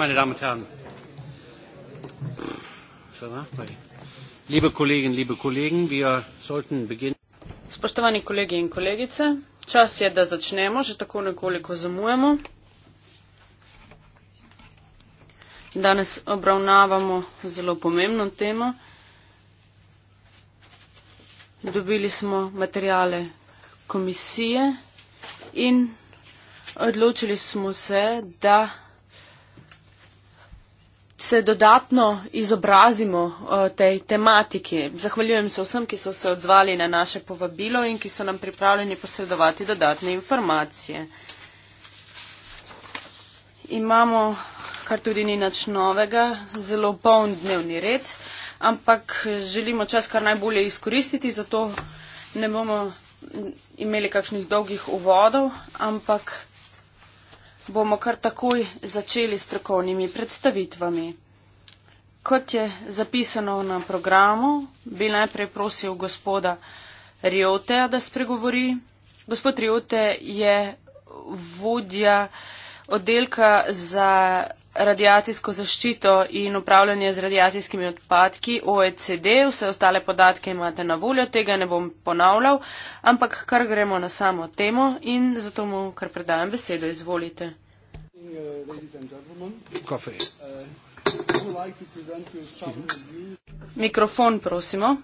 meine damen und herren liebe kolleginnen liebe kollegen wir sollten beginnen. Čas je, da začnemo, že tako nekoliko zamujamo. Danes obravnavamo zelo pomembno temo. Dobili smo materijale komisije in odločili smo se, da se dodatno izobrazimo o tej tematiki. Zahvaljujem se vsem, ki so se odzvali na naše povabilo in ki so nam pripravljeni posredovati dodatne informacije. Imamo, kar tudi ni nič novega, zelo poln dnevni red, ampak želimo čas kar najbolje izkoristiti, zato ne bomo imeli kakšnih dolgih uvodov, ampak bomo kar takoj začeli s strokovnimi predstavitvami. Kot je zapisano na programu, bi najprej prosil gospoda Rioteja, da spregovori. Gospod Riote je vodja oddelka za radijacijsko zaščito in upravljanje z radijacijskimi odpadki OECD, vse ostale podatke imate na voljo, tega ne bom ponavljal, ampak kar gremo na samo temo in zato mu kar predajam besedo, izvolite. Mikrofon, prosimo.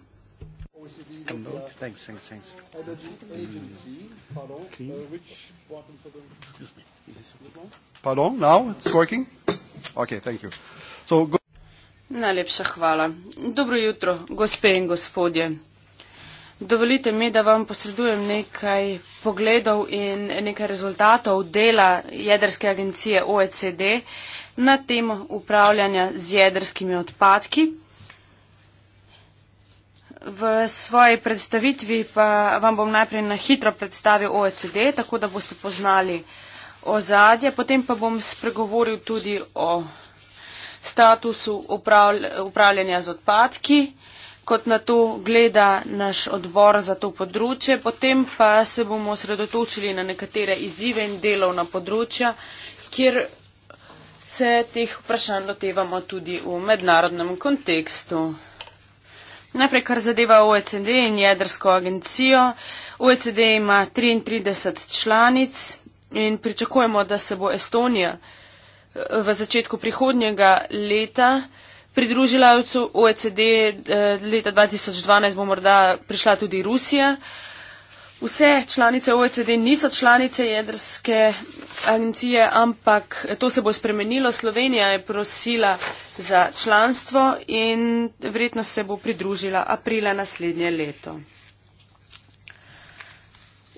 Pardon, now it's working. Okay, thank you. So, go- Najlepša hvala. Dobro jutro, gospe in gospodje. Dovolite mi, da vam posredujem nekaj pogledov in nekaj rezultatov dela jedrske agencije OECD na temo upravljanja z jedrskimi odpadki. V svoji predstavitvi pa vam bom najprej na hitro predstavil OECD, tako da boste poznali uh, ozadje, potem pa bom spregovoril tudi o statusu upravljanja z odpadki, kot na to gleda naš odbor za to področje. Potem pa se bomo osredotočili na nekatere izzive in delovna področja, kjer se teh vprašanj lotevamo tudi v mednarodnem kontekstu. Najprej, kar zadeva OECD in jedrsko agencijo. OECD ima 33 članic in pričakujemo, da se bo Estonija eh, v začetku prihodnjega leta pridružila OECD, eh, leta 2012 bo morda prišla tudi Rusija. Vse članice OECD niso članice jedrske agencije, ampak to se bo spremenilo. Slovenija je prosila za članstvo in verjetno se bo pridružila aprila naslednje leto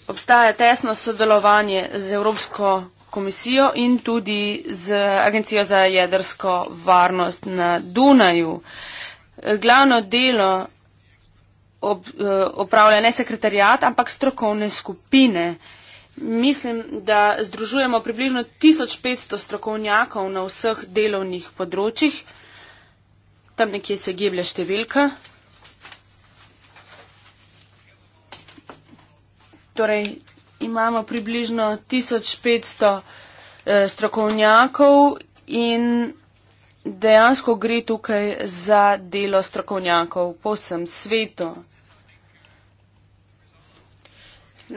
obstaja tesno sodelovanje z Evropsko komisijo in tudi z Agencijo za jedrsko varnost na Dunaju. Glavno delo ob, eh, opravlja ne sekretarijat, ampak strokovne skupine. Mislim, da združujemo približno 1500 strokovnjakov na vseh delovnih področjih. Tam nekje se giblje številka. torej imamo približno 1500 eh, strokovnjakov in dejansko gre tukaj za delo strokovnjakov po vsem svetu.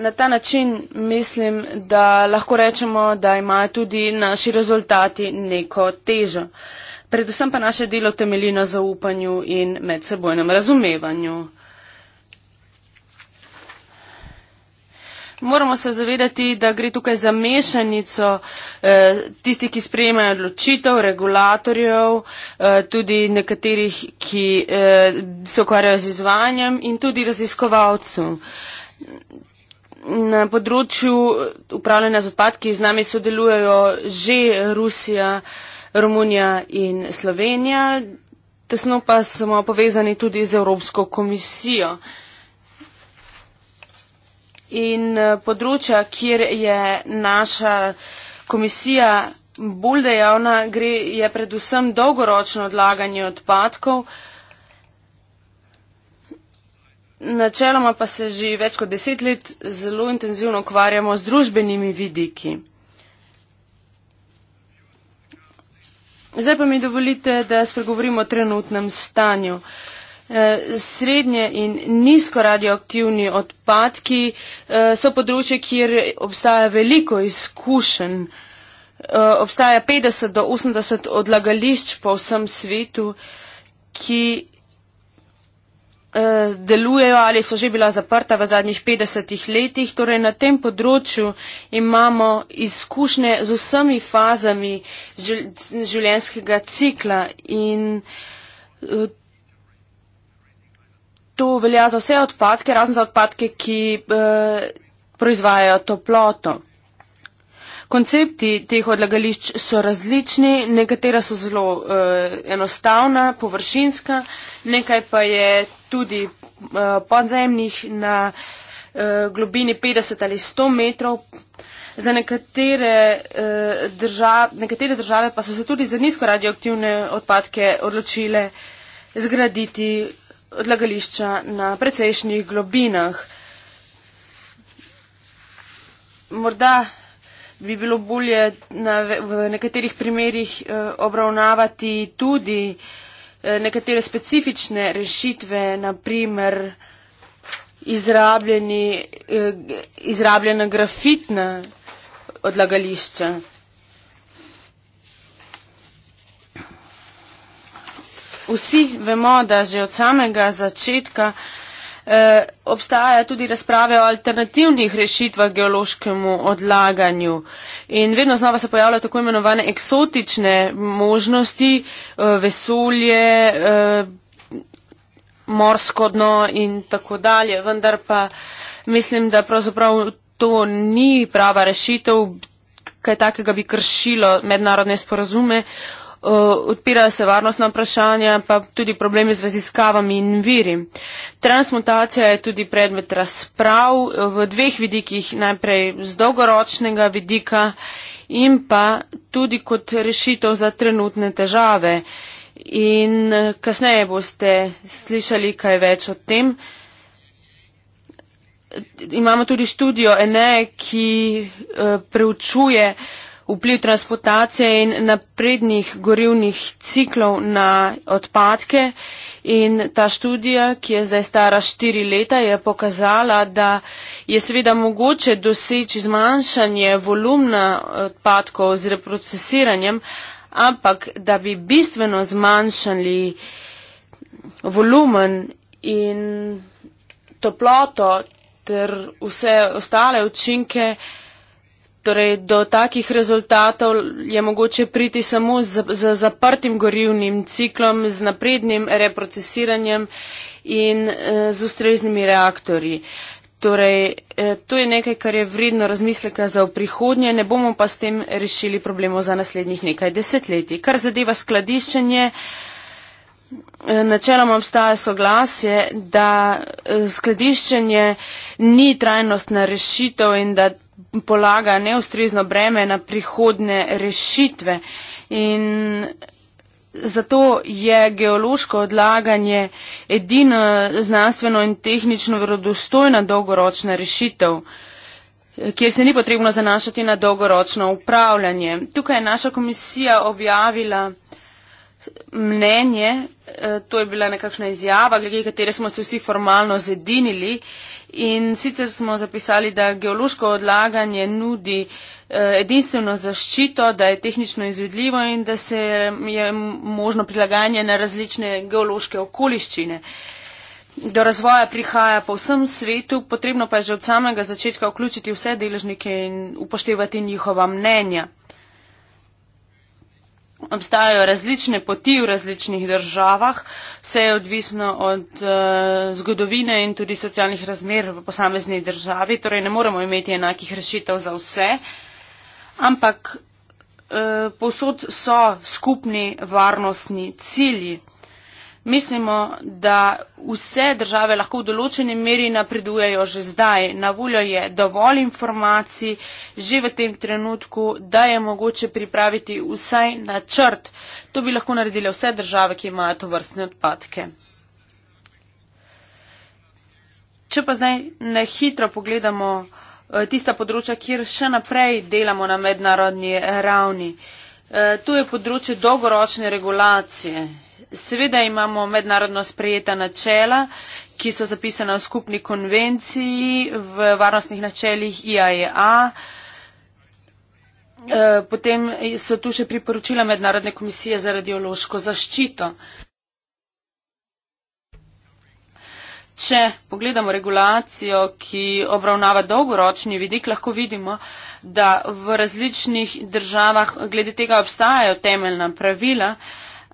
Na ta način mislim, da lahko rečemo, da imajo tudi naši rezultati neko težo. Predvsem pa naše delo temeljino zaupanju in medsebojnem razumevanju. Moramo se zavedati, da gre tukaj za mešanico eh, tistih, ki sprejemajo odločitev, regulatorjev, eh, tudi nekaterih, ki eh, se ukvarjajo z izvanjem in tudi raziskovalcev. Na področju upravljanja z odpadki z nami sodelujejo že Rusija, Romunija in Slovenija, tesno pa smo povezani tudi z Evropsko komisijo in eh, področja, kjer je naša komisija bolj dejavna, gre, je predvsem dolgoročno odlaganje odpadkov. Načeloma pa se že več kot deset let zelo intenzivno ukvarjamo z družbenimi vidiki. Zdaj pa mi dovolite, da spregovorimo o trenutnem stanju. Uh, Eh, srednje in nizko radioaktivni odpadki eh, so področje, kjer obstaja veliko izkušenj. Eh, obstaja 50 do 80 odlagališč po vsem svetu, ki delujejo ali so že bila zaprta v zadnjih 50 letih. Torej na tem področju imamo izkušnje z vsemi fazami življenjskega cikla in to velja za vse odpadke, razen za odpadke, ki eh, proizvajajo toploto. Koncepti teh odlagališč so različni, nekatera so zelo eh, enostavna, površinska, nekaj pa je tudi eh, podzemnih na eh, globini 50 ali 100 metrov. Za nekatere, eh, držav, nekatere države pa so se tudi za nizko radioaktivne odpadke odločile zgraditi odlagališča na precejšnjih globinah. Morda bi bilo bolje na, v nekaterih primerjih eh, obravnavati tudi eh, nekatere specifične rešitve, naprimer eh, izrabljena grafitna odlagališča. vsi vemo, da že od samega začetka eh, obstajajo tudi razprave o alternativnih rešitvah geološkemu odlaganju. In vedno znova se pojavljajo tako imenovane eksotične možnosti, eh, vesolje, eh, morsko dno in tako dalje. Vendar pa mislim, da pravzaprav to ni prava rešitev. Kaj takega bi kršilo mednarodne sporazume, Eh, odpirajo se varnostna vprašanja, pa tudi problemi z raziskavami in viri. Transmutacija je tudi predmet razprav eh, v dveh vidikih, najprej z dolgoročnega vidika in pa tudi kot rešitev za trenutne težave. In eh, kasneje boste slišali kaj več o tem. Imamo tudi študijo ENE, ki preučuje vpliv transportacije in naprednih gorivnih ciklov na odpadke. In ta študija, ki je zdaj stara štiri leta, je pokazala, da je seveda mogoče doseči zmanjšanje volumna odpadkov z reprocesiranjem, ampak da bi bistveno zmanjšali volumen in toploto ter vse ostale učinke, Torej, do takih rezultatov je mogoče priti samo z, z zaprtim gorivnim ciklom, z naprednim reprocesiranjem in eh, z ustreznimi reaktorji. Torej, eh, to je nekaj, kar je vredno razmisleka za v prihodnje, ne bomo pa s tem rešili problemov za naslednjih nekaj desetletij. Kar zadeva skladiščenje, eh, načeloma obstaja soglasje, da skladiščenje ni trajnostna rešitev in da polaga neustrezno breme na prihodne rešitve. In zato je geološko odlaganje edina znanstveno in tehnično verodostojna dolgoročna rešitev kjer se ni potrebno zanašati na dolgoročno upravljanje. Tukaj je naša komisija objavila mnenje, eh, to je bila nekakšna izjava, glede katere smo se vsi formalno zedinili In sicer smo zapisali, da geološko odlaganje nudi eh, edinstveno zaščito, da je tehnično izvedljivo in da se je možno prilagajanje na različne geološke okoliščine. Do razvoja prihaja po vsem svetu, potrebno pa je že od samega začetka vključiti vse deležnike in upoštevati njihova mnenja obstajajo različne poti v različnih državah, vse je odvisno od uh, zgodovine in tudi socialnih razmer v posamezni državi, torej ne moremo imeti enakih rešitev za vse, ampak uh, povsod so skupni varnostni cilji. Mislimo, da vse države lahko v določeni meri napredujejo že zdaj. Na voljo je dovolj informacij že v tem trenutku, da je mogoče pripraviti vsaj načrt. To bi lahko naredile vse države, ki imajo to vrstne odpadke. Če pa zdaj na hitro pogledamo eh, tista področja, kjer še naprej delamo na mednarodni ravni. Eh, to je področje dolgoročne regulacije. Seveda imamo mednarodno sprejeta načela, ki so zapisana v skupni konvenciji v varnostnih načeljih IAEA. E e, potem so tu še priporočila Mednarodne komisije za radiološko zaščito. Če pogledamo regulacijo, ki obravnava dolgoročni vidik, lahko vidimo, da v različnih državah glede tega obstajajo temeljna pravila,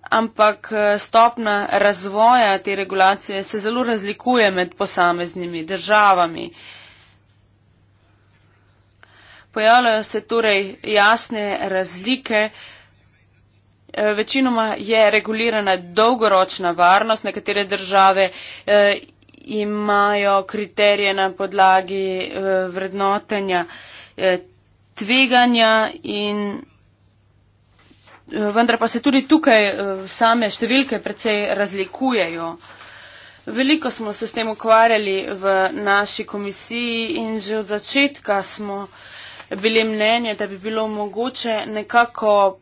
ampak eh, stopna razvoja te regulacije se zelo razlikuje med posameznimi državami. Pojavljajo se torej jasne razlike. Eh, večinoma je regulirana dolgoročna varnost. Nekatere države eh, imajo kriterije na podlagi eh, vrednotenja eh, tveganja in Vendar pa se tudi tukaj eh, same številke precej razlikujejo. Veliko smo se s tem ukvarjali v naši komisiji in že od začetka smo bili mnenje, da bi bilo mogoče nekako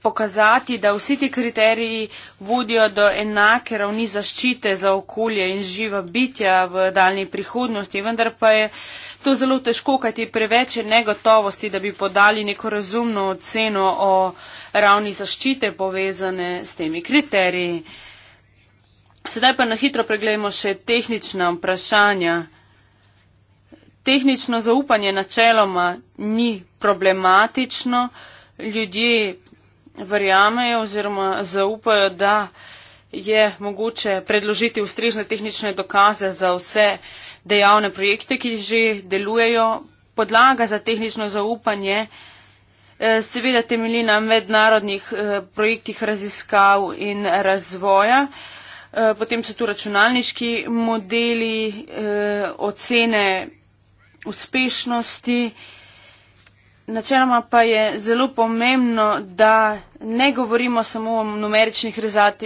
pokazati, da vsi ti kriteriji vodijo do enake ravni zaščite za okolje in živa bitja v daljni prihodnosti, vendar pa je to zelo težko, kajti preveč je negotovosti, da bi podali neko razumno oceno o ravni zaščite povezane s temi kriteriji. Sedaj pa na hitro preglejmo še tehnična vprašanja. Tehnično zaupanje načeloma ni problematično. Ljudje verjamejo oziroma zaupajo, da je mogoče predložiti ustrezne tehnične dokaze za vse dejavne projekte, ki že delujejo. Podlaga za tehnično zaupanje eh, seveda temelji na mednarodnih eh, projektih raziskav in razvoja. Eh, potem so tu računalniški modeli, ocene uspešnosti, Načeloma pa je zelo pomembno, da ne govorimo samo o numeričnih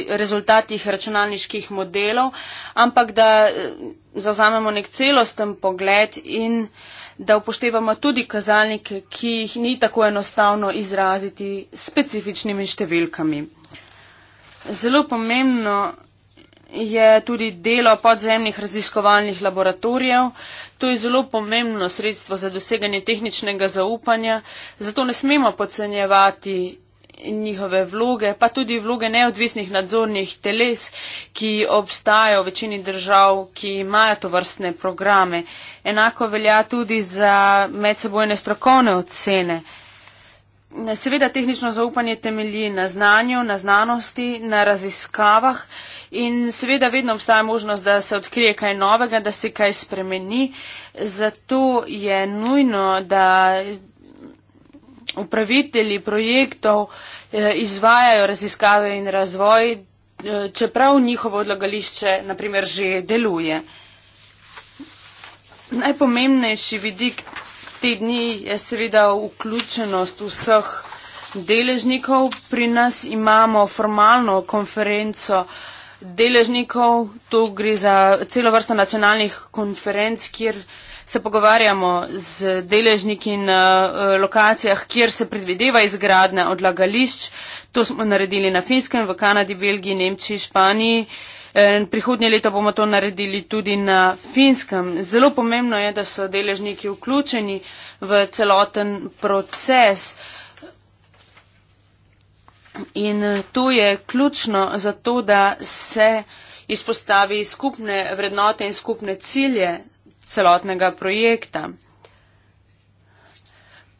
rezultatih računalniških modelov, ampak da eh, zazamemo nek celosten pogled in da upoštevamo tudi kazalnike, ki jih ni tako enostavno izraziti specifičnimi številkami. Zelo pomembno je tudi delo podzemnih raziskovalnih laboratorijev. To je zelo pomembno sredstvo za doseganje tehničnega zaupanja, zato ne smemo podcenjevati njihove vloge, pa tudi vloge neodvisnih nadzornih teles, ki obstajajo v večini držav, ki imajo to vrstne programe. Enako velja tudi za medsebojne strokovne ocene seveda tehnično zaupanje temelji na znanju, na znanosti, na raziskavah in seveda vedno obstaja možnost, da se odkrije kaj novega, da se kaj spremeni. Zato je nujno, da upravitelji projektov eh, izvajajo raziskave in razvoj, eh, čeprav njihovo odlagališče naprimer že deluje. Najpomembnejši vidik te dni je seveda vključenost vseh deležnikov. Pri nas imamo formalno konferenco deležnikov, to gre za celo vrsto nacionalnih konferenc, kjer se pogovarjamo z deležniki na eh, lokacijah, kjer se predvideva izgradnja odlagališč. To smo naredili na Finskem, v Kanadi, Belgiji, Nemčiji, Španiji. Uh, Eh, prihodnje leto bomo to naredili tudi na finskem. Zelo pomembno je, da so deležniki vključeni v celoten proces. In eh, to je ključno za to, da se izpostavi skupne vrednote in skupne cilje celotnega projekta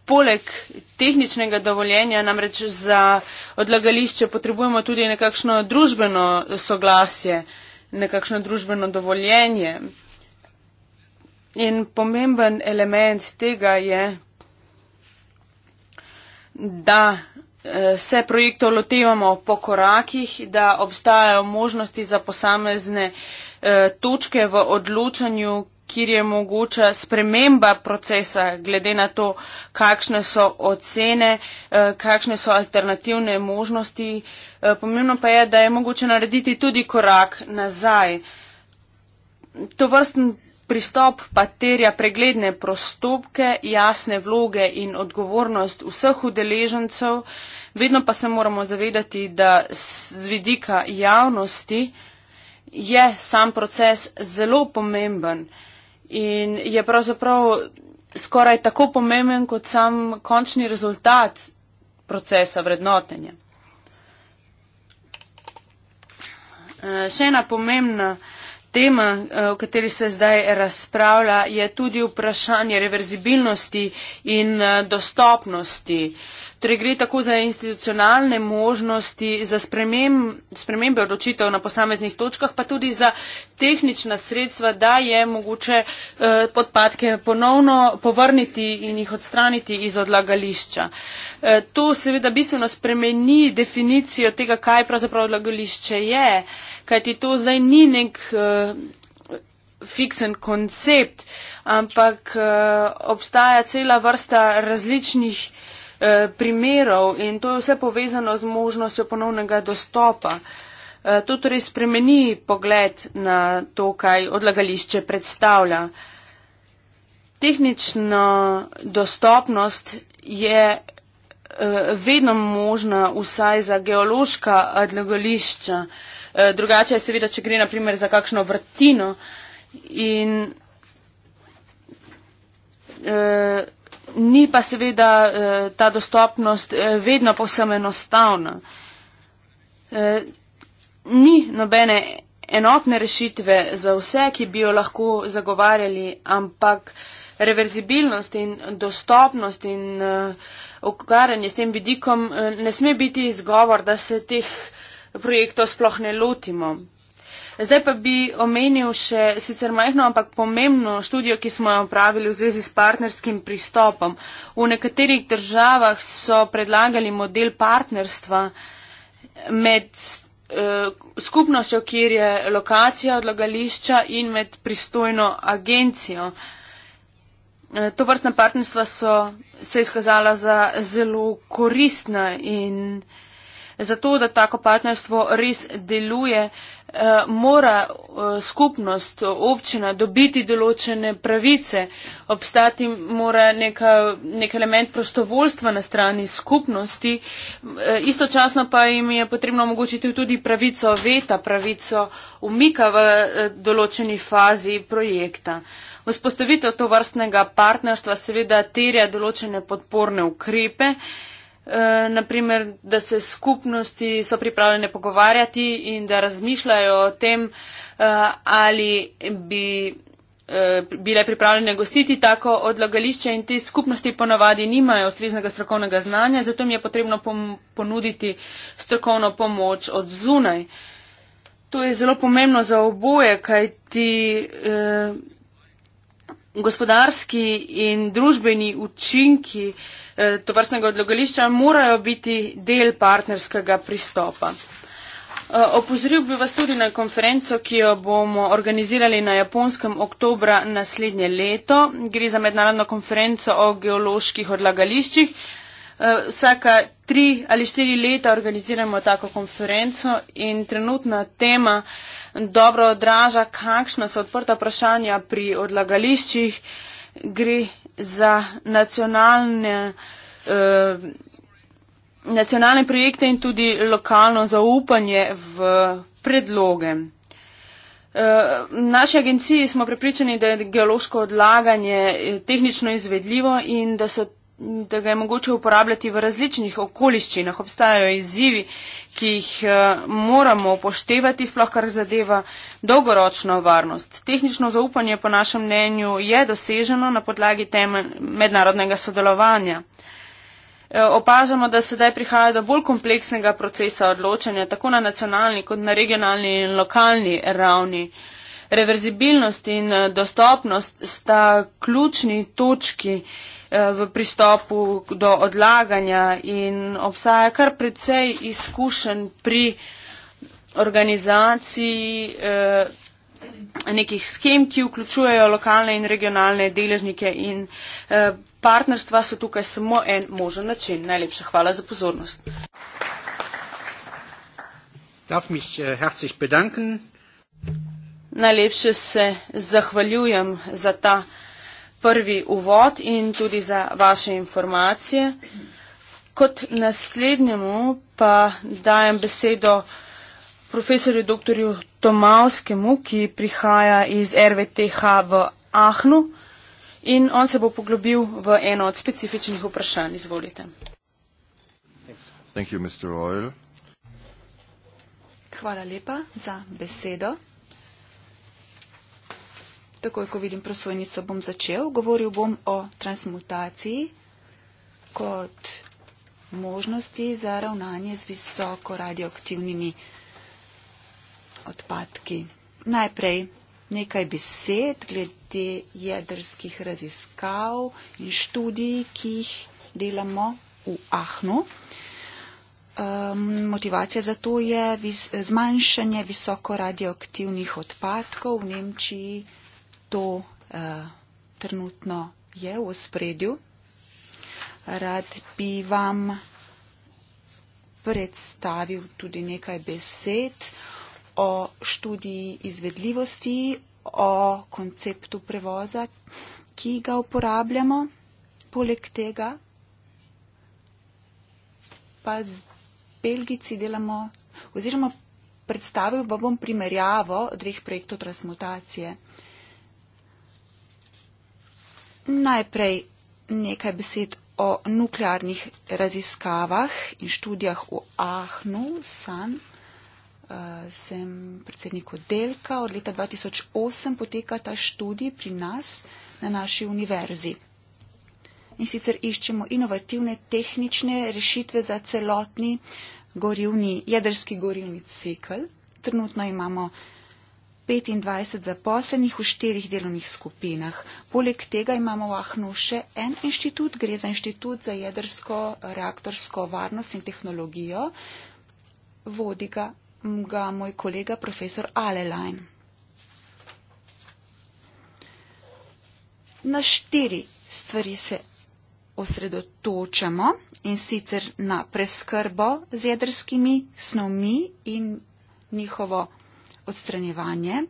poleg tehničnega dovoljenja, namreč za odlagališče potrebujemo tudi nekakšno družbeno soglasje, nekakšno družbeno dovoljenje. In pomemben element tega je, da eh, se projektov lotevamo po korakih, da obstajajo možnosti za posamezne eh, točke v odločanju, kjer je mogoča sprememba procesa, glede na to, kakšne so ocene, eh, kakšne so alternativne možnosti. Eh, pomembno pa je, da je mogoče narediti tudi korak nazaj. To vrsten pristop pa terja pregledne prostopke, jasne vloge in odgovornost vseh udeležencev. Vedno pa se moramo zavedati, da z vidika javnosti je sam proces zelo pomemben in je pravzaprav skoraj tako pomemben kot sam končni rezultat procesa vrednotenja. Eh, še ena pomembna tema, eh, o kateri se zdaj razpravlja, je tudi vprašanje reverzibilnosti in eh, dostopnosti. Torej gre tako za institucionalne možnosti, za spremembe, spremembe odločitev na posameznih točkah, pa tudi za tehnična sredstva, da je mogoče eh, podpadke ponovno povrniti in jih odstraniti iz odlagališča. Eh, to seveda bistveno spremeni definicijo tega, kaj pravzaprav odlagališče je, kajti to zdaj ni nek. Eh, fiksen koncept, ampak uh, obstaja cela vrsta različnih uh, Eh, primerov in to je vse povezano z možnostjo ponovnega dostopa. Eh, to torej spremeni pogled na to, kaj odlagališče predstavlja. Tehnična dostopnost je eh, vedno možna vsaj za geološka odlagališča. Drugače je seveda, če gre naprimer za kakšno vrtino in ni pa seveda eh, ta dostopnost eh, vedno posebej enostavna. Eh, ni nobene enotne rešitve za vse, ki bi jo lahko zagovarjali, ampak reverzibilnost in dostopnost in okvarjanje s tem vidikom ne sme biti izgovor, da se teh projektov sploh ne lotimo. Zdaj pa bi omenil še sicer majhno, ampak pomembno študijo, ki smo jo opravili v zvezi s partnerskim pristopom. V nekaterih državah so predlagali model partnerstva med eh, skupnostjo, kjer je lokacija odlagališča in med pristojno agencijo. Eh, to vrstne partnerstva so se izkazala za zelo koristna in eh, zato, da tako partnerstvo res deluje, eh, mora eh, skupnost, občina dobiti določene pravice, obstati mora neka, nek element prostovoljstva na strani skupnosti, eh, istočasno pa jim je potrebno omogočiti tudi pravico veta, pravico umika v določeni fazi projekta. Vzpostavitev to vrstnega partnerstva seveda terja določene podporne ukrepe, Eh, naprimer, da se skupnosti so pripravljene pogovarjati in da razmišljajo o tem, eh, ali bi eh, bile pripravljene gostiti tako odlagališče in te skupnosti ponavadi nimajo ustreznega strokovnega znanja, zato jim je potrebno ponuditi strokovno pomoč od zunaj. To je zelo pomembno za oboje, kaj ti. Eh, gospodarski in družbeni učinki eh, tovrstnega odlogališča morajo biti del partnerskega pristopa. Eh, opozoril bi vas tudi na konferenco, ki jo bomo organizirali na japonskem oktobra naslednje leto. Gre za mednarodno konferenco o geoloških odlagališčih. Eh, vsaka tri ali štiri leta organiziramo tako konferenco in trenutna tema dobro odraža, kakšna so odprta vprašanja pri odlagališčih. Gre za nacionalne, eh, nacionalne projekte in tudi lokalno zaupanje v predloge. Eh, v naši agenciji smo prepričani, da je geološko odlaganje eh, tehnično izvedljivo in da se da ga je mogoče uporabljati v različnih okoliščinah. Obstajajo izzivi, ki jih eh, moramo upoštevati, sploh kar zadeva dolgoročno varnost. Tehnično zaupanje, po našem mnenju, je doseženo na podlagi teme mednarodnega sodelovanja. Eh, opažamo, da sedaj prihaja do bolj kompleksnega procesa odločanja, tako na nacionalni kot na regionalni in lokalni ravni. Reverzibilnost in eh, dostopnost sta ključni točki, Eh, v pristopu do odlaganja in obstaja kar precej izkušen pri organizaciji eh, nekih skem, ki vključujejo lokalne in regionalne deležnike in eh, partnerstva so tukaj samo en možen način. Najlepša hvala za pozornost. Darf mich herzlich bedanken. Najlepše se zahvaljujem za ta prvi uvod in tudi za vaše informacije. Kot naslednjemu pa dajem besedo profesorju dr. Tomavskemu, ki prihaja iz RVTH v Ahnu in on se bo poglobil v eno od specifičnih vprašanj. Izvolite. Thank you, Mr. Royal. Hvala lepa za besedo takoj, ko vidim prosojnico, bom začel. Govoril bom o transmutaciji kot možnosti za ravnanje z visoko radioaktivnimi odpadki. Najprej nekaj besed glede jedrskih raziskav in študij, ki jih delamo v Ahnu. Motivacija za to je zmanjšanje visoko radioaktivnih odpadkov v Nemčiji to eh, trenutno je v spredju. Rad bi vam predstavil tudi nekaj besed o študiji izvedljivosti, o konceptu prevoza, ki ga uporabljamo. Poleg tega pa z Belgici delamo, oziroma predstavil bom primerjavo dveh projektov transmutacije. Najprej nekaj besed o nuklearnih raziskavah in študijah v Ahnu, San. Eh, sem predsednik oddelka, od leta 2008 poteka ta študij pri nas na naši univerzi. In sicer iščemo inovativne tehnične rešitve za celotni gorivni, jedrski gorivni cikl. Trenutno imamo 25 zaposlenih v štirih delovnih skupinah. Poleg tega imamo v Ahnu še en inštitut, gre za inštitut za jedrsko reaktorsko varnost in tehnologijo. Vodi ga, ga moj kolega profesor Alelajn. Na štiri stvari se osredotočamo in sicer na preskrbo z jedrskimi snovmi in njihovo odstranjevanje.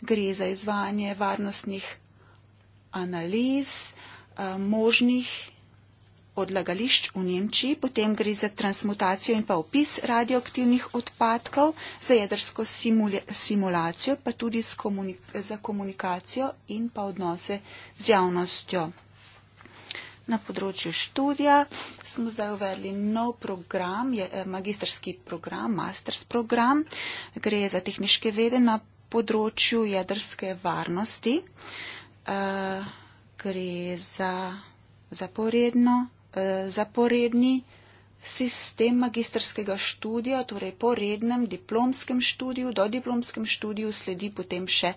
Gre za izvajanje varnostnih analiz eh, možnih odlagališč v Nemčiji, potem gre za transmutacijo in pa opis radioaktivnih odpadkov, za jedrsko simula simulacijo, pa tudi komunik za komunikacijo in pa odnose z javnostjo. Na področju študija smo zdaj uvedli nov program, je eh, magistrski program, masters program. Gre za tehniške vede na področju jedrske varnosti. Eh, gre za zaporedno, eh, zaporedni sistem magistrskega študija, torej po rednem diplomskem študiju, do diplomskem študiju sledi potem še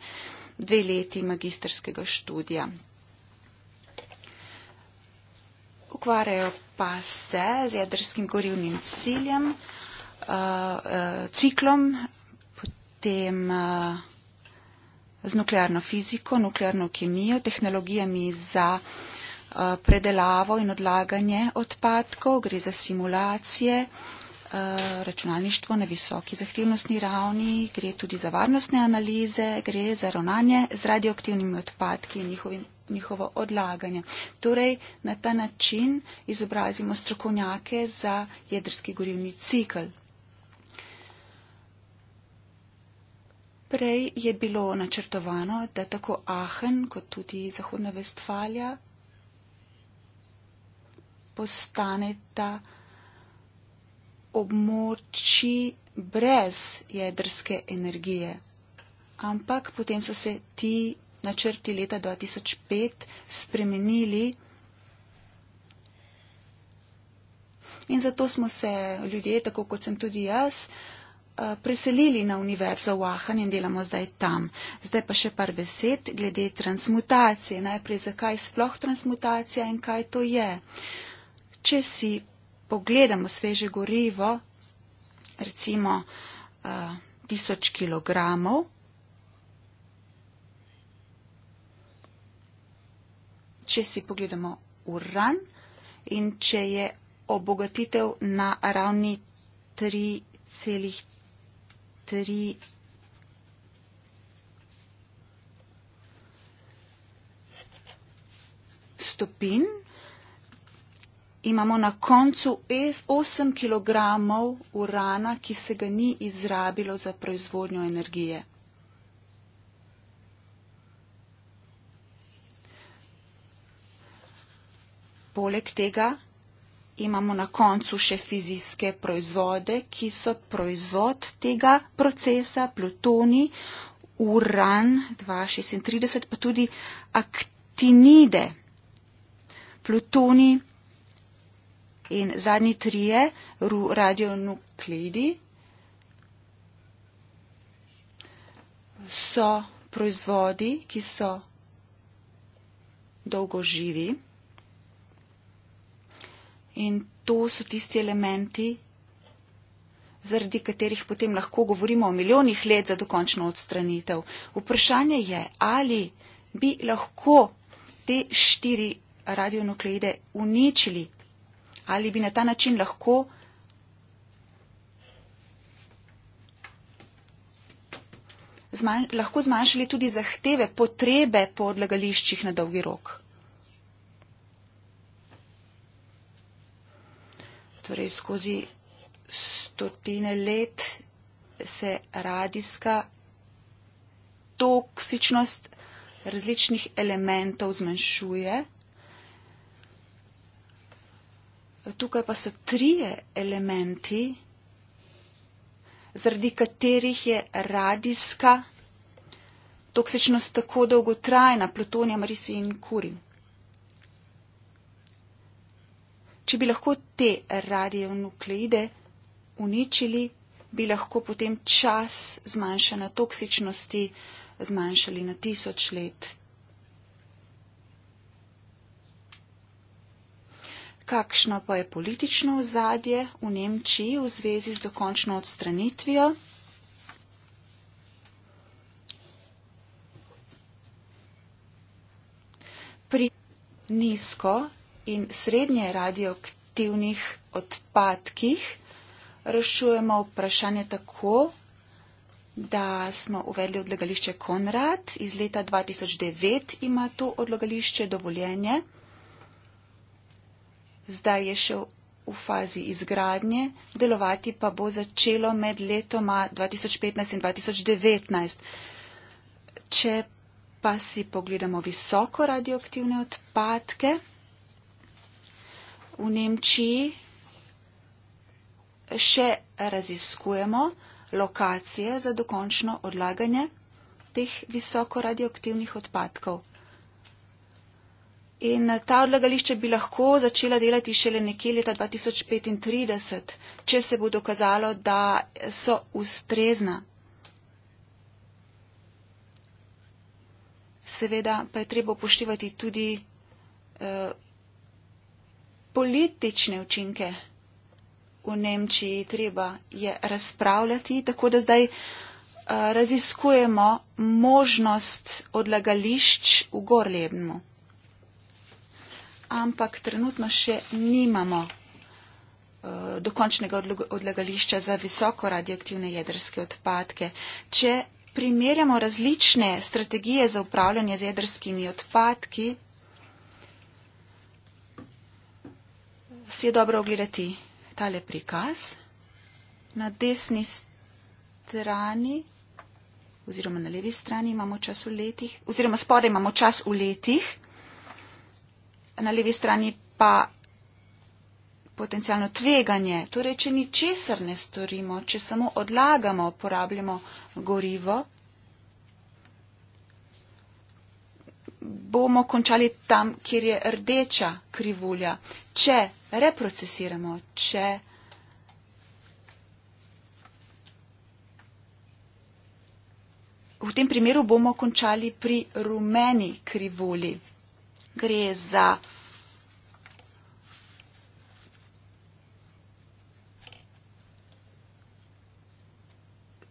dve leti magistrskega študija ukvarjajo pa se z jedrskim gorivnim ciljem, uh, uh, ciklom, potem uh, z nuklearno fiziko, nuklearno kemijo, tehnologijami za uh, predelavo in odlaganje odpadkov, gre za simulacije, uh, računalništvo na visoki zahtevnostni ravni, gre tudi za varnostne analize, gre za ravnanje z radioaktivnimi odpadki in njihovim njihovo odlaganje. Torej, na ta način izobrazimo strokovnjake za jedrski gorivni cikl. Prej je bilo načrtovano, da tako Ahen kot tudi Zahodna Vestfalija postane ta območji brez jedrske energije. Ampak potem so se ti načrti leta 2005 spremenili. In zato smo se ljudje, tako kot sem tudi jaz, eh, preselili na univerzo v Ahan in delamo zdaj tam. Zdaj pa še par besed glede transmutacije. Najprej, zakaj sploh transmutacija in kaj to je. Če si pogledamo sveže gorivo, recimo uh, tisoč kilogramov, če si pogledamo uran in če je obogatitev na ravni 3,3 stopin, imamo na koncu 8 kg urana, ki se ga ni izrabilo za proizvodnjo energije. poleg tega imamo na koncu še fizijske proizvode, ki so proizvod tega procesa, plutoni, uran 236, pa tudi aktinide, plutoni in zadnji trije radionuklidi so proizvodi, ki so dolgoživi. In to so tisti elementi, zaradi katerih potem lahko govorimo o milijonih let za dokončno odstranitev. Vprašanje je, ali bi lahko te štiri radionukleide uničili, ali bi na ta način lahko Zman, lahko zmanjšali tudi zahteve, potrebe po odlagališčih na dolgi rok. torej skozi stotine let se radijska toksičnost različnih elementov zmanjšuje. Tukaj pa so trije elementi, zaradi katerih je radijska toksičnost tako dolgotrajna, plutonija, marisi in kurin. Če bi lahko te radionukleide uničili, bi lahko potem čas zmanjšanja toksičnosti zmanjšali na tisoč let. Kakšno pa je politično ozadje v Nemčiji v zvezi z dokončno odstranitvijo? Pri nizko in srednje radioaktivnih odpadkih rešujemo vprašanje tako, da smo uvedli odlagališče Konrad. Iz leta 2009 ima to odlagališče dovoljenje. Zdaj je še v fazi izgradnje, delovati pa bo začelo med letoma 2015 in 2019. Če pa si pogledamo visoko radioaktivne odpadke, v Nemčiji še raziskujemo lokacije za dokončno odlaganje teh visoko radioaktivnih odpadkov. In ta odlagališče bi lahko začela delati šele nekje leta 2035, če se bo dokazalo, da so ustrezna. Seveda pa je treba upoštevati tudi eh, politične učinke v Nemčiji treba je razpravljati, tako da zdaj eh, raziskujemo možnost odlagališč v Gorlebnu. Ampak trenutno še nimamo eh, dokončnega odlagališča za visoko radioaktivne jedrske odpadke. Če primerjamo različne strategije za upravljanje z jedrskimi odpadki si je dobro ogledati tale prikaz. Na desni strani oziroma na levi strani imamo čas v letih, oziroma spodaj imamo čas v letih, na levi strani pa potencijalno tveganje. Torej, če ničesar ne storimo, če samo odlagamo, porabljamo gorivo, bomo končali tam, kjer je rdeča krivulja, če reprocesiramo, če v tem primeru bomo končali pri rumeni krivulji. Gre za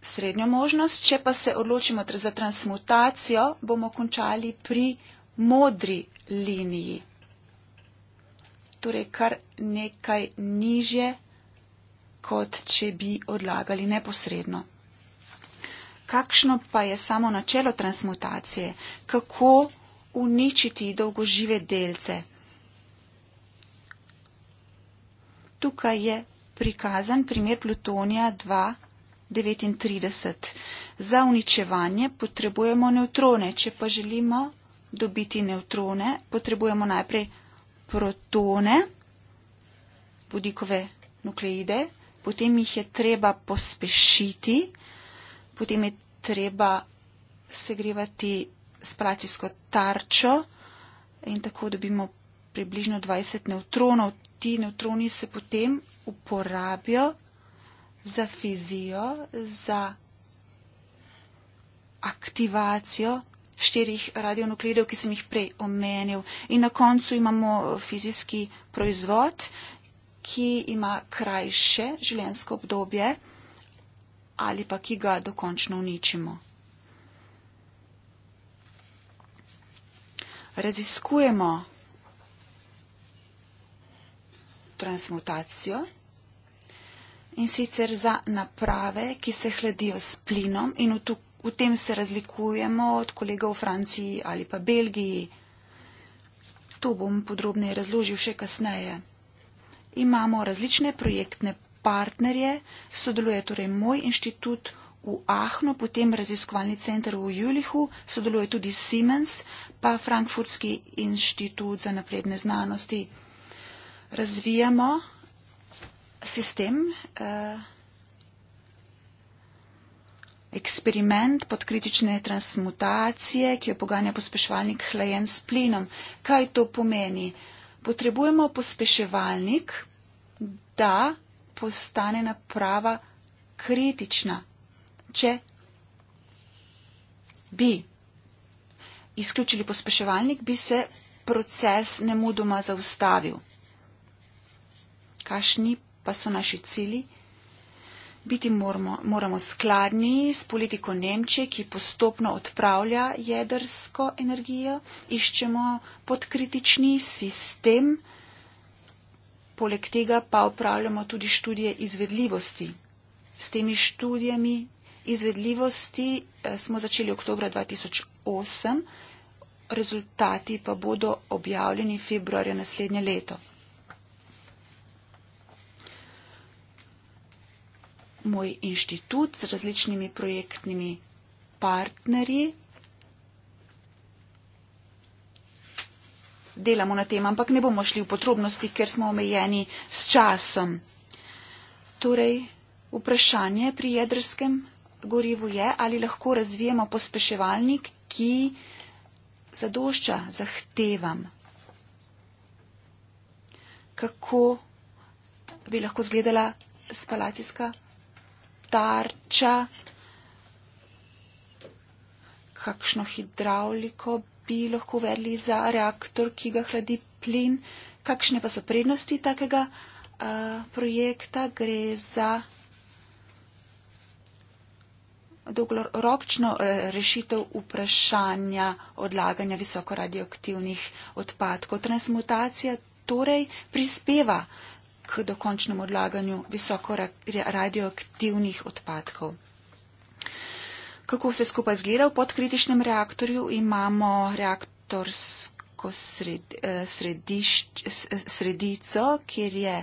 srednjo možnost. Če pa se odločimo za transmutacijo, bomo končali pri modri liniji. Torej, kar nekaj nižje, kot če bi odlagali neposredno. Kakšno pa je samo načelo transmutacije? Kako uničiti dolgožive delce? Tukaj je prikazan primer plutonija 2. 39. Za uničevanje potrebujemo nevtrone. Če pa želimo dobiti nevtrone, potrebujemo najprej protone, vodikove nukleide, potem jih je treba pospešiti, potem je treba segrevati spracijsko tarčo in tako dobimo približno 20 nevtronov. Ti nevtroni se potem uporabijo za fizijo, za aktivacijo štirih radionukleidov, ki sem jih prej omenil. In na koncu imamo fizijski proizvod, ki ima krajše življensko obdobje ali pa ki ga dokončno uničimo. Raziskujemo transmutacijo in sicer za naprave, ki se hladijo s plinom in v, tu, v tem se razlikujemo od kolega v Franciji ali pa Belgiji. To bom podrobneje razložil še kasneje. Imamo različne projektne partnerje, sodeluje torej moj inštitut v Ahnu, potem raziskovalni center v Julihu, sodeluje tudi Siemens, pa Frankfurtski inštitut za napredne znanosti. Razvijamo sistem, eh, eksperiment podkritične transmutacije, ki jo poganja pospeševalnik hlajen s plinom. Kaj to pomeni? Potrebujemo pospeševalnik, da postane naprava kritična. Če bi izključili pospeševalnik, bi se proces nemudoma zaustavil. Kašni pa so naši cili? Biti moramo, moramo skladni s politiko Nemčije, ki postopno odpravlja jedrsko energijo. Iščemo podkritični sistem, poleg tega pa upravljamo tudi študije izvedljivosti. S temi študijami izvedljivosti eh, smo začeli oktober 2008, rezultati pa bodo objavljeni februarja naslednje leto. moj inštitut z različnimi projektnimi partnerji. Delamo na tem, ampak ne bomo šli v podrobnosti, ker smo omejeni s časom. Torej, vprašanje pri jedrskem gorivu je, ali lahko razvijemo pospeševalnik, ki zadošča zahtevam. Kako bi lahko izgledala spalacijska tarča, kakšno hidrauliko bi lahko uvedli za reaktor, ki ga hladi plin, kakšne pa so prednosti takega uh, projekta. Gre za dolgoročno uh, rešitev vprašanja odlaganja visoko radioaktivnih odpadkov. Transmutacija torej prispeva k dokončnemu odlaganju visoko radioaktivnih odpadkov. Kako vse skupaj zgleda v podkritičnem reaktorju? Imamo reaktorsko sred, eh, središč, sredico, kjer je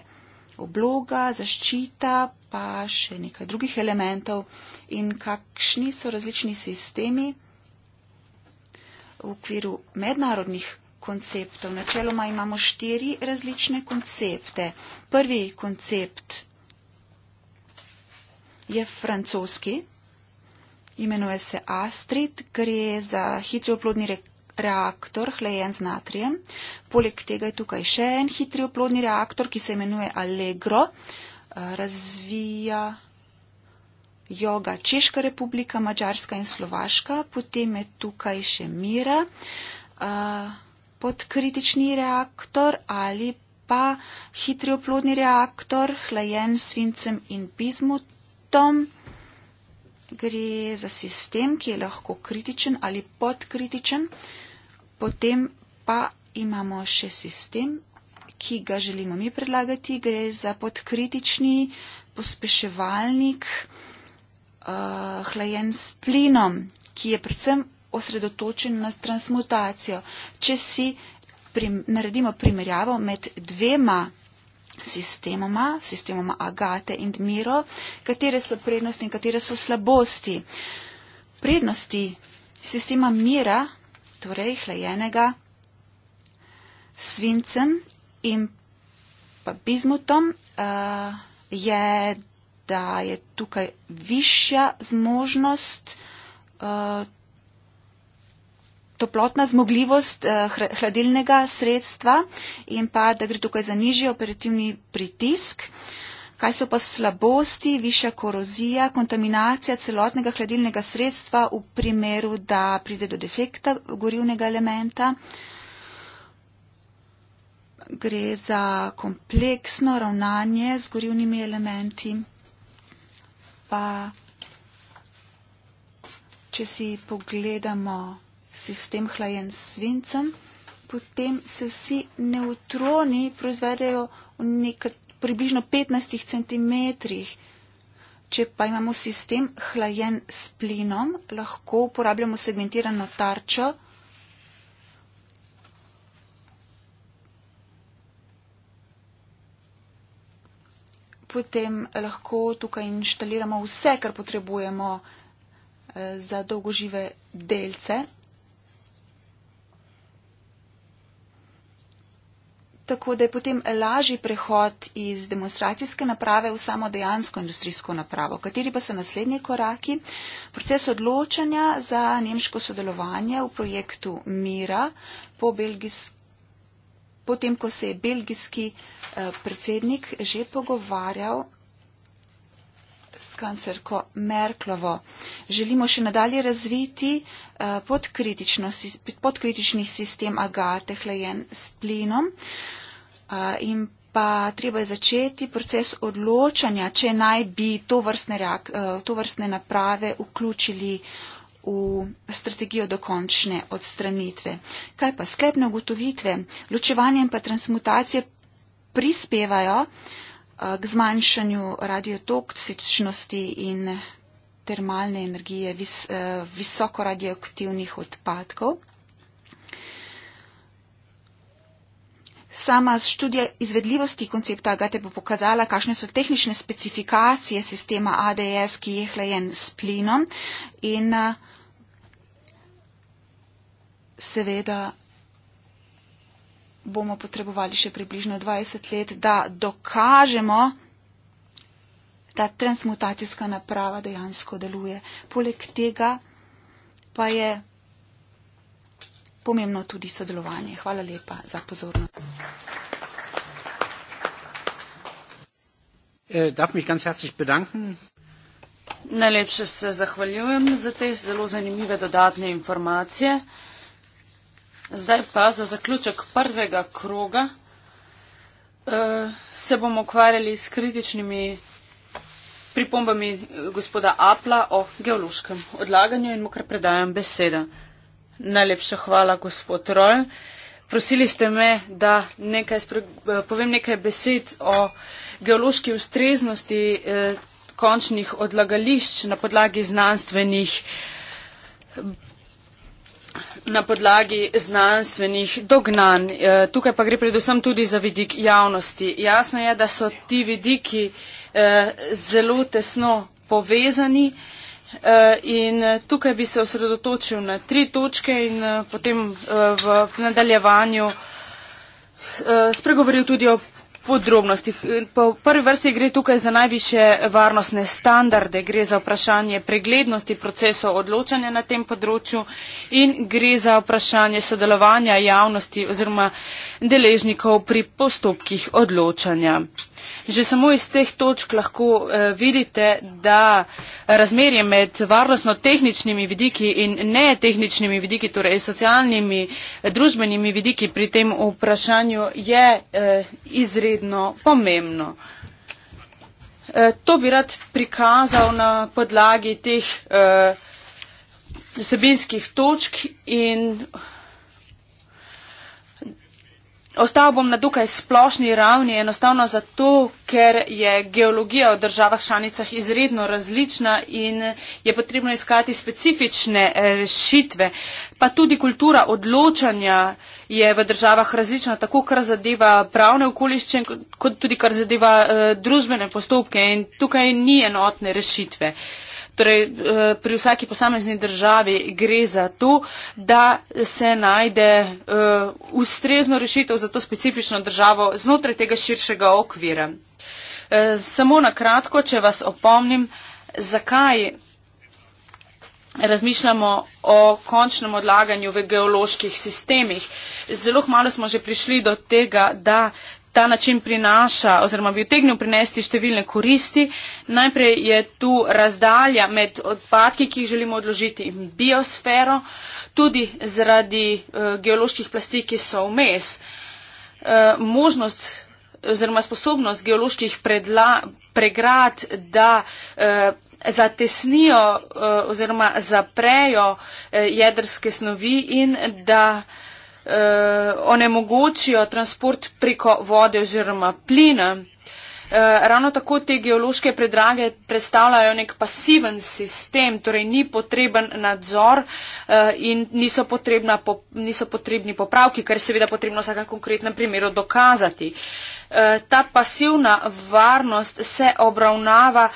obloga, zaščita, pa še nekaj drugih elementov in kakšni so različni sistemi v okviru mednarodnih konceptov. Načeloma imamo štiri različne koncepte. Prvi koncept je francoski, imenuje se Astrid, gre za hitri oplodni reaktor, hlejen z natrijem. Poleg tega je tukaj še en hitri oplodni reaktor, ki se imenuje Allegro, razvija joga Češka republika, Mačarska in Slovaška, potem je tukaj še Mira. Uh, pod kritični reaktor ali pa hitri oplodni reaktor, hlajen s svincem in bizmutom. Gre za sistem, ki je lahko kritičen ali podkritičen. Potem pa imamo še sistem, ki ga želimo mi predlagati. Gre za podkritični pospeševalnik, uh, hlajen s plinom, ki je predvsem osredotočen na transmutacijo. Če si prim, naredimo primerjavo med dvema sistemoma, sistemoma Agate in Miro, katere so prednosti in katere so slabosti. Prednosti sistema mira, torej hlajenega svincem in pa bizmutom, uh, eh, je, da je tukaj višja zmožnost uh, toplotna zmogljivost eh, hladilnega sredstva in pa, da gre tukaj za nižji operativni pritisk. Kaj so pa slabosti, višja korozija, kontaminacija celotnega hladilnega sredstva v primeru, da pride do defekta gorivnega elementa? Gre za kompleksno ravnanje z gorivnimi elementi. Pa, če si pogledamo sistem hlajen s svincem, potem se vsi neutroni proizvedejo v nekaj približno 15 cm. Če pa imamo sistem hlajen s plinom, lahko uporabljamo segmentirano tarčo. Potem lahko tukaj inštaliramo vse, kar potrebujemo eh, za dolgožive delce. tako da je potem lažji prehod iz demonstracijske naprave v samo dejansko industrijsko napravo. Kateri pa so naslednji koraki? Proces odločanja za nemško sodelovanje v projektu Mira po belgijski. Potem, ko se je belgijski eh, predsednik že pogovarjal kanclerko Merklovo. Želimo še nadalje razviti eh, podkritično, podkritični sistem agate, hlajen s plinom. Eh, in pa treba je začeti proces odločanja, če naj bi to vrstne, reak, eh, to vrstne naprave vključili v strategijo dokončne odstranitve. Kaj pa sklepne ugotovitve? Ločevanje in pa transmutacije prispevajo Eh, k zmanjšanju radiotoksičnosti in termalne energije vis, eh, visoko radioaktivnih odpadkov. Sama študija izvedljivosti koncepta AGATE bo pokazala, kakšne so tehnične specifikacije sistema ADS, ki je hlajen s plinom in eh, seveda bomo potrebovali še približno 20 let, da dokažemo, da transmutacijska naprava dejansko deluje. Poleg tega pa je pomembno tudi sodelovanje. Hvala lepa za pozornost. Äh, darf mich ganz herzlich bedanken. Najlepše se zahvaljujem za te zelo zanimive dodatne informacije. Zdaj pa za zaključek prvega kroga uh, se bomo ukvarjali s kritičnimi pripombami eh, gospoda Apla o geološkem odlaganju in mu kar predajam besedo. Najlepša hvala, gospod Rojl. Prosili ste me, da nekaj eh, povem nekaj besed o geološki ustreznosti eh, končnih odlagališč na podlagi znanstvenih na podlagi znanstvenih dognanj. Eh, tukaj pa gre predvsem tudi za vidik javnosti. Jasno je, da so ti vidiki eh, zelo tesno povezani eh, in tukaj bi se osredotočil na tri točke in potem v nadaljevanju spregovoril tudi o podrobnostih. Po prvi vrsti gre tukaj za najviše varnostne standarde, gre za vprašanje preglednosti procesov odločanja na tem področju in gre za vprašanje sodelovanja javnosti oziroma deležnikov pri postopkih odločanja. Že samo iz teh točk lahko eh, vidite, da razmerje med varnostno-tehničnimi vidiki in netehničnimi vidiki, torej socialnimi, eh, družbenimi vidiki pri tem vprašanju je eh, izredno izredno pomembno. E, to bi rad prikazal na podlagi teh e, sebinskih točk in Ostal bom na dokaj splošni ravni, enostavno zato, ker je geologija v državah članicah izredno različna in je potrebno iskati specifične eh, rešitve. Pa tudi kultura odločanja je v državah različna, tako kar zadeva pravne okoliščine, kot tudi kar zadeva eh, družbene postopke in tukaj ni enotne rešitve. Torej, eh, pri vsaki posamezni državi gre za to, da se najde eh, ustrezno rešitev za to specifično državo znotraj tega širšega okvira. Eh, samo na kratko, če vas opomnim, zakaj razmišljamo o končnem odlaganju v geoloških sistemih. Zelo malo smo že prišli do tega, da ta način prinaša oziroma bi utegnil prinesti številne koristi. Najprej je tu razdalja med odpadki, ki jih želimo odložiti, in biosfero, tudi zaradi eh, geoloških plasti, ki so vmes. Eh, možnost oziroma sposobnost geoloških predla, pregrad, da eh, zatesnijo oziroma zaprejo jedrske snovi in da uh, onemogočijo transport preko vode oziroma plina. Eh, ravno tako te geološke predrage predstavljajo nek pasiven sistem, torej ni potreben nadzor eh, in niso, potrebna, niso potrebni popravki, kar je seveda potrebno v vsakem konkretnem primeru dokazati. Ta pasivna varnost se obravnava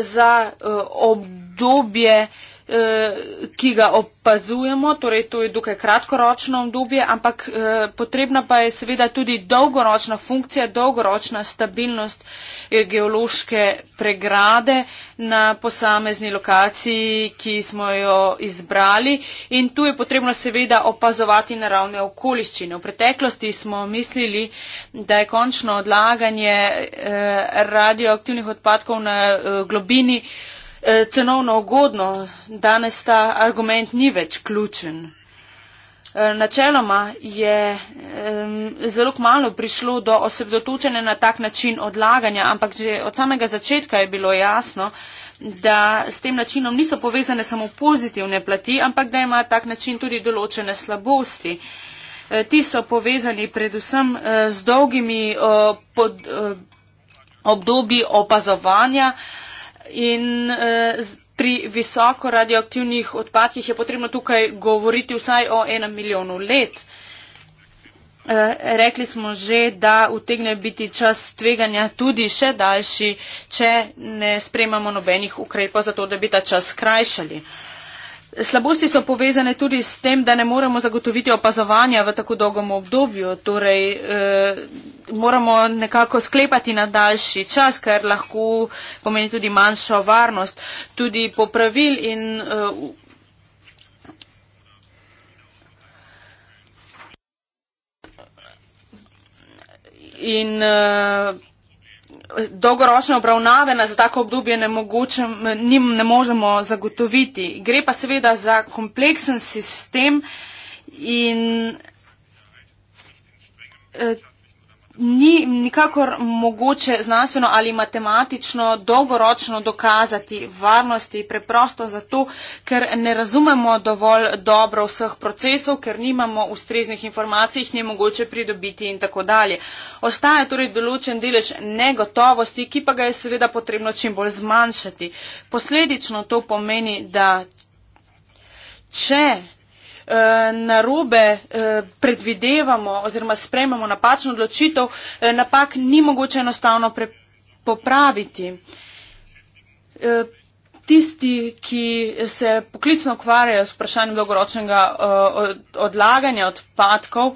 za obdobje Eh, ki ga opazujemo, torej to je dokaj kratkoročno obdobje, ampak eh, potrebna pa je seveda tudi dolgoročna funkcija, dolgoročna stabilnost eh, geološke pregrade na posamezni lokaciji, ki smo jo izbrali in tu je potrebno seveda opazovati naravne okoliščine. V preteklosti smo mislili, da je končno odlaganje radioaktivnih odpadkov na globini Eh, cenovno ugodno, danes ta argument ni več ključen. Eh, načeloma je zelo malo prišlo do osredotočenja na tak način odlaganja, ampak že od samega začetka je bilo jasno, da s tem načinom niso povezane samo pozitivne plati, ampak da ima tak način tudi določene slabosti. Eh, ti so povezani predvsem z dolgimi obdobji opazovanja, in uh, pri visoko radioaktivnih odpadkih je potrebno tukaj govoriti vsaj o enem milijonu let. Uh, rekli smo že, da utegne biti čas tveganja tudi še daljši, če ne sprejmamo nobenih ukrepov za to, da bi ta čas skrajšali. Uh, Slabosti so povezane tudi s tem, da ne moremo zagotoviti opazovanja v tako dolgom obdobju, torej eh, moramo nekako sklepati na daljši čas, kar lahko pomeni tudi manjšo varnost. Tudi popravil in. Eh, In uh dolgoročne obravnave na za tako obdobje ne, mogočem, njim ne možemo zagotoviti. Gre pa seveda za kompleksen sistem in eh, ni nikakor mogoče znanstveno ali matematično dolgoročno dokazati varnosti preprosto zato, ker ne razumemo dovolj dobro vseh procesov, ker nimamo ustreznih informacij, jih ni mogoče pridobiti in tako dalje. Ostaja torej določen delež negotovosti, ki pa ga je seveda potrebno čim bolj zmanjšati. Posledično to pomeni, da če Eh, narobe eh, predvidevamo oziroma sprejmemo napačno odločitev, eh, napak ni mogoče enostavno popraviti. Tisti, ki se poklicno ukvarjajo s vprašanjem dolgoročnega odlaganja odpadkov,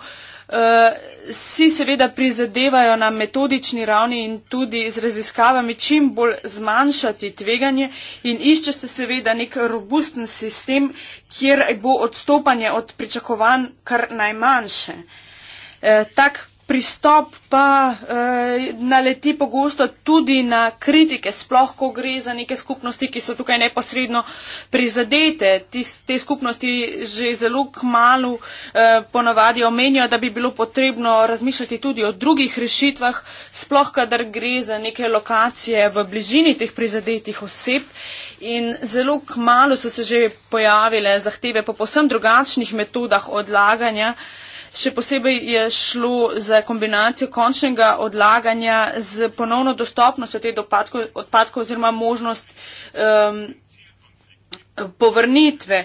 Eh, si seveda prizadevajo na metodični ravni in tudi z raziskavami čim bolj zmanjšati tveganje in išče se seveda nek robusten sistem, kjer bo odstopanje od pričakovanj kar najmanjše. Eh, tak pristop pa eh, naleti pogosto tudi na kritike, sploh ko gre za neke skupnosti, ki so tukaj neposredno prizadete. Ti, te skupnosti že zelo k malu eh, ponovadi omenjajo, da bi bilo potrebno razmišljati tudi o drugih rešitvah, sploh kadar gre za neke lokacije v bližini teh prizadetih oseb. In zelo k malu so se že pojavile zahteve po posem drugačnih metodah odlaganja. Eh, Še posebej je šlo za kombinacijo končnega odlaganja z ponovno dostopnostjo teh odpadkov oziroma možnost um, povrnitve.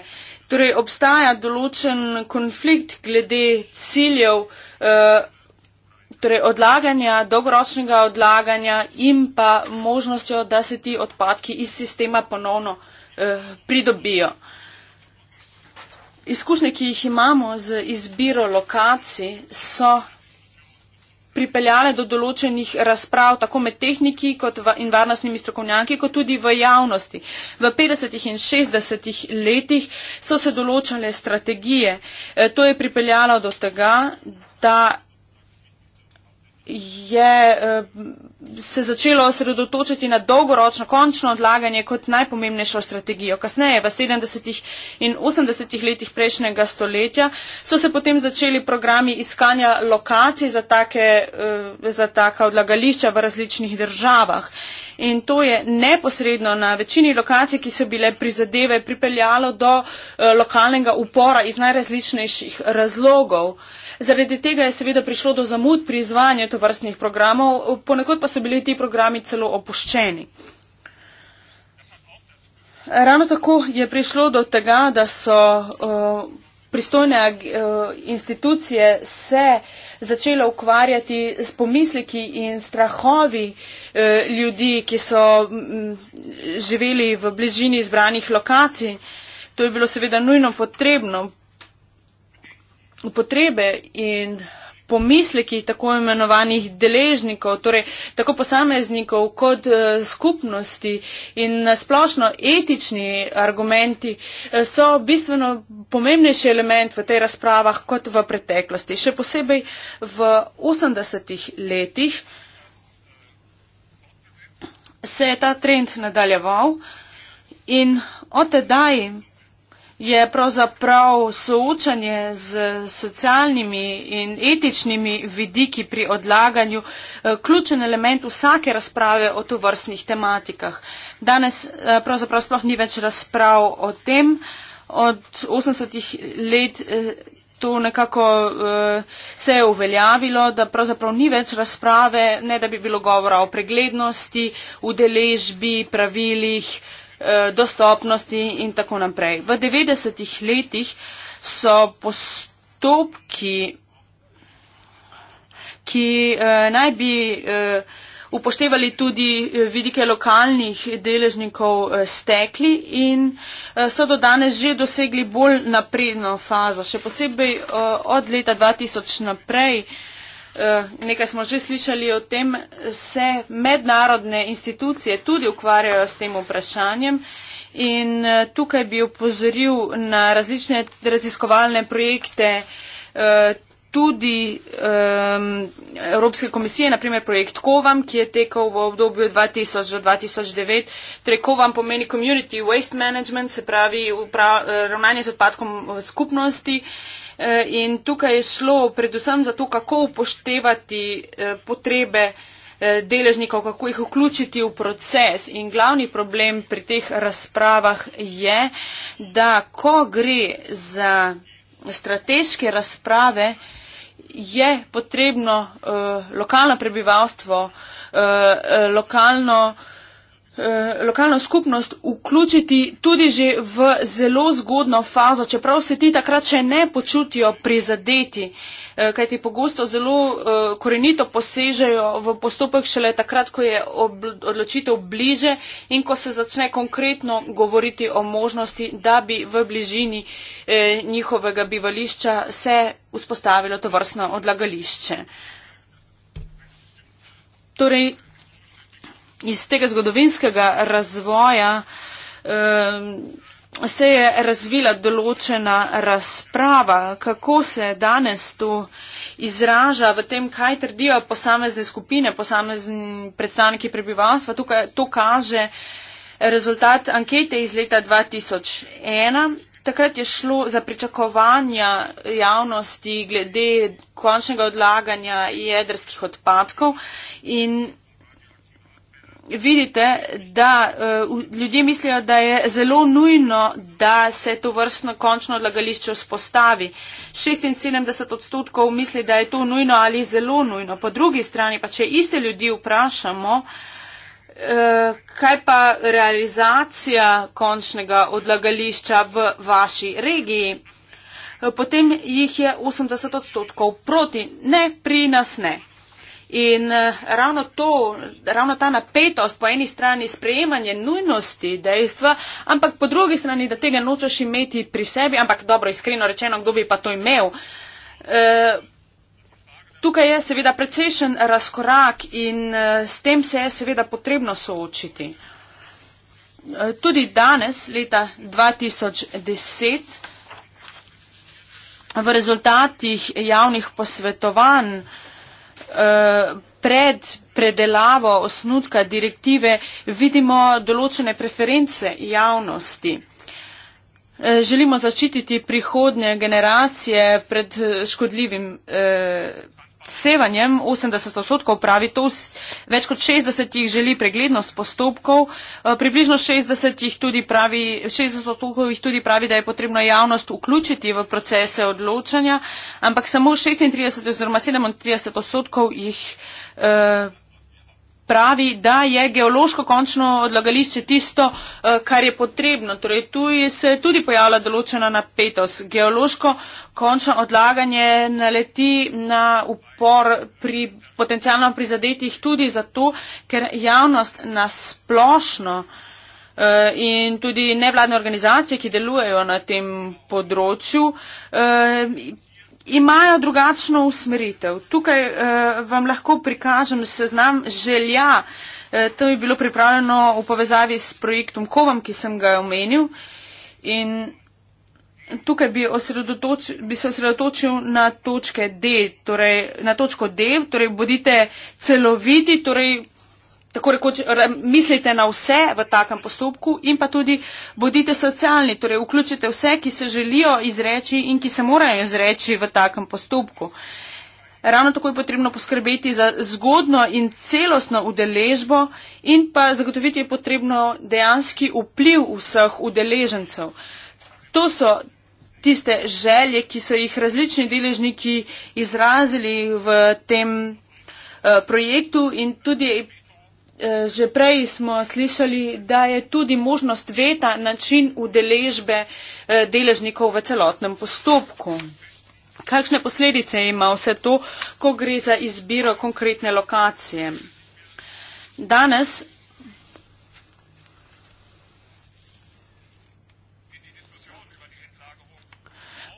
Torej obstaja določen konflikt glede ciljev uh, torej odlaganja, dolgoročnega odlaganja in pa možnostjo, da se ti odpadki iz sistema ponovno uh, pridobijo. Uh, izkušnje, ki jih imamo z izbiro lokacij, so pripeljale do določenih razprav tako med tehniki kot in varnostnimi strokovnjaki, kot tudi v javnosti. V 50. in 60. letih so se določale strategije. E, to je pripeljalo do tega, da je. E, se začelo osredotočiti na dolgoročno končno odlaganje kot najpomembnejšo strategijo. Kasneje, v 70. in 80. letih prejšnjega stoletja, so se potem začeli programi iskanja lokacij za, take, eh, za taka odlagališča v različnih državah. In to je neposredno na večini lokacij, ki so bile prizadeve, pripeljalo do eh, lokalnega upora iz najrazličnejših razlogov. Zaradi tega je seveda prišlo do zamud pri izvajanju tovrstnih programov, ponekod pa so bili ti programi celo opuščeni. Ravno tako je prišlo do tega, da so uh, pristojne uh, institucije se začele ukvarjati s pomisliki in strahovi uh, ljudi, ki so um, živeli v bližini izbranih lokacij. To je bilo seveda nujno potrebno, potrebe in pomisleki tako imenovanih deležnikov, torej tako posameznikov kot e, skupnosti in splošno etični argumenti e, so bistveno pomembnejši element v tej razpravah kot v preteklosti. Še posebej v 80-ih letih se je ta trend nadaljeval in od tedaj je pravzaprav soočanje z socialnimi in etičnimi vidiki pri odlaganju eh, ključen element vsake razprave o tovrstnih tematikah. Danes eh, pravzaprav sploh ni več razprav o tem. Od 80-ih let eh, to nekako se je uveljavilo, da pravzaprav ni več razprave, ne da bi bilo govora o preglednosti, udeležbi, pravilih, Eh, dostopnosti in tako naprej. V 90-ih letih so postopki, ki eh, naj bi eh, upoštevali tudi eh, vidike lokalnih deležnikov eh, stekli in so do danes že dosegli bolj napredno fazo. Še posebej od leta 2000 naprej eh, Eh, nekaj smo že slišali o tem, se mednarodne institucije tudi ukvarjajo s tem vprašanjem. In eh, tukaj bi upozoril na različne raziskovalne projekte eh, tudi um, Evropske komisije, naprimer projekt Kovam, ki je tekel v obdobju 2000 do 2009. Torej Kovam pomeni Community Waste Management, se pravi ravnanje z odpadkom skupnosti. Uh, Eh, in tukaj je šlo predvsem za to, kako upoštevati eh, potrebe eh, deležnikov, kako jih vključiti v proces. In glavni problem pri teh razpravah je, da ko gre za strateške razprave, je potrebno uh, lokalno prebivalstvo, uh, lokalno uh, Eh, lokalno skupnost vključiti tudi že v zelo zgodno fazo, čeprav se ti takrat še ne počutijo prizadeti, eh, kaj ti pogosto zelo eh, korenito posežejo v postopek šele takrat, ko je odločitev bliže in ko se začne konkretno govoriti o možnosti, da bi v bližini njihovega bivališča se vzpostavilo to vrstno odlagališče. Torej, iz tega zgodovinskega razvoja ehm, se je razvila določena razprava, kako se danes to izraža v tem, kaj trdijo posamezne skupine, posamezni predstavniki prebivalstva. Tukaj, to kaže rezultat ankete iz leta 2001. Takrat je šlo za pričakovanja javnosti glede končnega odlaganja jedrskih odpadkov in vidite, da uh, ljudje mislijo, da je zelo nujno, da se to vrstno končno odlagališče vzpostavi. 76 odstotkov misli, da je to nujno ali zelo nujno. Po drugi strani pa, če iste ljudi vprašamo, eh, Kaj pa realizacija končnega odlagališča v vaši regiji? Eh, potem jih je 80 odstotkov proti. Ne, pri nas ne. In eh, ravno to, ravno ta napetost po eni strani sprejemanje nujnosti dejstva, ampak po drugi strani, da tega nočeš imeti pri sebi, ampak dobro, iskreno rečeno, kdo bi pa to imel. Eh, tukaj je seveda precejšen razkorak in eh, s tem se je seveda potrebno soočiti. Tudi danes, leta 2010, v rezultatih javnih posvetovanj, Eh, pred predelavo osnutka direktive vidimo določene preference javnosti. Eh, želimo zaščititi prihodnje generacije pred škodljivim eh, odsevanjem 80 odstotkov pravi to, več kot 60 jih želi preglednost postopkov, eh, približno 60, jih tudi pravi, 60 odstotkov jih tudi pravi, da je potrebno javnost vključiti v procese odločanja, ampak samo 36 oziroma 37 odstotkov jih eh, pravi, da je geološko končno odlagališče tisto, eh, kar je potrebno. Torej, tu je se tudi pojavila določena napetost. Geološko končno odlaganje naleti na upor pri potencijalno prizadetih tudi zato, ker javnost nasplošno eh, in tudi nevladne organizacije, ki delujejo na tem področju, eh, imajo drugačno usmeritev. Tukaj uh, vam lahko prikažem seznam želja, uh, to je bilo pripravljeno v povezavi s projektom Kovam, ki sem ga omenil. In tukaj bi, bi se osredotočil na točke D, torej na točko D, torej bodite celoviti, torej tako rekoč, mislite na vse v takem postopku in pa tudi bodite socialni, torej vključite vse, ki se želijo izreči in ki se morajo izreči v takem postopku. Ravno tako je potrebno poskrbeti za zgodno in celostno udeležbo in pa zagotoviti je potrebno dejanski vpliv vseh udeležencev. To so tiste želje, ki so jih različni deležniki izrazili v tem uh, projektu in tudi Eh, že prej smo slišali, da je tudi možnost veta način udeležbe eh, deležnikov v celotnem postopku. Kakšne posledice ima vse to, ko gre za izbiro konkretne lokacije? Danes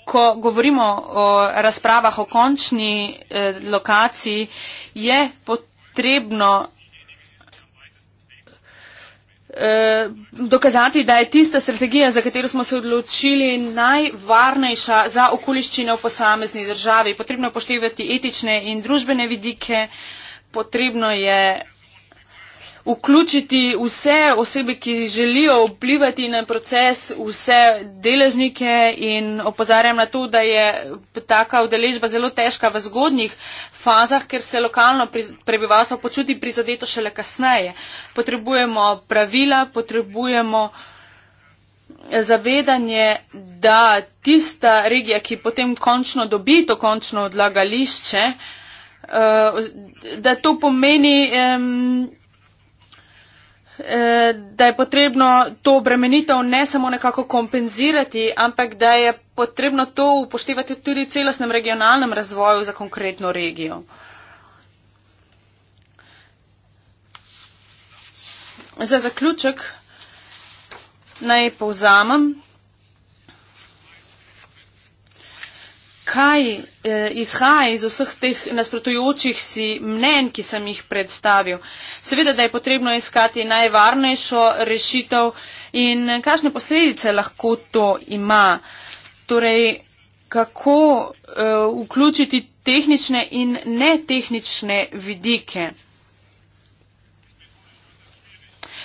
Ko govorimo o razpravah o končni eh, lokaciji, je potrebno Eh, dokazati, da je tista strategija, za katero smo se odločili, najvarnejša za okoliščine v posamezni državi. Potrebno je poštevati etične in družbene vidike, potrebno je vključiti vse osebe, ki želijo vplivati na proces, vse deležnike in opozarjam na to, da je taka udeležba zelo težka v zgodnjih fazah, ker se lokalno prebivalstvo počuti prizadeto šele kasneje. Potrebujemo pravila, potrebujemo zavedanje, da tista regija, ki potem končno dobi to končno odlagališče, eh, da to pomeni. Um, Eh, da je potrebno to obremenitev ne samo nekako kompenzirati, ampak da je potrebno to upoštevati tudi v celostnem regionalnem razvoju za konkretno regijo. Za zaključek naj povzamem. kaj eh, izhaja iz vseh teh nasprotujočih si mnen, ki sem jih predstavil. Seveda, da je potrebno iskati najvarnejšo rešitev in kakšne posledice lahko to ima. Torej, kako eh, vključiti tehnične in netehnične vidike.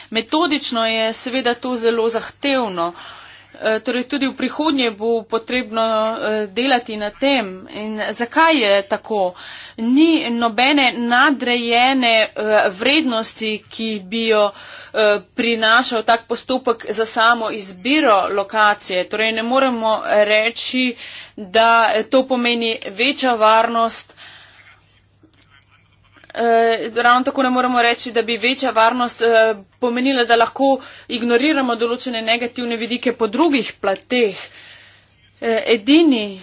Metodično je seveda to zelo zahtevno. Eh, Eh, torej, tudi v prihodnje bo potrebno eh, delati na tem. In zakaj je tako? Ni nobene nadrejene eh, vrednosti, ki bi jo prinašal tak postopek za samo izbiro lokacije. Torej, ne moremo reči, da to pomeni večja varnost. Eh, ravno tako ne moremo reči, da bi večja varnost eh, pomenila, da lahko ignoriramo določene negativne vidike po drugih plateh. Eh, edini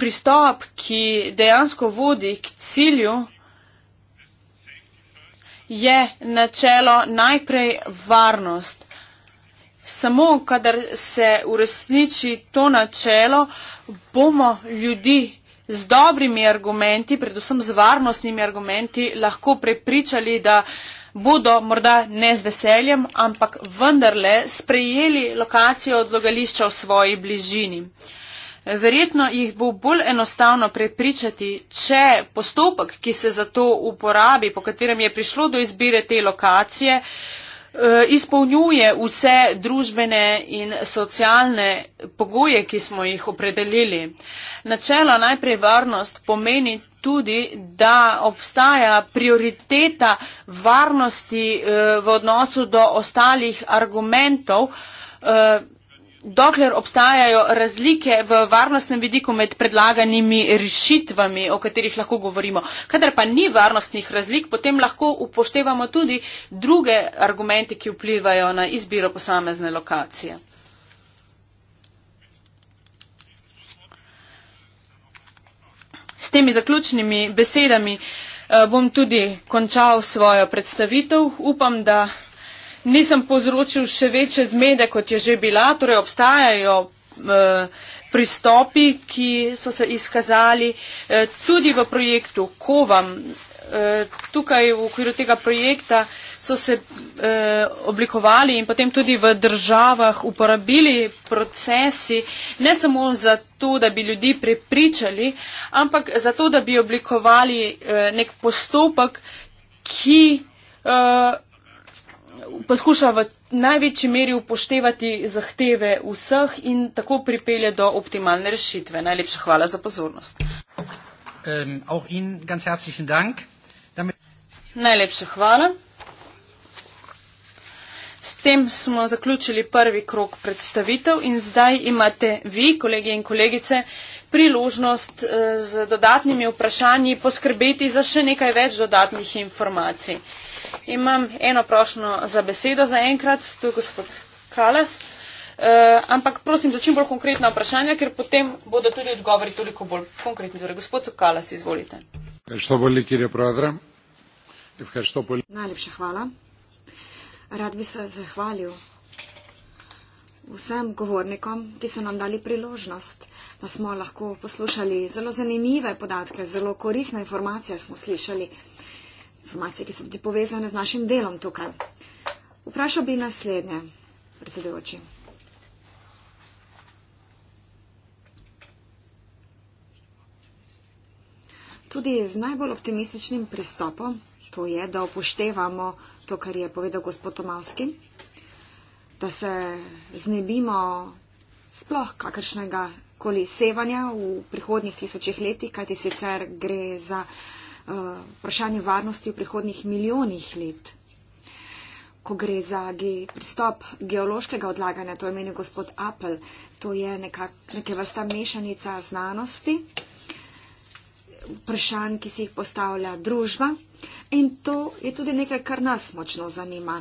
pristop, ki dejansko vodi k cilju, je načelo najprej varnost. Samo, kadar se uresniči to načelo, bomo ljudi z dobrimi argumenti, predvsem z varnostnimi argumenti, lahko prepričali, da bodo morda ne z veseljem, ampak vendarle sprejeli lokacijo odlogališča v svoji bližini. Verjetno jih bo bolj enostavno prepričati, če postopek, ki se za to uporabi, po katerem je prišlo do izbire te lokacije, eh, Eh, izpolnjuje vse družbene in socialne pogoje, ki smo jih opredelili. Načelo najprej varnost pomeni tudi, da obstaja prioriteta varnosti eh, v odnosu do ostalih argumentov eh, Dokler obstajajo razlike v varnostnem vidiku med predlaganimi rešitvami, o katerih lahko govorimo, kadar pa ni varnostnih razlik, potem lahko upoštevamo tudi druge argumente, ki vplivajo na izbiro posamezne lokacije. S temi zaključnimi besedami eh, bom tudi končal svojo predstavitev. Upam, da nisem povzročil še večje zmede, kot je že bila. Torej obstajajo eh, pristopi, ki so se izkazali eh, tudi v projektu Kovam. Eh, tukaj v okviru tega projekta so se eh, oblikovali in potem tudi v državah uporabili procesi, ne samo zato, da bi ljudi prepričali, ampak zato, da bi oblikovali eh, nek postopek, ki eh, poskuša v največji meri upoštevati zahteve vseh in tako pripelje do optimalne rešitve. Najlepša hvala za pozornost. Ähm, Najlepša hvala. S tem smo zaključili prvi krok predstavitev in zdaj imate vi, kolege in kolegice, priložnost eh, z dodatnimi vprašanji poskrbeti za še nekaj več dodatnih informacij. Imam eno prošnjo za besedo za enkrat, to je gospod Kalas. E, ampak prosim za čim bolj konkretna vprašanja, ker potem bodo tudi odgovori toliko bolj konkretni. Torej, gospod Kalas, izvolite. Najlepša hvala. Rad bi se zahvalil vsem govornikom, ki so nam dali priložnost, da smo lahko poslušali zelo zanimive podatke, zelo korisne informacije smo slišali informacije, ki so tudi povezane z našim delom tukaj. Vprašal bi naslednje, predsedujoči. Tudi z najbolj optimističnim pristopom, to je, da upoštevamo to, kar je povedal gospod Tomavski, da se znebimo sploh kakršnega koli sevanja v prihodnjih tisočih letih, kajti sicer gre za vprašanje varnosti v prihodnih milijonih let. Ko gre za ge pristop geološkega odlaganja, to je menil gospod Apple, to je neka vrsta mešanica znanosti, vprašanj, ki si jih postavlja družba in to je tudi nekaj, kar nas močno zanima.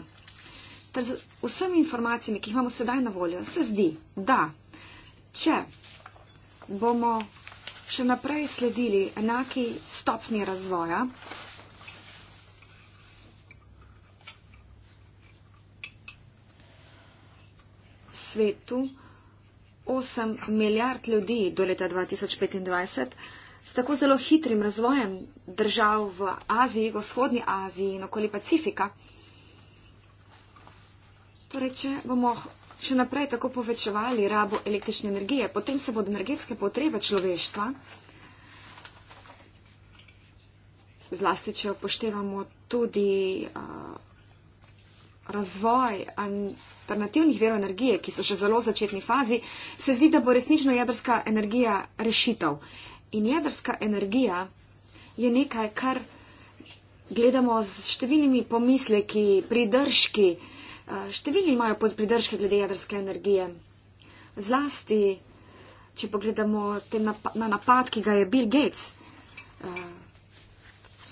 Ter z vsemi informacijami, ki jih imamo sedaj na voljo, se zdi, da če bomo še naprej sledili enaki stopni razvoja. Svetu 8 milijard ljudi do leta 2025 s tako zelo hitrim razvojem držav v Aziji, v vzhodni Aziji in okoli Pacifika. Torej, če bomo še naprej tako povečevali rabo električne energije, potem se bodo energetske potrebe človeštva, zlasti če upoštevamo tudi uh, razvoj alternativnih verov energije, ki so še zelo v začetni fazi, se zdi, da bo resnično jedrska energija rešitev. In jedrska energija je nekaj, kar gledamo z številnimi pomisleki, pridržki, uh, Eh, številni imajo podpridržke glede jedrske energije. Zlasti, če pogledamo na napad, ki ga je Bill Gates eh,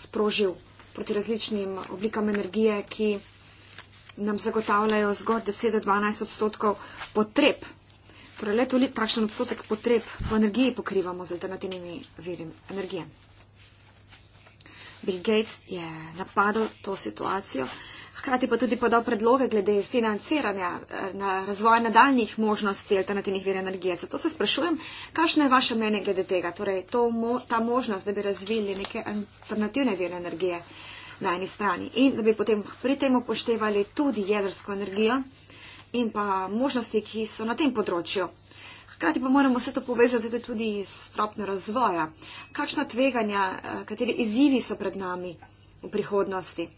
sprožil proti različnim oblikam energije, ki nam zagotavljajo zgolj 10 do 12 odstotkov potreb. Torej, le toliko takšen odstotek potreb po energiji pokrivamo z alternativnimi viri energije. Bill Gates je napadel to situacijo hkrati pa tudi podal predloge glede financiranja eh, na razvoj nadaljnih možnosti alternativnih vir energije. Zato se sprašujem, kakšno je vaše mnenje glede tega, torej to, ta možnost, da bi razvili neke alternativne vire energije na eni strani in da bi potem pri tem upoštevali tudi jedrsko energijo in pa možnosti, ki so na tem področju. Hkrati pa moramo vse to povezati tudi s stropno razvoja. Kakšna tveganja, eh, kateri izzivi so pred nami v prihodnosti?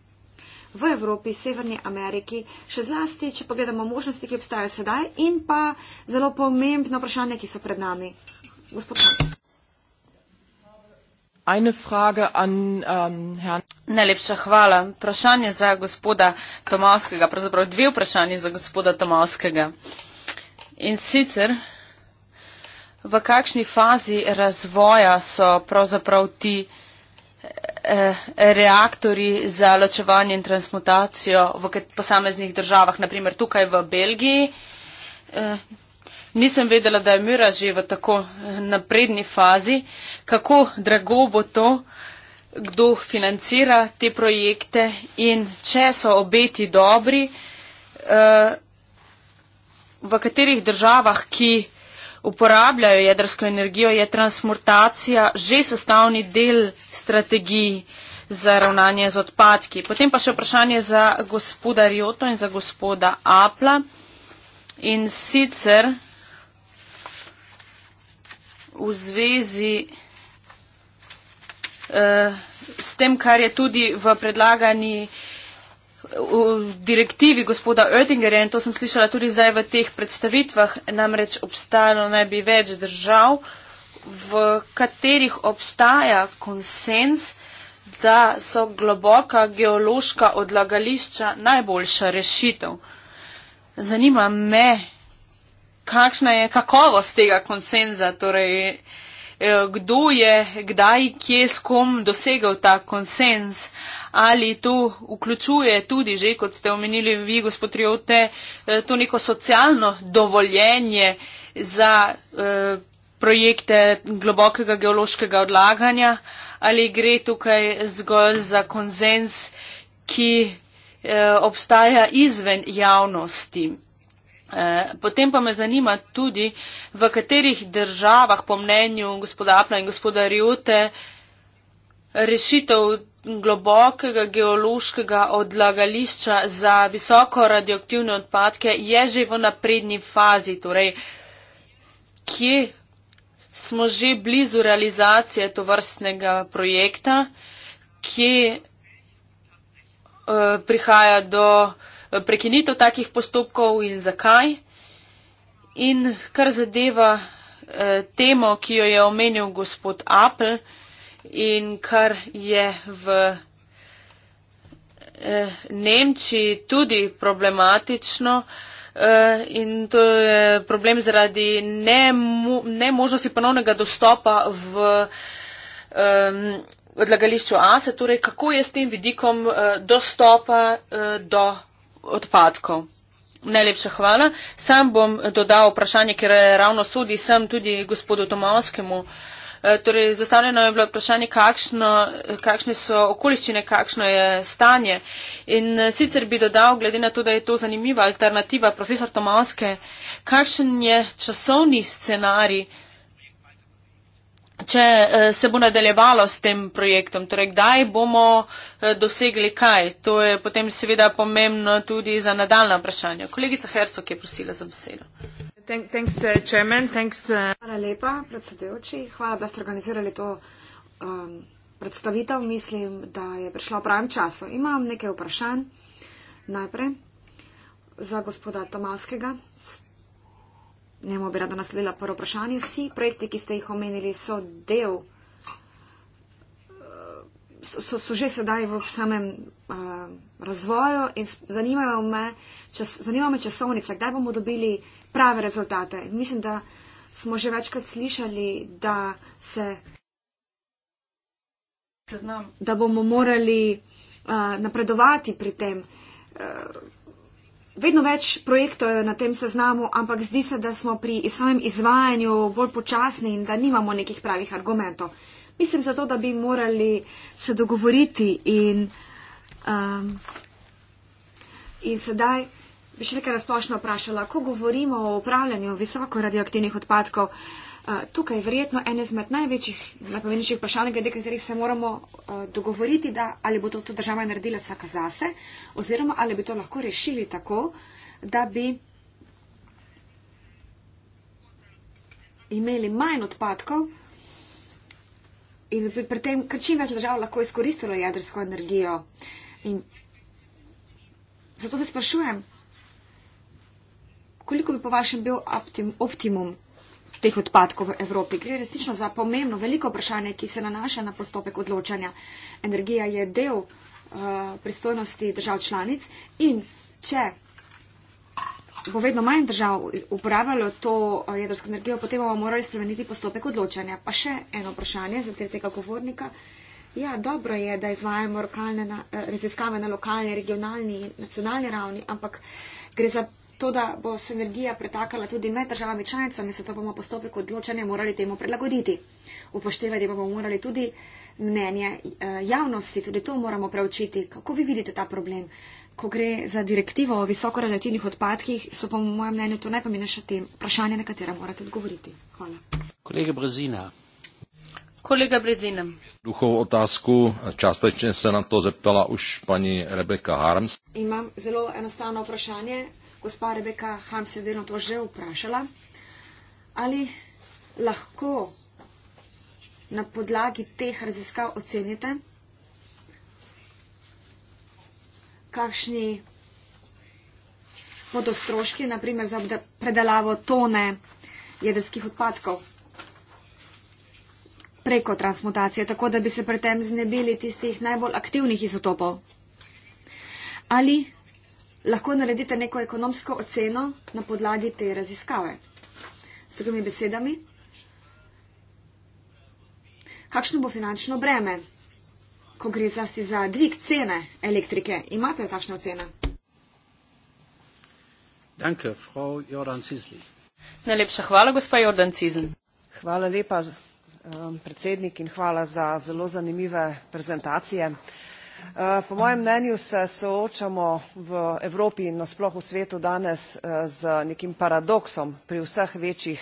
v Evropi, Severni Ameriki, še zlasti, če pogledamo možnosti, ki obstajajo sedaj in pa zelo pomembno vprašanje, ki so pred nami. Gospod Hans. Ähm, Najlepša hvala. Vprašanje za gospoda Tomavskega, pravzaprav dve vprašanje za gospoda Tomavskega. In sicer, v kakšni fazi razvoja so pravzaprav ti Eh, reaktori za ločevanje in transmutacijo v posameznih državah, naprimer tukaj v Belgiji. Eh, nisem vedela, da je Mira že v tako eh, napredni fazi. Kako drago bo to, kdo financira te projekte in če so obeti dobri, v katerih državah, ki uporabljajo jedrsko energijo, je transmutacija že sestavni del strategij za ravnanje z odpadki. Potem pa še vprašanje za gospoda Rjoto in za gospoda Apla. In sicer v zvezi uh, s tem, kar je tudi v predlagani uh, v direktivi gospoda Oettingerja in to sem slišala tudi zdaj v teh predstavitvah, namreč obstajalo naj bi več držav, v katerih obstaja konsens, da so globoka geološka odlagališča najboljša rešitev. Zanima me, kakšna je kakovost tega konsenza, torej Eh, kdo je kdaj kje s kom dosegal ta konsens, ali to vključuje tudi že, kot ste omenili vi, gospod Triote, eh, to neko socialno dovoljenje za eh, projekte globokega geološkega odlaganja, ali gre tukaj zgolj za konsens, ki obstaja izven javnosti. Eh, potem pa me zanima tudi, v katerih državah, po mnenju gospoda Apna in gospoda Rjute, rešitev globokega geološkega odlagališča za visoko radioaktivne odpadke je že v napredni fazi, torej kje smo že blizu realizacije to vrstnega projekta, kje uh, prihaja do uh, prekinitev takih postopkov in zakaj. In kar zadeva eh, temo, ki jo je omenil gospod Apple in kar je v eh, Nemčiji tudi problematično eh, in to je problem zaradi nemožnosti ne ponovnega dostopa v eh, odlagališču ASE, torej kako je s tem vidikom eh, dostopa eh, do odpadkov. Najlepša hvala. Sam bom dodal vprašanje, ker je ravno sodi sem tudi gospodu Tomovskemu. E, torej, zastavljeno je bilo vprašanje, kakšno, kakšne so okoliščine, kakšno je stanje. In e, sicer bi dodal, glede na to, da je to zanimiva alternativa, profesor Tomovske, kakšen je časovni scenarij če eh, se bo nadaljevalo s tem projektom, torej kdaj bomo eh, dosegli kaj. To je potem seveda pomembno tudi za nadaljna vprašanja. Kolegica Hercog je prosila za besedo. Thanks, eh, chairman, thanks. Hvala lepa, predsedujoči. Hvala, da ste organizirali to um, predstavitev. Mislim, da je prišla v pravem času. Imam nekaj vprašanj najprej za gospoda Tomaskega. Njemu bi rada naslovila prvo vprašanje. Vsi projekti, ki ste jih omenili, so del, so, so že sedaj v samem uh, razvoju in zanimajo me, čas, zanima me časovnica, kdaj bomo dobili prave rezultate. Mislim, da smo že večkrat slišali, da se. Seznam. Da bomo morali uh, napredovati pri tem. Uh, vedno več projektov je na tem seznamu, ampak zdi se, da smo pri samem izvajanju bolj počasni in da nimamo nekih pravih argumentov. Mislim zato, da bi morali se dogovoriti in, um, in sedaj bi še nekaj razplošno vprašala, ko govorimo o upravljanju visoko radioaktivnih odpadkov tukaj je verjetno ene zmed največjih, najpomembnejših vprašanj, glede katerih se moramo uh, dogovoriti, da ali bo to, to država naredila vsaka zase, oziroma ali bi to lahko rešili tako, da bi imeli manj odpadkov in bi pri tem, ker čim več držav lahko izkoristilo jedrsko energijo. In zato se sprašujem, koliko bi po vašem bil optim, optimum teh odpadkov v Evropi. Gre resnično za pomembno, veliko vprašanje, ki se nanaša na postopek odločanja. Energija je del uh, pristojnosti držav članic in če bo vedno manj držav uporabljalo to uh, jedrsko energijo, potem bomo morali spremeniti postopek odločanja. Pa še eno vprašanje za tretjega govornika. Ja, dobro je, da izvajamo na, eh, raziskave na lokalni, regionalni in nacionalni ravni, ampak gre za To, da bo se energija pretakala tudi med državami članicami, se to bomo postopek odločanja morali temu prilagoditi. Upoštevati bomo morali tudi mnenje eh, javnosti, tudi to moramo preučiti. Kako vi vidite ta problem? Ko gre za direktivo o visokoradioaktivnih odpadkih, so po mojem mnenju to najpomembnejše tem vprašanje, na katera morate odgovoriti. Hvala. Kolega Brezina. Kolega Brezina. Duhov otasku, častečne se nam to zeptala už pani Rebeka Harms. Imam zelo enostavno vprašanje gospa Rebeka Ham se je delno to že vprašala, ali lahko na podlagi teh raziskav ocenite, kakšni bodo stroški, naprimer za predelavo tone jedrskih odpadkov preko transmutacije, tako da bi se pri tem znebili tistih najbolj aktivnih izotopov. Ali lahko naredite neko ekonomsko oceno na podlagi te raziskave. S drugimi besedami, kakšno bo finančno breme, ko gre zasti za dvig cene elektrike? Imate takšne ocene? Danke, Frau Jordan Cizli. Najlepša hvala, gospa Jordan Cizli. Hvala lepa, um, predsednik, in hvala za zelo zanimive prezentacije. Eh, po mojem mnenju se soočamo v Evropi in nasploh v svetu danes eh, z nekim paradoksom pri vseh večjih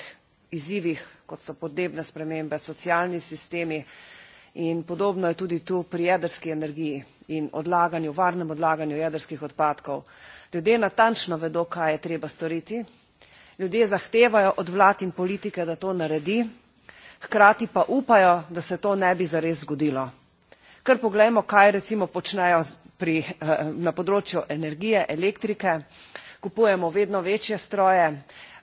izzivih, kot so podnebne spremembe, socialni sistemi in podobno je tudi tu pri jedrski energiji in odlaganju, varnem odlaganju jedrskih odpadkov. Ljudje natančno vedo, kaj je treba storiti, ljudje zahtevajo od vlad in politike, da to naredi, hkrati pa upajo, da se to ne bi zares zgodilo. Kar pogledajmo, kaj recimo počnejo pri, eh, na področju energije, elektrike. Kupujemo vedno večje stroje,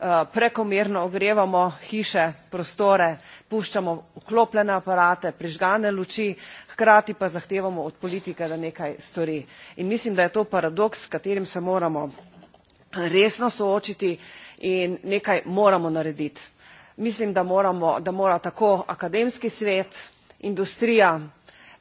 eh, prekomerno ogrevamo hiše, prostore, puščamo vklopljene aparate, prižgane luči, hkrati pa zahtevamo od politike, da nekaj stori. In mislim, da je to paradoks, s katerim se moramo eh, resno soočiti in nekaj moramo narediti. Mislim, da, moramo, da mora tako akademski svet, industrija,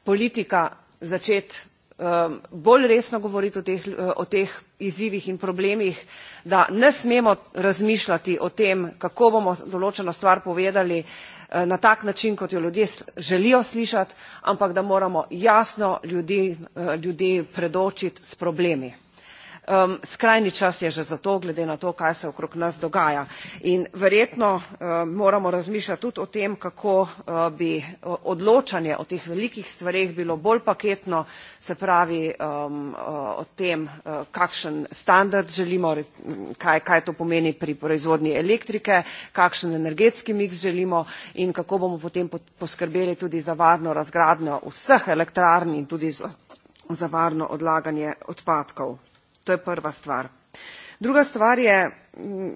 politika začeti um, bolj resno govoriti o teh, o teh izzivih in problemih, da ne smemo razmišljati o tem, kako bomo določeno stvar povedali uh, na tak način, kot jo ljudje želijo slišati, ampak da moramo jasno ljudi, uh, ljudi predočiti s problemi. Um, skrajni čas je že za to, glede na to, kaj se okrog nas dogaja. In verjetno um, moramo razmišljati tudi o tem, kako uh, bi odločanje o teh velikih stvarih bilo bolj paketno, se pravi um, uh, o tem, uh, kakšen standard želimo, kaj, kaj to pomeni pri proizvodnji elektrike, kakšen energetski miks želimo in kako bomo potem poskrbeli tudi za varno razgradnjo vseh elektrarn in tudi za, za varno odlaganje odpadkov. To je prva stvar. Druga stvar je mm,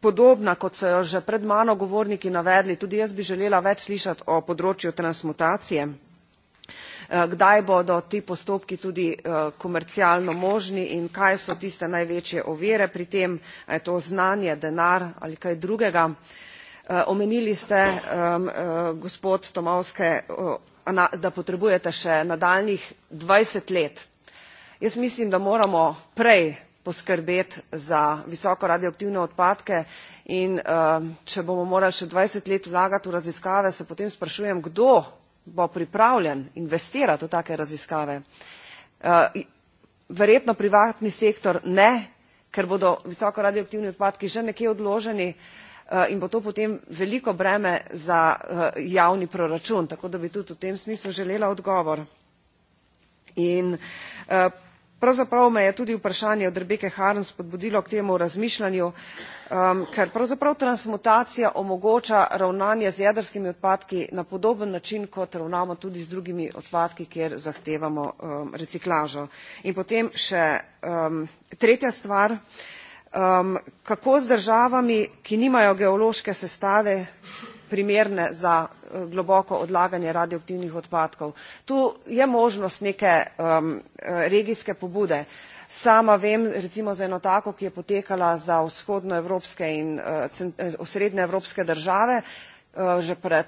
podobna, kot so jo že pred mano govorniki navedli, tudi jaz bi želela več slišati o področju transmutacije. Eh, kdaj bodo ti postopki tudi eh, komercialno možni in kaj so tiste največje ovire pri tem, je to znanje, denar ali kaj drugega. Eh, omenili ste, gospod Tomovske, da potrebujete še nadaljnih 20 let, Jaz mislim, da moramo prej poskrbeti za visoko radioaktivne odpadke in uh, če bomo morali še 20 let vlagati v raziskave, se potem sprašujem, kdo bo pripravljen investirati v take raziskave. Uh, verjetno privatni sektor ne, ker bodo visoko radioaktivni odpadki že nekje odloženi eh, in bo to potem veliko breme za javni proračun, tako da bi tudi v tem smislu želela odgovor. In pravzaprav me je tudi vprašanje od Rebeke Harn spodbudilo k temu razmišljanju, um, ker pravzaprav transmutacija omogoča ravnanje z jedrskimi odpadki na podoben način, kot ravnamo tudi z drugimi odpadki, kjer zahtevamo um, reciklažo. In potem še um, tretja stvar, um, kako z državami, ki nimajo geološke sestave, primerne za eh, globoko odlaganje radioaktivnih odpadkov. Tu je možnost neke um, regijske pobude. Sama vem recimo za eno tako, ki je potekala za vzhodno evropske in uh, eh, osrednje evropske države uh, že pred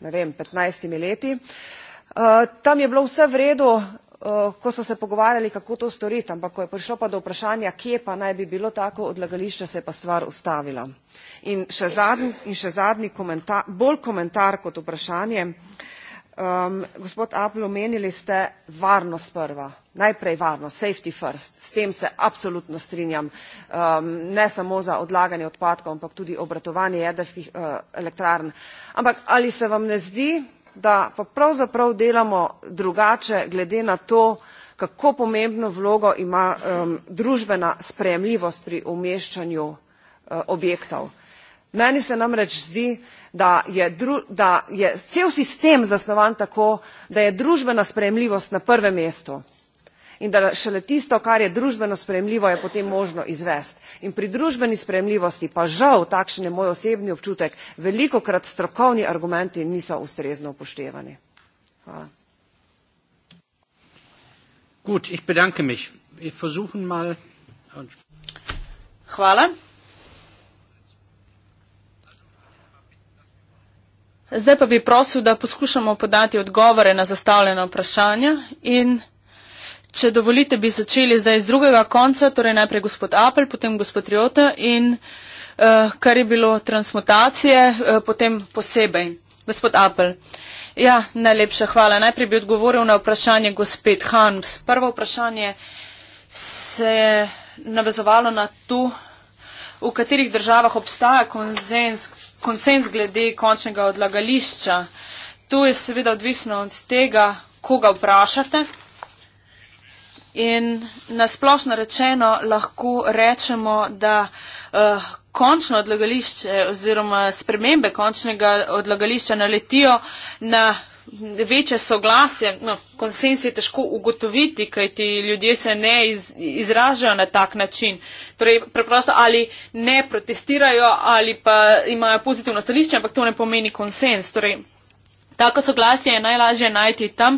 ne vem, 15 leti. Uh, tam je bilo vse v redu, Eh, ko so se pogovarjali, kako to storiti, ampak ko je prišlo pa do vprašanja, kje pa naj bi bilo tako odlagališče, se je pa stvar ustavila. In še zadnji, in še zadnji komentar, bolj komentar kot vprašanje. Um, gospod Apple, omenili ste varnost prva, najprej varnost, safety first, s tem se absolutno strinjam, um, ne samo za odlaganje odpadkov, ampak tudi obratovanje jedrskih uh, elektrarn. Ampak ali se vam ne zdi, da pa pravzaprav delamo drugače glede na to, kako pomembno vlogo ima um, družbena sprejemljivost pri umeščanju uh, objektov. Meni se namreč zdi, da je, dru, da je cel sistem zasnovan tako, da je družbena sprejemljivost na prvem mestu in da šele tisto, kar je družbeno sprejemljivo, je potem možno izvesti. In pri družbeni sprejemljivosti, pa žal takšen je moj osebni občutek, veliko krat strokovni argumenti niso ustrezno upoštevani. Hvala. Gut, ich bedanke mich. Wir versuchen mal. Hvala. Zdaj pa bi prosil, da poskušamo podati odgovore na zastavljene vprašanja in Če dovolite, bi začeli zdaj z drugega konca, torej najprej gospod Apel, potem gospod Triota in uh, kar je bilo transmutacije, uh, potem posebej. Gospod Apel. Ja, najlepša hvala. Najprej bi odgovoril na vprašanje gospod Hans. Prvo vprašanje se je navezovalo na to, v katerih državah obstaja konsens, konsens glede končnega odlagališča. To je seveda odvisno od tega, koga vprašate. In nasplošno rečeno lahko rečemo, da uh, končno odlagališče oziroma spremembe končnega odlagališča naletijo na večje soglasje. No, konsens je težko ugotoviti, kaj ti ljudje se ne iz, izražajo na tak način. Torej, preprosto ali ne protestirajo ali pa imajo pozitivno stališče, ampak to ne pomeni konsens. Torej, Tako soglasje je najlažje najti tam,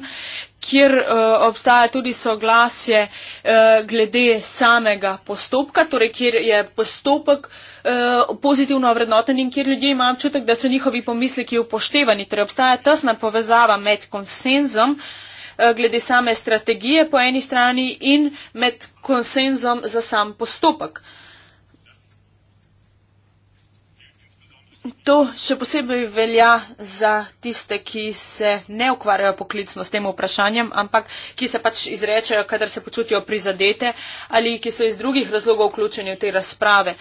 kjer uh, obstaja tudi soglasje uh, glede samega postopka, torej kjer je postopek uh, pozitivno vrednoten in kjer ljudje imajo občutek, da so njihovi pomisleki upoštevani. Torej obstaja tesna povezava med konsenzom glede same strategije po eni strani in med konsenzom za sam postopek. Uh, To še posebej velja za tiste, ki se ne ukvarjajo poklicno s tem vprašanjem, ampak ki se pač izrečajo, kadar se počutijo prizadete ali ki so iz drugih razlogov vključeni v te razprave.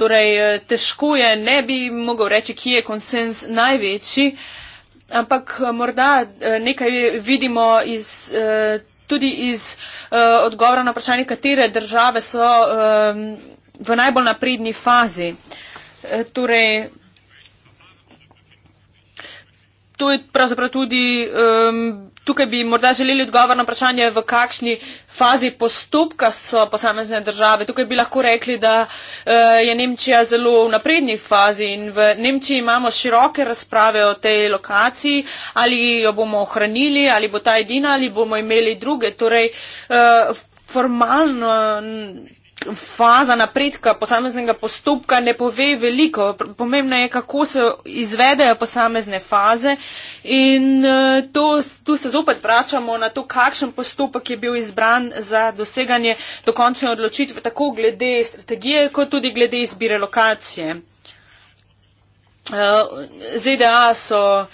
Torej, eh, težko je, ne bi mogel reči, ki je konsens največji, ampak eh, morda eh, nekaj vidimo iz, tudi iz odgovora na vprašanje, katere države so v najbolj napredni fazi. Torej, to je pravzaprav tudi, um, tukaj bi morda želeli odgovor na vprašanje, v kakšni fazi postopka so posamezne države. Tukaj bi lahko rekli, da uh, je Nemčija zelo v napredni fazi in v Nemčiji imamo široke razprave o tej lokaciji, ali jo bomo ohranili, ali bo ta edina, ali bomo imeli druge. Torej, uh, formalno faza napredka posameznega postopka ne pove veliko. Pomembno je, kako se izvedejo posamezne faze in eh, to, tu se zopet vračamo na to, kakšen postopek je bil izbran za doseganje dokončne odločitve, tako glede strategije, kot tudi glede izbire lokacije. Eh, ZDA so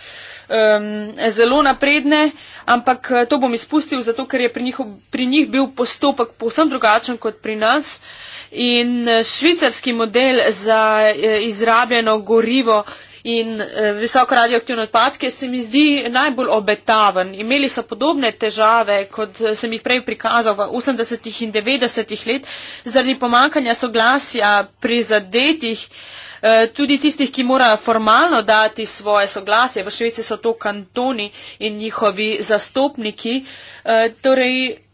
um, zelo napredne, ampak eh, to bom izpustil, zato ker je pri njih, pri njih bil postopek povsem drugačen kot pri nas. In eh, švicarski model za eh, izrabljeno gorivo in eh, visoko radioaktivne odpadke se mi zdi najbolj obetaven. Imeli so podobne težave, kot eh, sem jih prej prikazal v 80-ih in 90-ih let, zaradi pomankanja soglasja prizadetih, eh, tudi tistih, ki morajo formalno dati svoje soglasje. V Švici so to kantoni in njihovi zastopniki. Torej,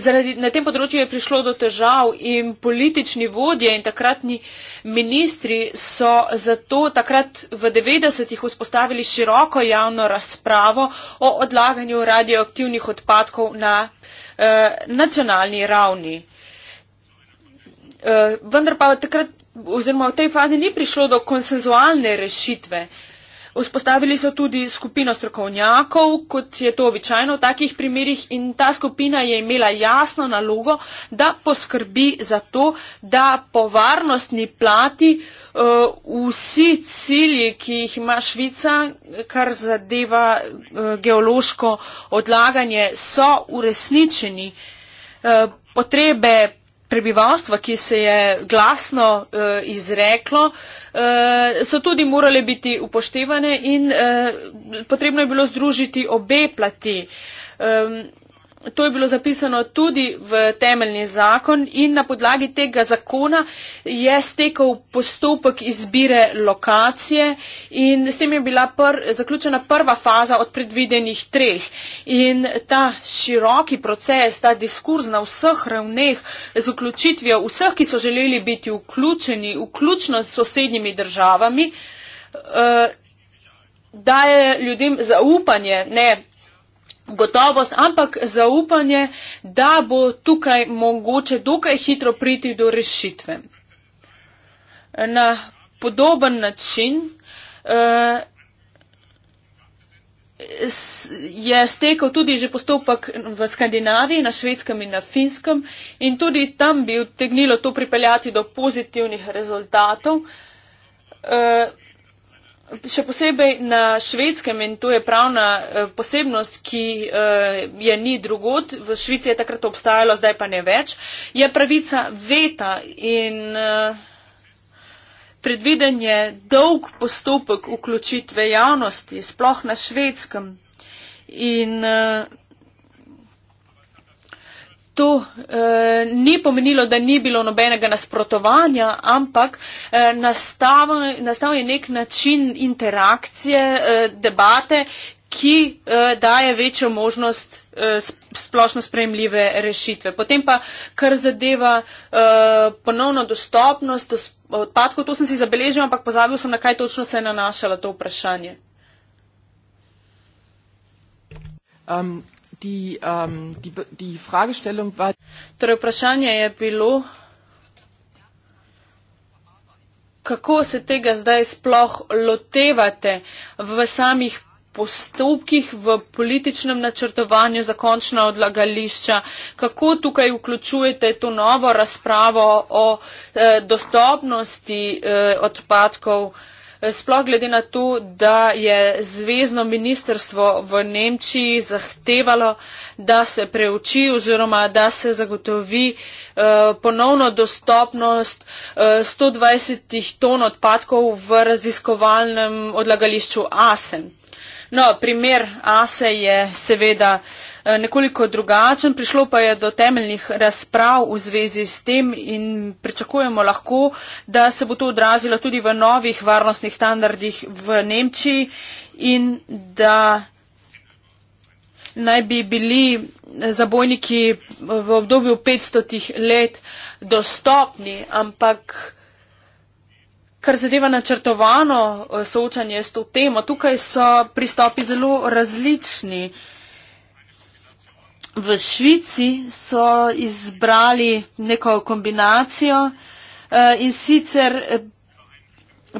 zaradi, na tem področju je prišlo do težav in politični vodje in takratni ministri so zato takrat v 90-ih vzpostavili široko javno razpravo o odlaganju radioaktivnih odpadkov na eh, nacionalni ravni. Eh, vendar pa takrat oziroma v tej fazi ni prišlo do konsenzualne rešitve. Eh, Vzpostavili so tudi skupino strokovnjakov, kot je to običajno v takih primerjih, in ta skupina je imela jasno nalogo, da poskrbi za to, da po varnostni plati uh, vsi cilji, ki jih ima Švica, kar zadeva uh, geološko odlaganje, so uresničeni. Uh, potrebe prebivalstva, ki se je glasno uh, izreklo, uh, so tudi morale biti upoštevane in uh, potrebno je bilo združiti obe plati. Um, To je bilo zapisano tudi v temeljni zakon in na podlagi tega zakona je stekel postopek izbire lokacije in s tem je bila pr zaključena prva faza od predvidenih treh. In ta široki proces, ta diskurs na vseh ravneh z vključitvijo vseh, ki so želeli biti vključeni, vključno s sosednjimi državami, uh, daje ljudem zaupanje, ne gotovost, ampak zaupanje, da bo tukaj mogoče dokaj hitro priti do rešitve. Na podoben način eh, je stekel tudi že postopek v Skandinaviji, na švedskem in na finskem in tudi tam bi utegnilo to pripeljati do pozitivnih rezultatov. Eh, še posebej na švedskem in to je pravna eh, posebnost, ki eh, je ni drugod, v Švici je takrat obstajalo, zdaj pa ne več, je pravica veta in eh, predviden je dolg postopek vključitve javnosti, sploh na švedskem. In to eh, ni pomenilo, da ni bilo nobenega nasprotovanja, ampak eh, nastal je nek način interakcije, eh, debate, ki eh, daje večjo možnost eh, splošno sprejemljive rešitve. Potem pa, kar zadeva eh, ponovno dostopnost odpadkov, to sem si zabeležil, ampak pozabil sem, na kaj točno se je nanašalo to vprašanje. Um, die, ähm, die, die Fragestellung war. Torej, vprašanje je bilo, kako se tega zdaj sploh lotevate v samih postopkih, v političnem načrtovanju za končna odlagališča, kako tukaj vključujete to novo razpravo o eh, dostopnosti eh, odpadkov. Eh, sploh glede na to, da je zvezdno ministerstvo v Nemčiji zahtevalo, da se preuči oziroma da se zagotovi eh, ponovno dostopnost 120 eh, ton odpadkov v raziskovalnem odlagališču Asen. No, primer Ase je seveda eh, nekoliko drugačen, prišlo pa je do temeljnih razprav v zvezi s tem in pričakujemo lahko, da se bo to odrazilo tudi v novih varnostnih standardih v Nemčiji in da naj bi bili zabojniki v obdobju 500 let dostopni, ampak. Kar zadeva načrtovano eh, soočanje s to temo, tukaj so pristopi zelo različni. V Švici so izbrali neko kombinacijo eh, in sicer eh,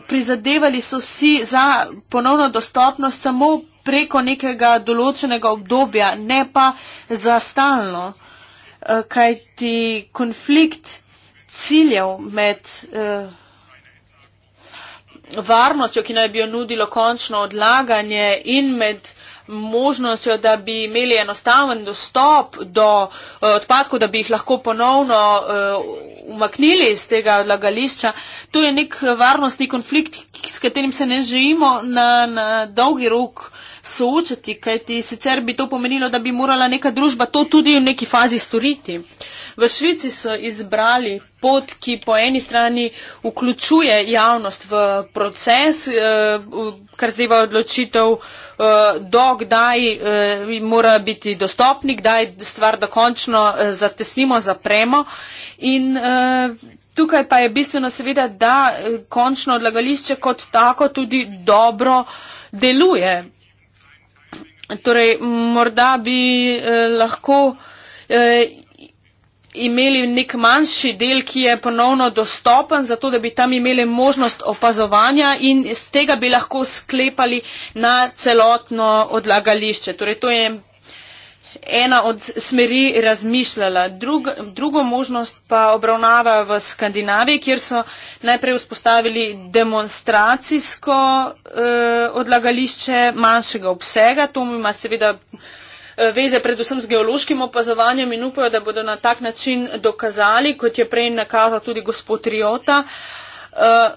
prizadevali so si za ponovno dostopnost samo preko nekega določenega obdobja, ne pa za stalno, kajti konflikt ciljev med varnostjo, ki naj bi jo nudilo končno odlaganje in med možnostjo, da bi imeli enostaven dostop do eh, odpadkov, da bi jih lahko ponovno eh, umaknili iz tega odlagališča. To je nek varnostni konflikt, s katerim se ne želimo na, na dolgi rok soočati, kajti sicer bi to pomenilo, da bi morala neka družba to tudi v neki fazi storiti. V Švici so izbrali pot, ki po eni strani vključuje javnost v proces, eh, kar zdajva odločitev, eh, do kdaj eh, mora biti dostopni, kdaj stvar dokončno zatesnimo, zapremo. In tukaj pa je bistveno seveda, da končno odlagališče kot tako tudi dobro deluje. Torej, morda bi eh, lahko eh, imeli nek manjši del, ki je ponovno dostopen, zato da bi tam imeli možnost opazovanja in z tega bi lahko sklepali na celotno odlagališče. Torej, to je ena od smeri razmišljala. Drug, drugo možnost pa obravnava v Skandinaviji, kjer so najprej vzpostavili demonstracijsko eh, odlagališče manjšega obsega. To ima seveda Eh, veze predvsem z geološkim opazovanjem in upajo, da bodo na tak način dokazali, kot je prej nakazal tudi gospod Riota, eh,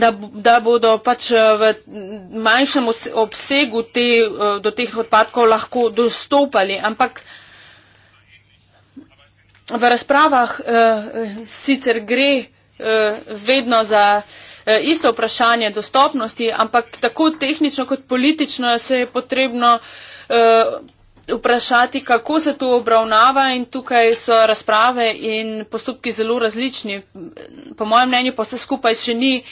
da, da bodo pač eh, v manjšem obsegu te, do teh odpadkov lahko dostopali. Ampak v razpravah sicer gre vedno za Eh, isto vprašanje dostopnosti, ampak tako tehnično kot politično se je potrebno eh, vprašati, kako se to obravnava in tukaj so razprave in postopki zelo različni. Po mojem mnenju pa vse skupaj še ni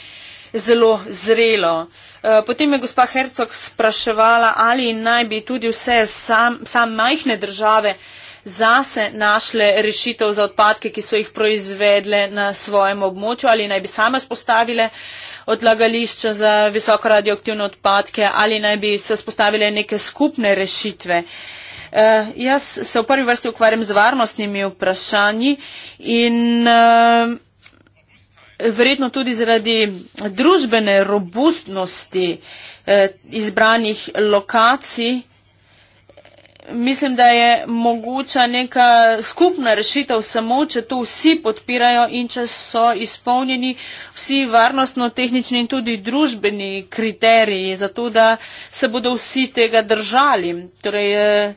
zelo zrelo. Eh, potem je gospa Hercog spraševala, ali naj bi tudi vse sam, sam majhne države zase našle rešitev za odpadke, ki so jih proizvedle na svojem območju ali naj bi same spostavile odlagališča za visoko radioaktivne odpadke ali naj bi se spostavile neke skupne rešitve. Uh, jaz se v prvi vrsti ukvarjam z varnostnimi vprašanji in uh, verjetno tudi zaradi družbene robustnosti uh, izbranih lokacij uh, mislim, da je mogoča neka skupna rešitev samo, če to vsi podpirajo in če so izpolnjeni vsi varnostno-tehnični in tudi družbeni kriteriji, zato da se bodo vsi tega držali. Torej, eh,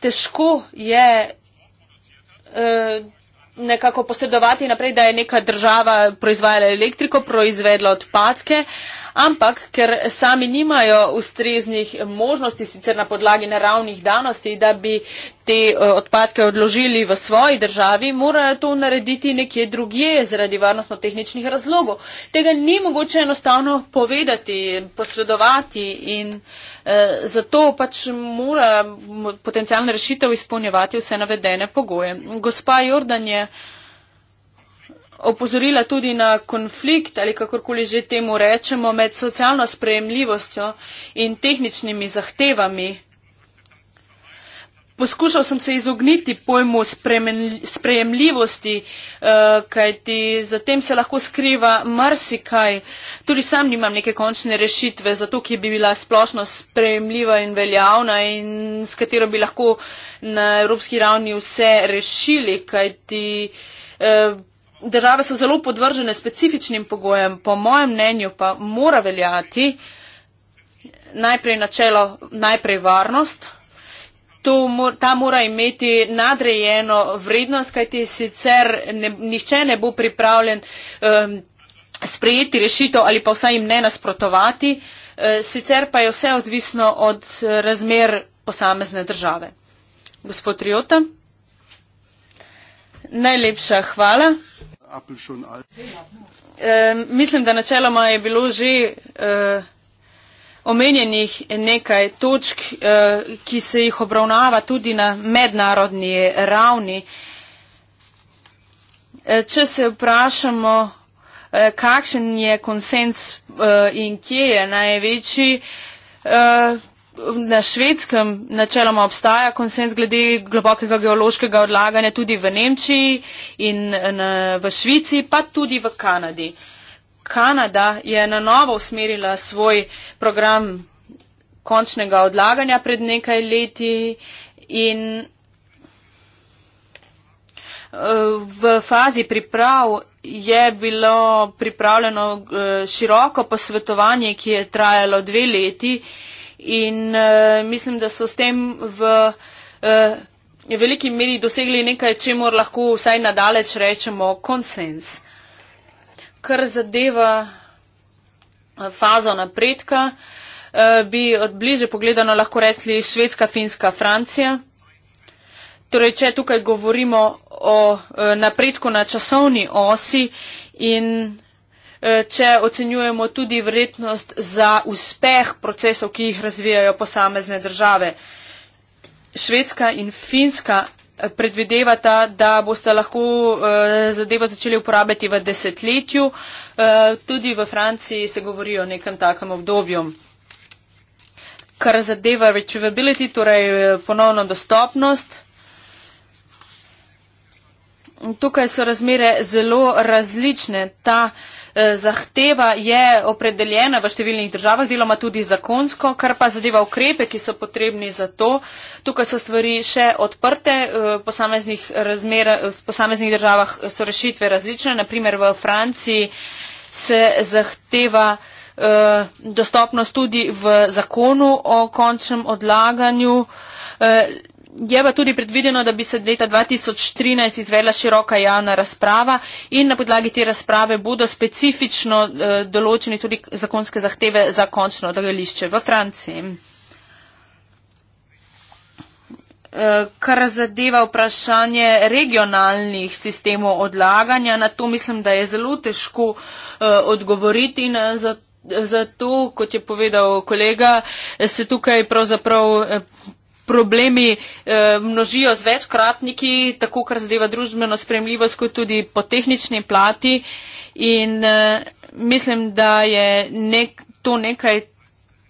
težko je eh, nekako posredovati naprej, da je neka država proizvajala elektriko, proizvedla odpadke, ampak ker sami nimajo ustreznih možnosti, sicer na podlagi naravnih danosti, da bi te eh, odpadke odložili v svoji državi, morajo to narediti nekje drugje zaradi varnostno-tehničnih razlogov. Tega ni mogoče enostavno povedati, posredovati in eh, zato pač mora potencijalna rešitev izpolnjevati vse navedene pogoje. Gospa Jordan je opozorila tudi na konflikt ali kakorkoli že temu rečemo med socialno sprejemljivostjo in tehničnimi zahtevami. Poskušal sem se izogniti pojmu sprejemljivosti, eh, kajti za tem se lahko skriva marsikaj. Tudi sam nimam neke končne rešitve za to, ki bi bila splošno sprejemljiva in veljavna in s katero bi lahko na evropski ravni vse rešili, kajti eh, države so zelo podvržene specifičnim pogojem, po mojem mnenju pa mora veljati najprej načelo, najprej varnost. To, ta mora imeti nadrejeno vrednost, kajti sicer ne, nišče ne bo pripravljen um, sprejeti rešitev ali pa vsaj jim ne nasprotovati, uh, sicer pa je vse odvisno od razmer posamezne države. Gospod Triota, najlepša hvala. Apple schon alt? Äh, mislim, da načeloma je bilo že äh, omenjenih nekaj točk, äh, ki se jih obravnava tudi na mednarodni ravni. Če se vprašamo, kakšen je konsens in kje je največji, na švedskem načeloma obstaja konsens glede globokega geološkega odlaganja tudi v Nemčiji in na, v Švici, pa tudi v Kanadi. Kanada je na novo usmerila svoj program končnega odlaganja pred nekaj leti in v fazi priprav je bilo pripravljeno široko posvetovanje, ki je trajalo dve leti in uh, mislim, da so s tem v uh, veliki meri dosegli nekaj, čemu lahko vsaj nadaleč rečemo konsens. Kar zadeva eh, fazo napredka, uh, bi odbliže pogledano lahko rekli Švedska, Finska, Francija. Torej, če tukaj govorimo o napredku na časovni osi in Eh, če ocenjujemo tudi vrednost za uspeh procesov, ki jih razvijajo posamezne države. Švedska in Finska eh, predvidevata, da boste lahko eh, zadevo začeli uporabljati v desetletju. Tudi v Franciji se govori o nekem takem obdobju. Kar zadeva retrievability, torej ponovno dostopnost. Tukaj so razmere zelo različne. Ta uh, Eh, zahteva je opredeljena v številnih državah, deloma tudi zakonsko, kar pa zadeva ukrepe, ki so potrebni za to. Tukaj so stvari še odprte, v eh, posameznih, razmer, eh, v posameznih državah so rešitve različne, naprimer v Franciji se zahteva dostopnost tudi v zakonu o končnem odlaganju je pa tudi predvideno, da bi se leta 2013 izvela široka javna razprava in na podlagi te razprave bodo specifično uh, eh, določeni tudi zakonske zahteve za končno odlagališče v Franciji. Eh, kar zadeva vprašanje regionalnih sistemov odlaganja, na to mislim, da je zelo težko eh, odgovoriti in zato, kot je povedal kolega, se tukaj pravzaprav problemi eh, množijo z večkratniki, tako kar zadeva družbeno spremljivost, kot tudi po tehnični plati. In eh, mislim, da je nek, to nekaj,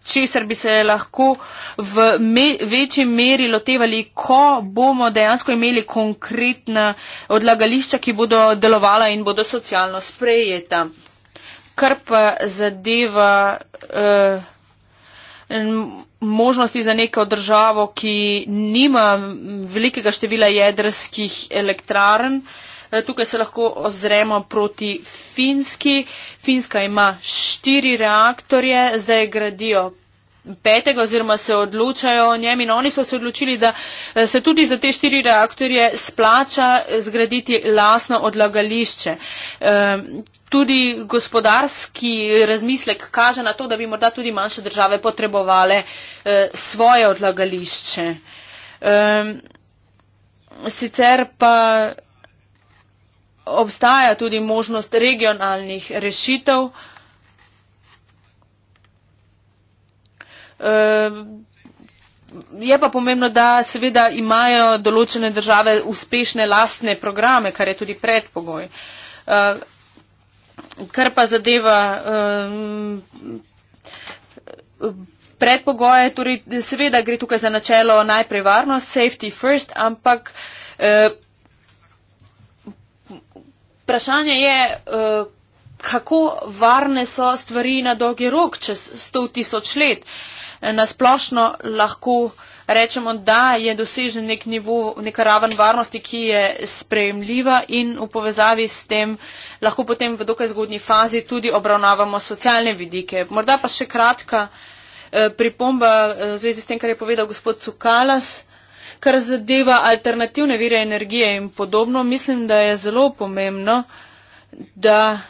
česar bi se lahko v me, večji meri lotevali, ko bomo dejansko imeli konkretna odlagališča, ki bodo delovala in bodo socialno sprejeta. Kar pa zadeva. Uh, možnosti za neko državo, ki nima velikega števila jedrskih elektrarn. E, tukaj se lahko ozremo proti Finski. Finska ima štiri reaktorje, zdaj gradijo petega oziroma se odločajo o njem in oni so se odločili, da e, se tudi za te štiri reaktorje splača zgraditi lasno odlagališče. E, tudi gospodarski razmislek kaže na to, da bi morda tudi manjše države potrebovale eh, svoje odlagališče. Ehm, sicer pa obstaja tudi možnost regionalnih rešitev. Ehm, je pa pomembno, da seveda imajo določene države uspešne lastne programe, kar je tudi predpogoj. Eh, kar pa zadeva um, predpogoje, torej seveda gre tukaj za načelo najprej varnost, safety first, ampak eh, vprašanje uh, je, uh, kako varne so stvari na dolgi rok, čez 100 tisoč let. Na splošno lahko uh, rečemo, da je dosežen nek nivo, neka raven varnosti, ki je sprejemljiva in v povezavi s tem lahko potem v dokaj zgodnji fazi tudi obravnavamo socialne vidike. Morda pa še kratka eh, pripomba eh, v zvezi s tem, kar je povedal gospod Cukalas. Kar zadeva alternativne vire energije in podobno, mislim, da je zelo pomembno, da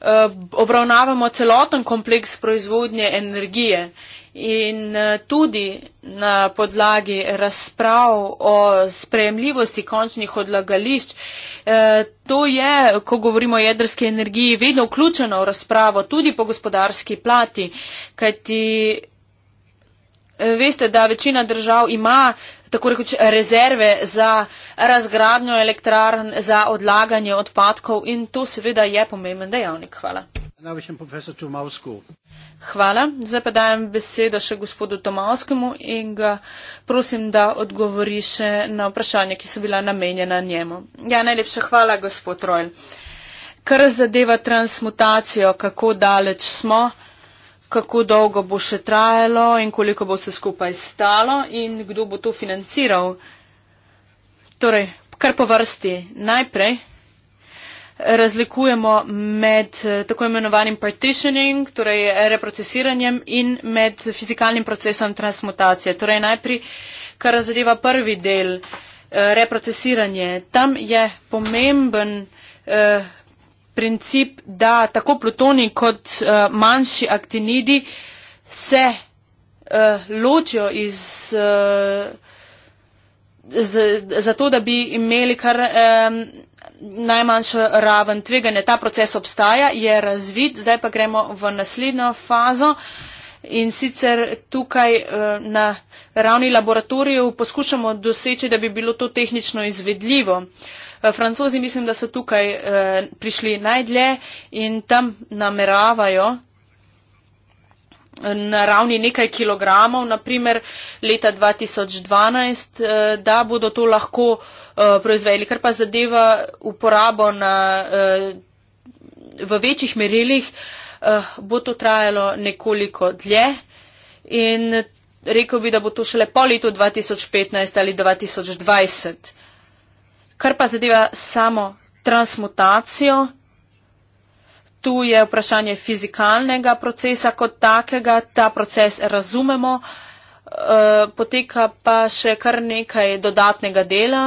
eh, obravnavamo celoten kompleks proizvodnje energije In eh, tudi na podlagi razprav o sprejemljivosti končnih odlagališč, eh, to je, ko govorimo o jedrski energiji, vedno vključeno v razpravo tudi po gospodarski plati, kajti eh, veste, da večina držav ima tako rekoč rezerve za razgradnjo elektrarn, za odlaganje odpadkov in to seveda je pomemben dejavnik. Hvala. Najvišjem profesor Tomavsku. Hvala. Zdaj pa dajem besedo še gospodu Tomavskemu in ga prosim, da odgovori še na vprašanje, ki so bila namenjena njemu. Ja, najlepša hvala, gospod Rojl. Kar zadeva transmutacijo, kako daleč smo, kako dolgo bo še trajalo in koliko bo se skupaj stalo in kdo bo to financiral. Torej, kar po vrsti. Najprej razlikujemo med eh, tako imenovanim partitioning, torej reprocesiranjem in med fizikalnim procesom transmutacije. Torej najprej, kar zadeva prvi del, eh, reprocesiranje. Tam je pomemben eh, princip, da tako plutoni kot eh, manjši aktinidi se eh, ločijo iz. Eh, Zato, da bi imeli kar eh, najmanjšo raven tveganja. Ta proces obstaja, je razvit, zdaj pa gremo v naslednjo fazo. In sicer tukaj eh, na ravni laboratorijev poskušamo doseči, da bi bilo to tehnično izvedljivo. Eh, Francozi mislim, da so tukaj eh, prišli najdlje in tam nameravajo na ravni nekaj kilogramov, naprimer leta 2012, eh, da bodo to lahko eh, proizvedli. Kar pa zadeva uporabo na, eh, v večjih merilih, bo to trajalo nekoliko dlje in rekel bi, da bo to šele po letu 2015 ali 2020. Kar pa zadeva samo transmutacijo, tu je vprašanje fizikalnega procesa kot takega, ta proces razumemo, eh, poteka pa še kar nekaj dodatnega dela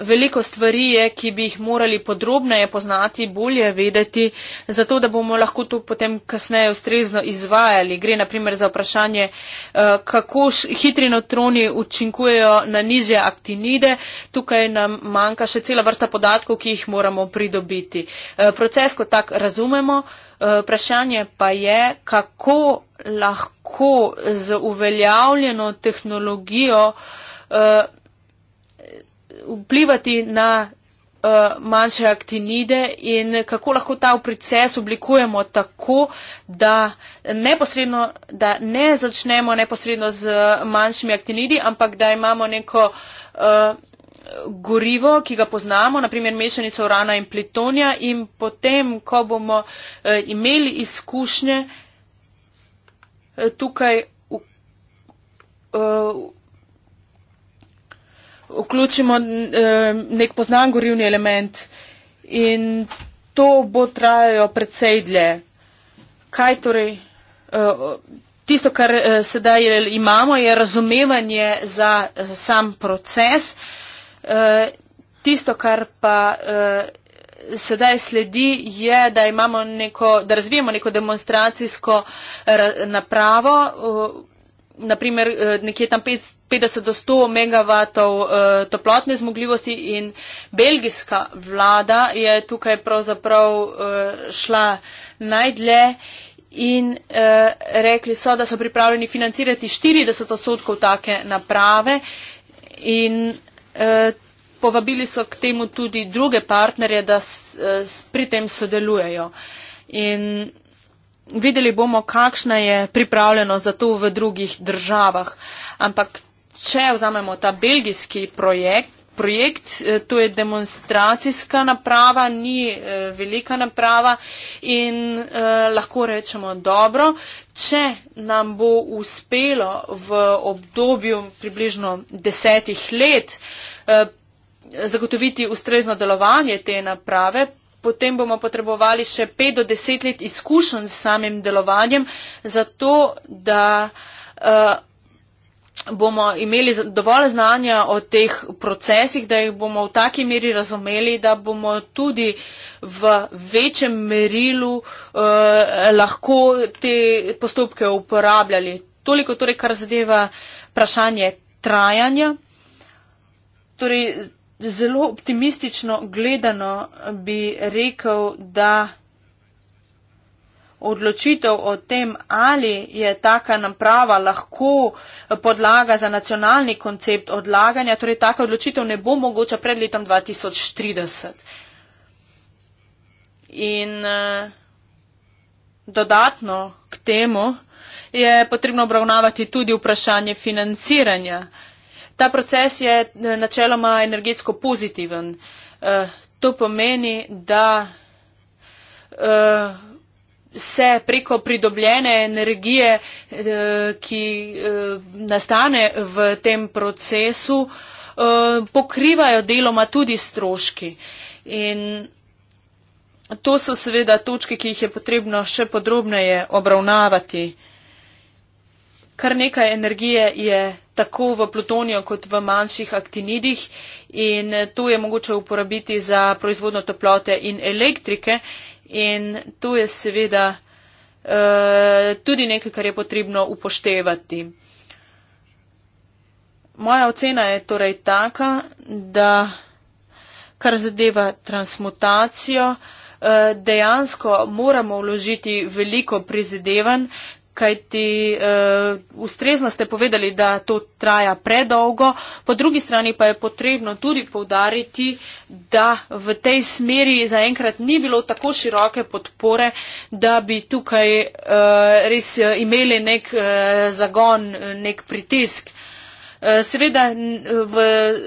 veliko stvari je, ki bi jih morali podrobneje poznati, bolje vedeti, zato da bomo lahko to potem kasneje ustrezno izvajali. Gre naprimer za vprašanje, eh, kako hitri notroni učinkujejo na nižje aktinide. Tukaj nam manjka še cela vrsta podatkov, ki jih moramo pridobiti. Eh, proces kot tak razumemo. Eh, vprašanje pa je, kako lahko z uveljavljeno tehnologijo vplivati na uh, manjše aktinide in kako lahko ta proces oblikujemo tako, da neposredno, da ne začnemo neposredno z manjšimi aktinidi, ampak da imamo neko. Uh, gorivo, ki ga poznamo, naprimer mešanica urana in plitonija in potem, ko bomo eh, imeli izkušnje eh, tukaj v, eh, vključimo e, nek poznan gorivni element in to bo trajalo predvsej dlje. Kaj torej? E, tisto, kar e, sedaj imamo, je razumevanje za sam proces. Tisto, kar pa sedaj sledi, je, da, neko, da razvijemo neko demonstracijsko napravo, naprimer eh, nekje tam 50 do 100 megavatov eh, toplotne zmogljivosti in belgijska vlada je tukaj pravzaprav eh, šla najdlje in rekli so, da so pripravljeni financirati 40 odstotkov take naprave in povabili so k temu tudi druge partnerje, da pri tem sodelujejo. In videli bomo, kakšna je pripravljeno za to v drugih državah. Ampak, če vzamemo ta belgijski projekt, projekt, eh, to je demonstracijska naprava, ni eh, velika naprava in eh, lahko rečemo dobro, če nam bo uspelo v obdobju približno desetih let zagotoviti ustrezno delovanje te naprave, potem bomo potrebovali še pet do deset let izkušenj s samim delovanjem, zato da uh, bomo imeli dovolj znanja o teh procesih, da jih bomo v taki meri razumeli, da bomo tudi v večjem merilu uh, lahko te postopke uporabljali. Toliko torej, kar zadeva vprašanje trajanja. Torej, zelo optimistično gledano bi rekel, da odločitev o tem, ali je taka naprava lahko podlaga za nacionalni koncept odlaganja, torej taka odločitev ne bo mogoča pred letom 2030. In eh, dodatno k temu je potrebno obravnavati tudi vprašanje financiranja. Ta proces je eh, načeloma energetsko pozitiven. Eh, to pomeni, da eh, se preko pridobljene energije, ki nastane v tem procesu, pokrivajo deloma tudi stroški. In to so seveda točke, ki jih je potrebno še podrobneje obravnavati kar nekaj energije je tako v plutoniju kot v manjših aktinidih in to je mogoče uporabiti za proizvodno toplote in elektrike in to je seveda uh, tudi nekaj, kar je potrebno upoštevati. Moja ocena je torej taka, da kar zadeva transmutacijo, eh, dejansko moramo vložiti veliko prizadevanj, kajti uh, ustrezno ste povedali, da to traja predolgo. Po drugi strani pa je potrebno tudi povdariti, da v tej smeri zaenkrat ni bilo tako široke podpore, da bi tukaj uh, res eh, imeli nek uh, zagon, nek pritisk. Eh, seveda v,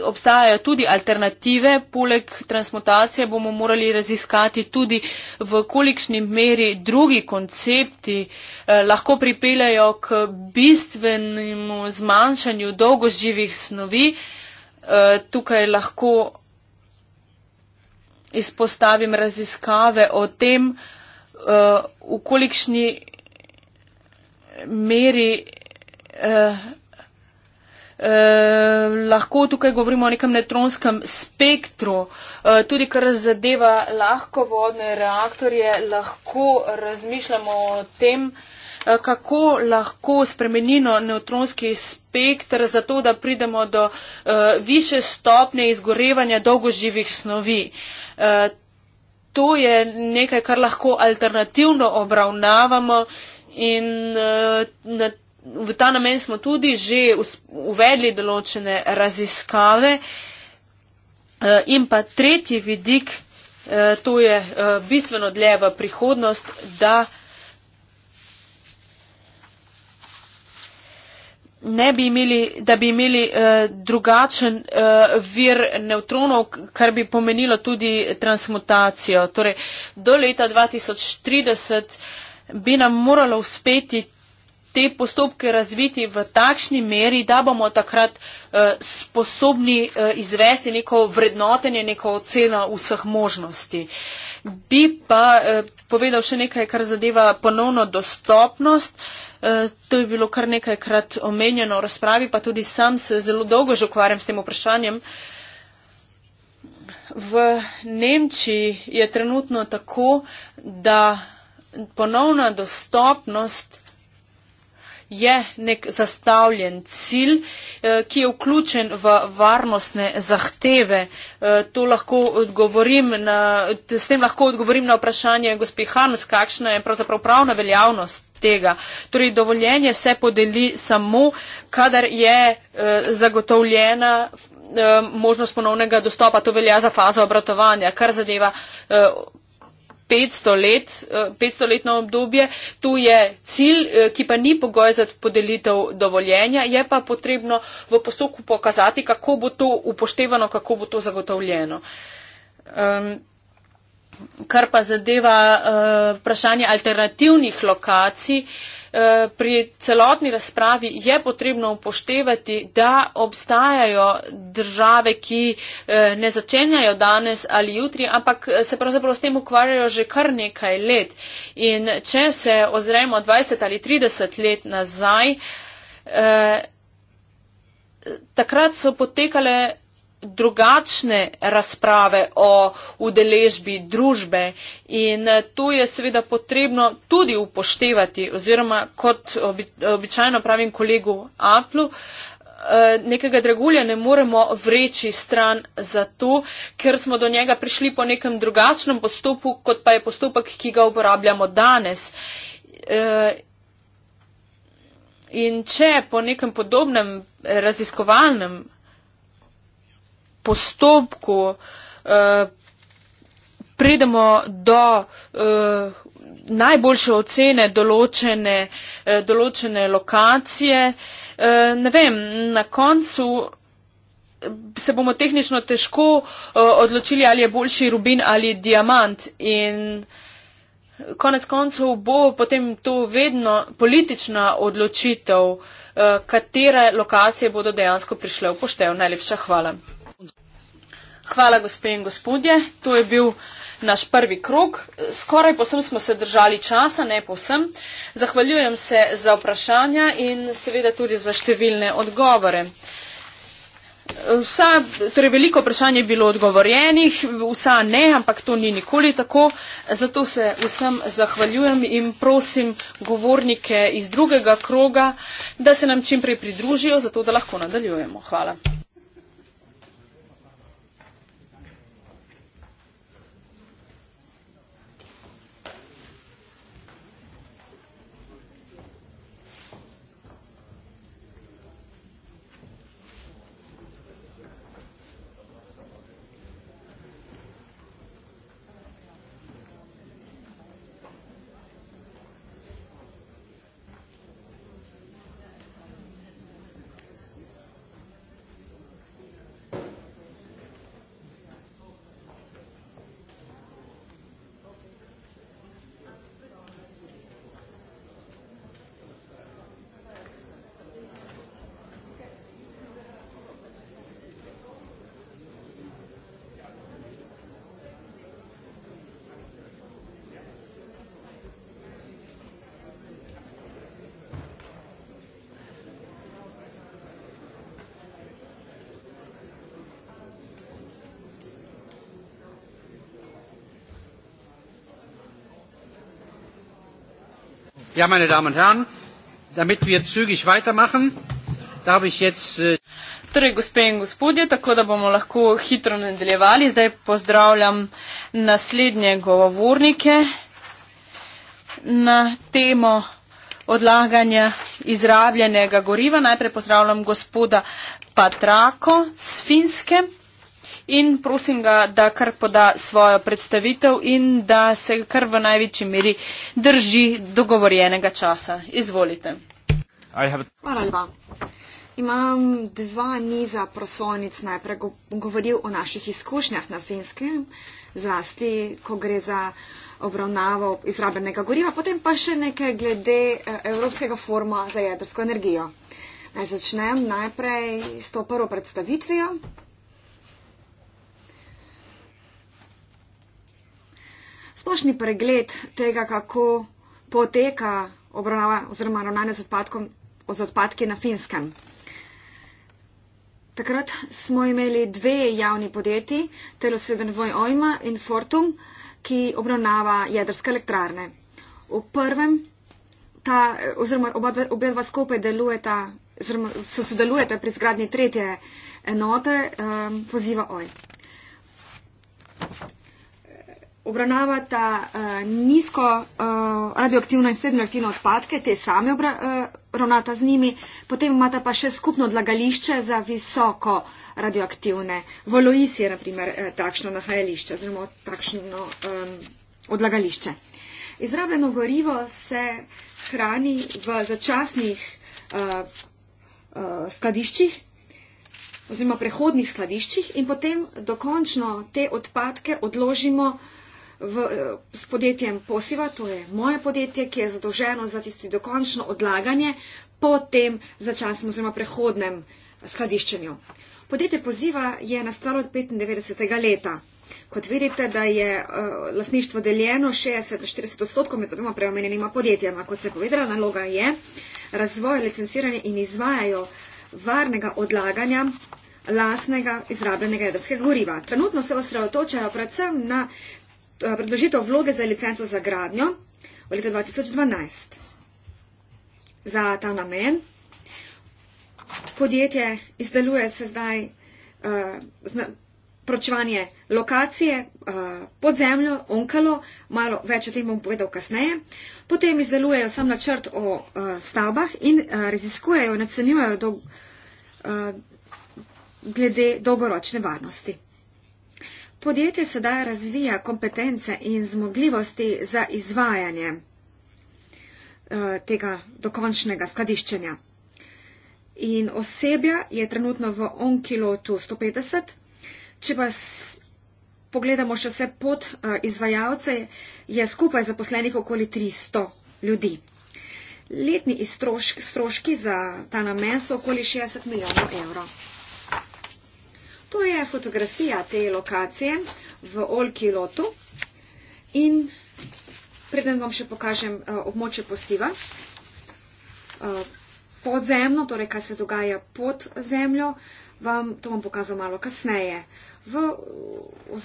obstajajo tudi alternative, poleg transmutacije bomo morali raziskati tudi v kolikšni meri drugi koncepti eh, lahko pripeljajo k bistvenemu zmanjšanju dolgoživih snovi. Eh, tukaj lahko izpostavim raziskave o tem, v kolikšni meri Eh, lahko tukaj govorimo o nekem neutronskem spektru. E, tudi kar zadeva lahko vodne reaktorje, lahko razmišljamo o tem, eh, kako lahko spremenimo neutronski spektr za to, da pridemo do e, više stopnje izgorevanja dolgoživih snovi. E, to je nekaj, kar lahko alternativno obravnavamo in e, na v ta namen smo tudi že uvedli določene raziskave. Eh, in pa tretji vidik, eh, to je eh, bistveno dlje v prihodnost, da ne bi imeli, da bi imeli drugačen vir neutronov, kar bi pomenilo tudi transmutacijo. Torej, do leta 2030 bi nam moralo uspeti te postopke razviti v takšni meri, da bomo takrat eh, sposobni eh, izvesti neko vrednotenje, neko oceno vseh možnosti. Bi pa eh, povedal še nekaj, kar zadeva ponovno dostopnost. Eh, to je bilo kar nekajkrat omenjeno v razpravi, pa tudi sam se zelo dolgo že ukvarjam s tem vprašanjem. V Nemčiji je trenutno tako, da ponovna dostopnost je nek zastavljen cilj, eh, ki je vključen v varnostne zahteve. Eh, to lahko odgovorim na, s tem lahko odgovorim na vprašanje gospe Hans, kakšna je pravzaprav pravna veljavnost. Tega. Torej, dovoljenje se podeli samo, kadar je eh, zagotovljena eh, možnost ponovnega dostopa. To velja za fazo obratovanja, kar zadeva eh, 500 let, 500 eh, letno obdobje. Tu je cilj, eh, ki pa ni pogoj za podelitev dovoljenja, je pa potrebno v postopku pokazati, kako bo to upoštevano, kako bo to zagotovljeno. Um, kar pa zadeva uh, vprašanje alternativnih lokacij. Uh, Eh, pri celotni razpravi je potrebno upoštevati, da obstajajo države, ki eh, ne začenjajo danes ali jutri, ampak eh, se pravzaprav s tem ukvarjajo že kar nekaj let. In če se ozremo 20 ali 30 let nazaj, takrat so potekale drugačne razprave o udeležbi družbe in eh, tu je seveda potrebno tudi upoštevati oziroma kot običajno pravim kolegu Aplu, eh, nekega dragulja ne moremo vreči stran zato, ker smo do njega prišli po nekem drugačnem postopku, kot pa je postopek, ki ga uporabljamo danes. Eh, in če po nekem podobnem raziskovalnem postopku eh, pridemo do eh, najboljše ocene določene, eh, določene lokacije. Ne vem, na koncu se bomo tehnično težko odločili, ali je boljši rubin ali diamant. In konec koncev bo potem to vedno politična odločitev, katere lokacije bodo dejansko prišle v poštev. Najlepša hvala hvala gospe in gospodje. To je bil naš prvi krok. Skoraj posem smo se držali časa, ne posem. Zahvaljujem se za vprašanja in seveda tudi za številne odgovore. Vsa, torej veliko vprašanje je bilo odgovorjenih, vsa ne, ampak to ni nikoli tako. Zato se vsem zahvaljujem in prosim govornike iz drugega kroga, da se nam čimprej pridružijo, zato da lahko nadaljujemo. Hvala. Ja, meine Damen und Herren, damit wir zügig weitermachen, darf ich jetzt. Äh Torej, gospe in gospodje, tako da bomo lahko hitro nadaljevali. Zdaj pozdravljam naslednje govornike na temo odlaganja izrabljenega goriva. Najprej pozdravljam gospoda Patrako s Finske in prosim ga, da kar poda svojo predstavitev in da se kar v največji meri drži dogovorjenega časa. Izvolite. Hvala lepa. Imam dva niza prosojnic. Najprej govoril o naših izkušnjah na finskem, zlasti, ko gre za obravnavo izrabenega goriva, potem pa še nekaj glede eh, Evropskega foruma za jedrsko energijo. Naj začnem najprej s to prvo predstavitvijo. splošni pregled tega, kako poteka obravnava oziroma ravnanje z, odpadkom, z odpadki na finskem. Takrat smo imeli dve javni podjetji, Telo 7 Voj Ojma in Fortum, ki obravnava jedrske elektrarne. V prvem, ta, oziroma oba, oba dva skupaj delujeta, oziroma se sodelujete pri zgradnji tretje enote, um, poziva Oj obravnavata uh, nizko uh, radioaktivno in srednjo aktivno odpadke, te same obra, uh, ravnata z njimi, potem imata pa še skupno odlagališče za visoko radioaktivne. V Loisi je naprimer eh, takšno nahajališče oziroma takšno um, odlagališče. Izrabljeno gorivo se hrani v začasnih uh, uh, skladiščih oziroma prehodnih skladiščih in potem dokončno te odpadke odložimo v, eh, s podjetjem Posiva, to je moje podjetje, ki je zadolženo za tisto dokončno odlaganje po tem začasnem oziroma prehodnem skladiščenju. Podjetje Poziva je nastalo od 95. leta. Kot vidite, da je uh, lastništvo deljeno 60-40 odstotkov med dvema preomenjenima podjetjama. Kot se je povedala, naloga je razvoj, licenciranje in izvajajo varnega odlaganja lasnega izrabljenega jedrskega goriva. Trenutno se osredotočajo predvsem na Eh, predložitev vloge za licenco za gradnjo v letu 2012. Za ta namen podjetje izdeluje se zdaj uh, pročevanje lokacije uh, pod zemljo, onkalo, malo več o tem bom povedal kasneje. Potem izdelujejo sam načrt o uh, stavbah in uh, raziskujejo in ocenjujejo do, uh, glede dolgoročne varnosti. Podjetje sedaj razvija kompetence in zmogljivosti za izvajanje eh, tega dokončnega skladiščenja. In osebja je trenutno v onkilotu 150. Če pa pogledamo še vse pod eh, izvajalce, je skupaj zaposlenih okoli 300 ljudi. Letni stroški za ta namen so okoli 60 milijonov evrov. To je fotografija te lokacije v Olki Lotu in preden vam še pokažem eh, območje posiva, eh, podzemno, torej kaj se dogaja pod zemljo, vam to bom pokazal malo kasneje. V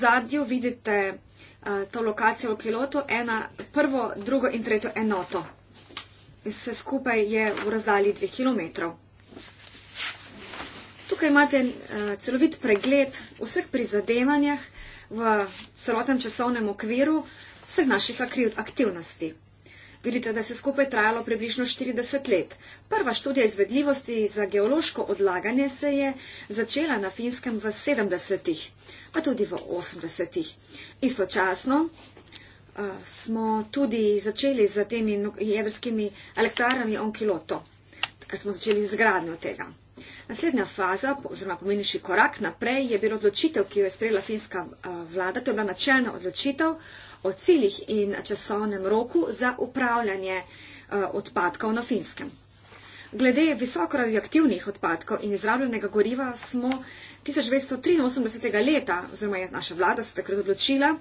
zadju vidite eh, to lokacijo Olki Lotu, prvo, drugo in tretjo enoto. Vse skupaj je v razdalji dveh kilometrov tukaj imate uh, celovit pregled vseh prizadevanjah v celotnem časovnem okviru vseh naših aktivnosti. Vidite, da se skupaj trajalo približno 40 let. Prva študija izvedljivosti za geološko odlaganje se je začela na Finskem v 70-ih, pa tudi v 80-ih. Istočasno uh, smo tudi začeli z temi jedrskimi elektrarami Onkiloto, takrat smo začeli z gradnjo tega. Naslednja faza, oziroma pomeniši korak naprej, je bila odločitev, ki jo je sprejela finska eh, vlada. To je bila načelna odločitev o ciljih in časovnem roku za upravljanje eh, odpadkov na finskem. Glede visoko radioaktivnih odpadkov in izrabljenega goriva smo 1983. leta, oziroma je naša vlada se takrat odločila,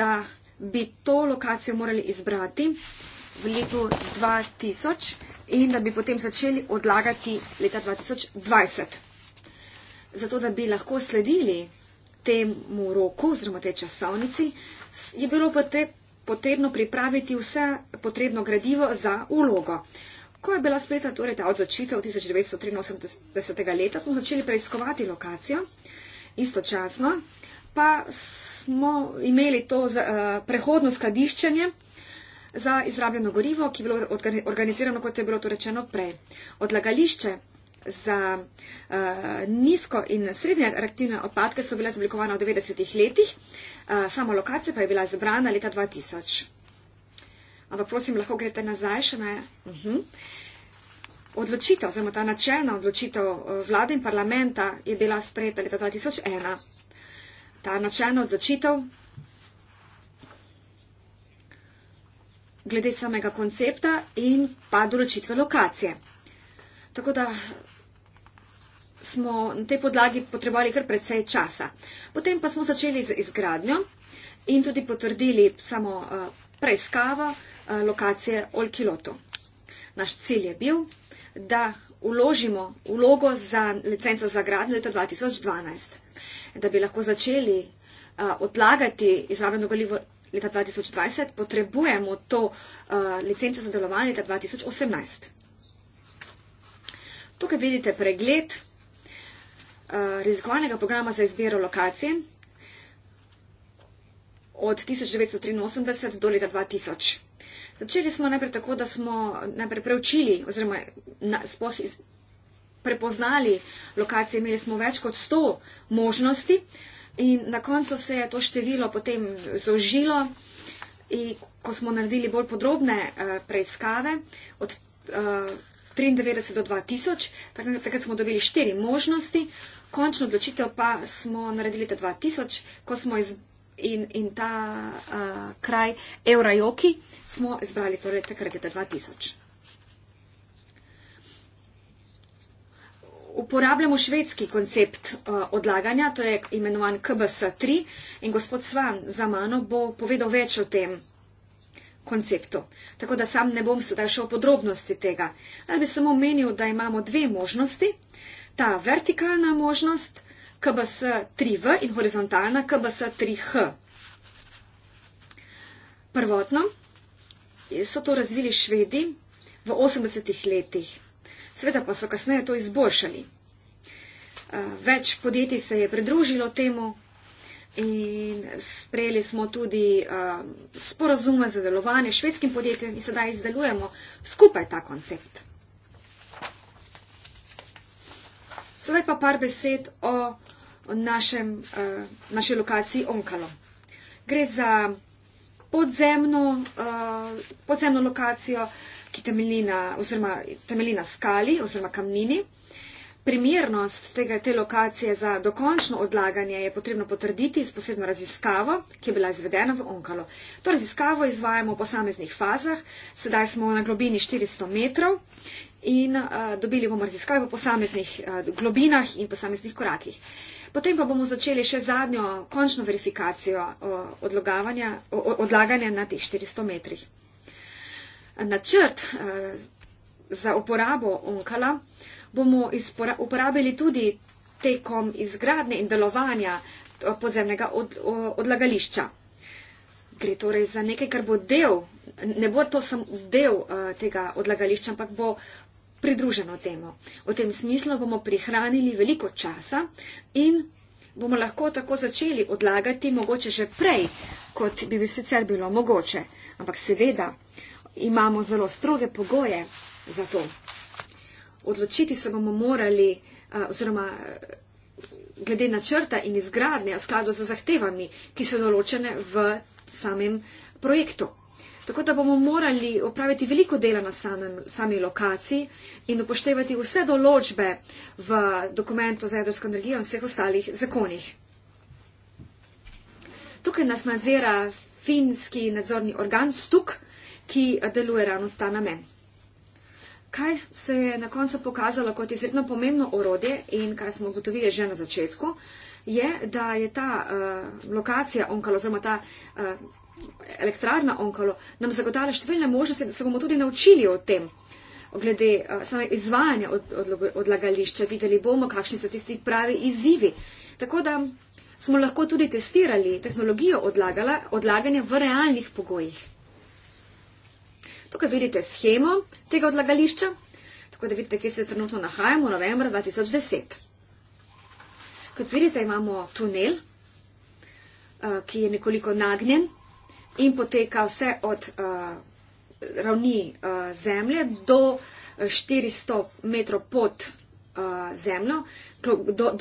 da bi to lokacijo morali izbrati v letu 2000 in da bi potem začeli odlagati leta 2020. Zato, da bi lahko sledili temu roku oziroma tej časovnici, je bilo potrebno pripraviti vse potrebno gradivo za ulogo. Ko je bila sprejeta torej ta odločitev 1983. leta, smo začeli preiskovati lokacijo istočasno, pa smo imeli to eh, prehodno skladiščenje, za izrabljeno gorivo, ki je bilo organizirano, kot je bilo to rečeno prej. Odlagališče za uh, nizko in srednje reaktivne odpadke so bile zoblikovane v 90-ih letih, uh, eh, sama lokacija pa je bila izbrana leta 2000. Ampak prosim, lahko grete nazaj še na uh mhm. -huh. odločitev, oziroma ta načelna odločitev eh, vlade in parlamenta je bila sprejeta leta 2001. Ta načelna odločitev glede samega koncepta in pa določitve lokacije. Tako da smo na tej podlagi potrebovali kar precej časa. Potem pa smo začeli z izgradnjo in tudi potrdili samo eh, preiskavo eh, lokacije Olkiloto. Naš cilj je bil, da uložimo vlogo za licenco za gradnjo leta 2012, da bi lahko začeli eh, odlagati izrabljeno leta 2020, potrebujemo to uh, licenco za delovanje leta 2018. Tukaj vidite pregled uh, raziskovalnega programa za izbiro lokacije od 1983 do leta 2000. Začeli smo najprej tako, da smo najprej preučili oziroma na, spoh iz, prepoznali lokacije. Imeli smo več kot 100 možnosti, uh, In na koncu se je to število potem zožilo. In ko smo naredili bolj podrobne uh, preiskave od uh, eh, 93 do 2000, takrat, takrat smo dobili štiri možnosti, končno odločitev pa smo naredili te 2000, ko smo iz, in, in ta uh, kraj Eurajoki smo izbrali, torej takrat je ta 2000. uporabljamo švedski koncept eh, odlaganja, to je imenovan KBS3 in gospod Svan za mano bo povedal več o tem konceptu. Tako da sam ne bom sedaj šel v podrobnosti tega. Ali bi samo omenil, da imamo dve možnosti. Ta vertikalna možnost KBS3V in horizontalna KBS3H. Prvotno so to razvili švedi v 80-ih letih. Sveda pa so kasneje to izboljšali. Več podjetij se je pridružilo temu in sprejeli smo tudi sporozume za delovanje švedskim podjetjem in sedaj izdelujemo skupaj ta koncept. Sedaj pa par besed o naši lokaciji Onkalo. Gre za podzemno lokacijo, ki temelji na, oziroma, temelji na skali oziroma kamnini. Primernost tega, te lokacije za dokončno odlaganje je potrebno potrditi s posebno raziskavo, ki je bila izvedena v Onkalo. To raziskavo izvajamo v posameznih fazah. Sedaj smo na globini 400 metrov in uh, dobili bomo raziskave v posameznih uh, globinah in posameznih korakih. Potem pa bomo začeli še zadnjo končno verifikacijo uh, odlaganja na teh 400 metrih načrt eh, za uporabo onkala bomo uporabili tudi tekom izgradne in delovanja eh, podzemnega odlagališča. Gre torej za nekaj, kar bo del, ne bo to sem del eh, tega odlagališča, ampak bo pridruženo temu. V tem smislu bomo prihranili veliko časa in bomo lahko tako začeli odlagati, mogoče že prej, kot bi bi sicer bilo mogoče. Ampak seveda, uh, imamo zelo stroge pogoje za to. Odločiti se bomo morali, eh, oziroma eh, glede načrta in izgradnje, skladu za zahtevami, ki so določene v samem projektu. Tako da bomo morali opraviti veliko dela na samem, sami lokaciji in upoštevati vse določbe v dokumentu za jedrsko energijo in vseh ostalih zakonih. Tukaj nas nadzira finski nadzorni organ Stuk, ki deluje ravno s ta namen. Kaj se je na koncu pokazalo kot izredno pomembno orodje in kar smo ugotovili že na začetku, je, da je ta uh, lokacija onkalo oziroma ta uh, elektrarna onkalo nam zagotavlja številne možnosti, da se bomo tudi naučili o tem. Glede eh, same izvajanja odlagališča, videli bomo, kakšni so tisti pravi izzivi. Tako da smo lahko tudi testirali tehnologijo odlagala, odlaganja v realnih pogojih. Tukaj vidite schemo tega odlagališča, tako da vidite, kje se trenutno nahajamo, novembra 2010. Kot vidite, imamo tunel, eh, ki je nekoliko nagnjen in poteka vse od eh, ravni eh, zemlje do 400 metrov pod zemljo.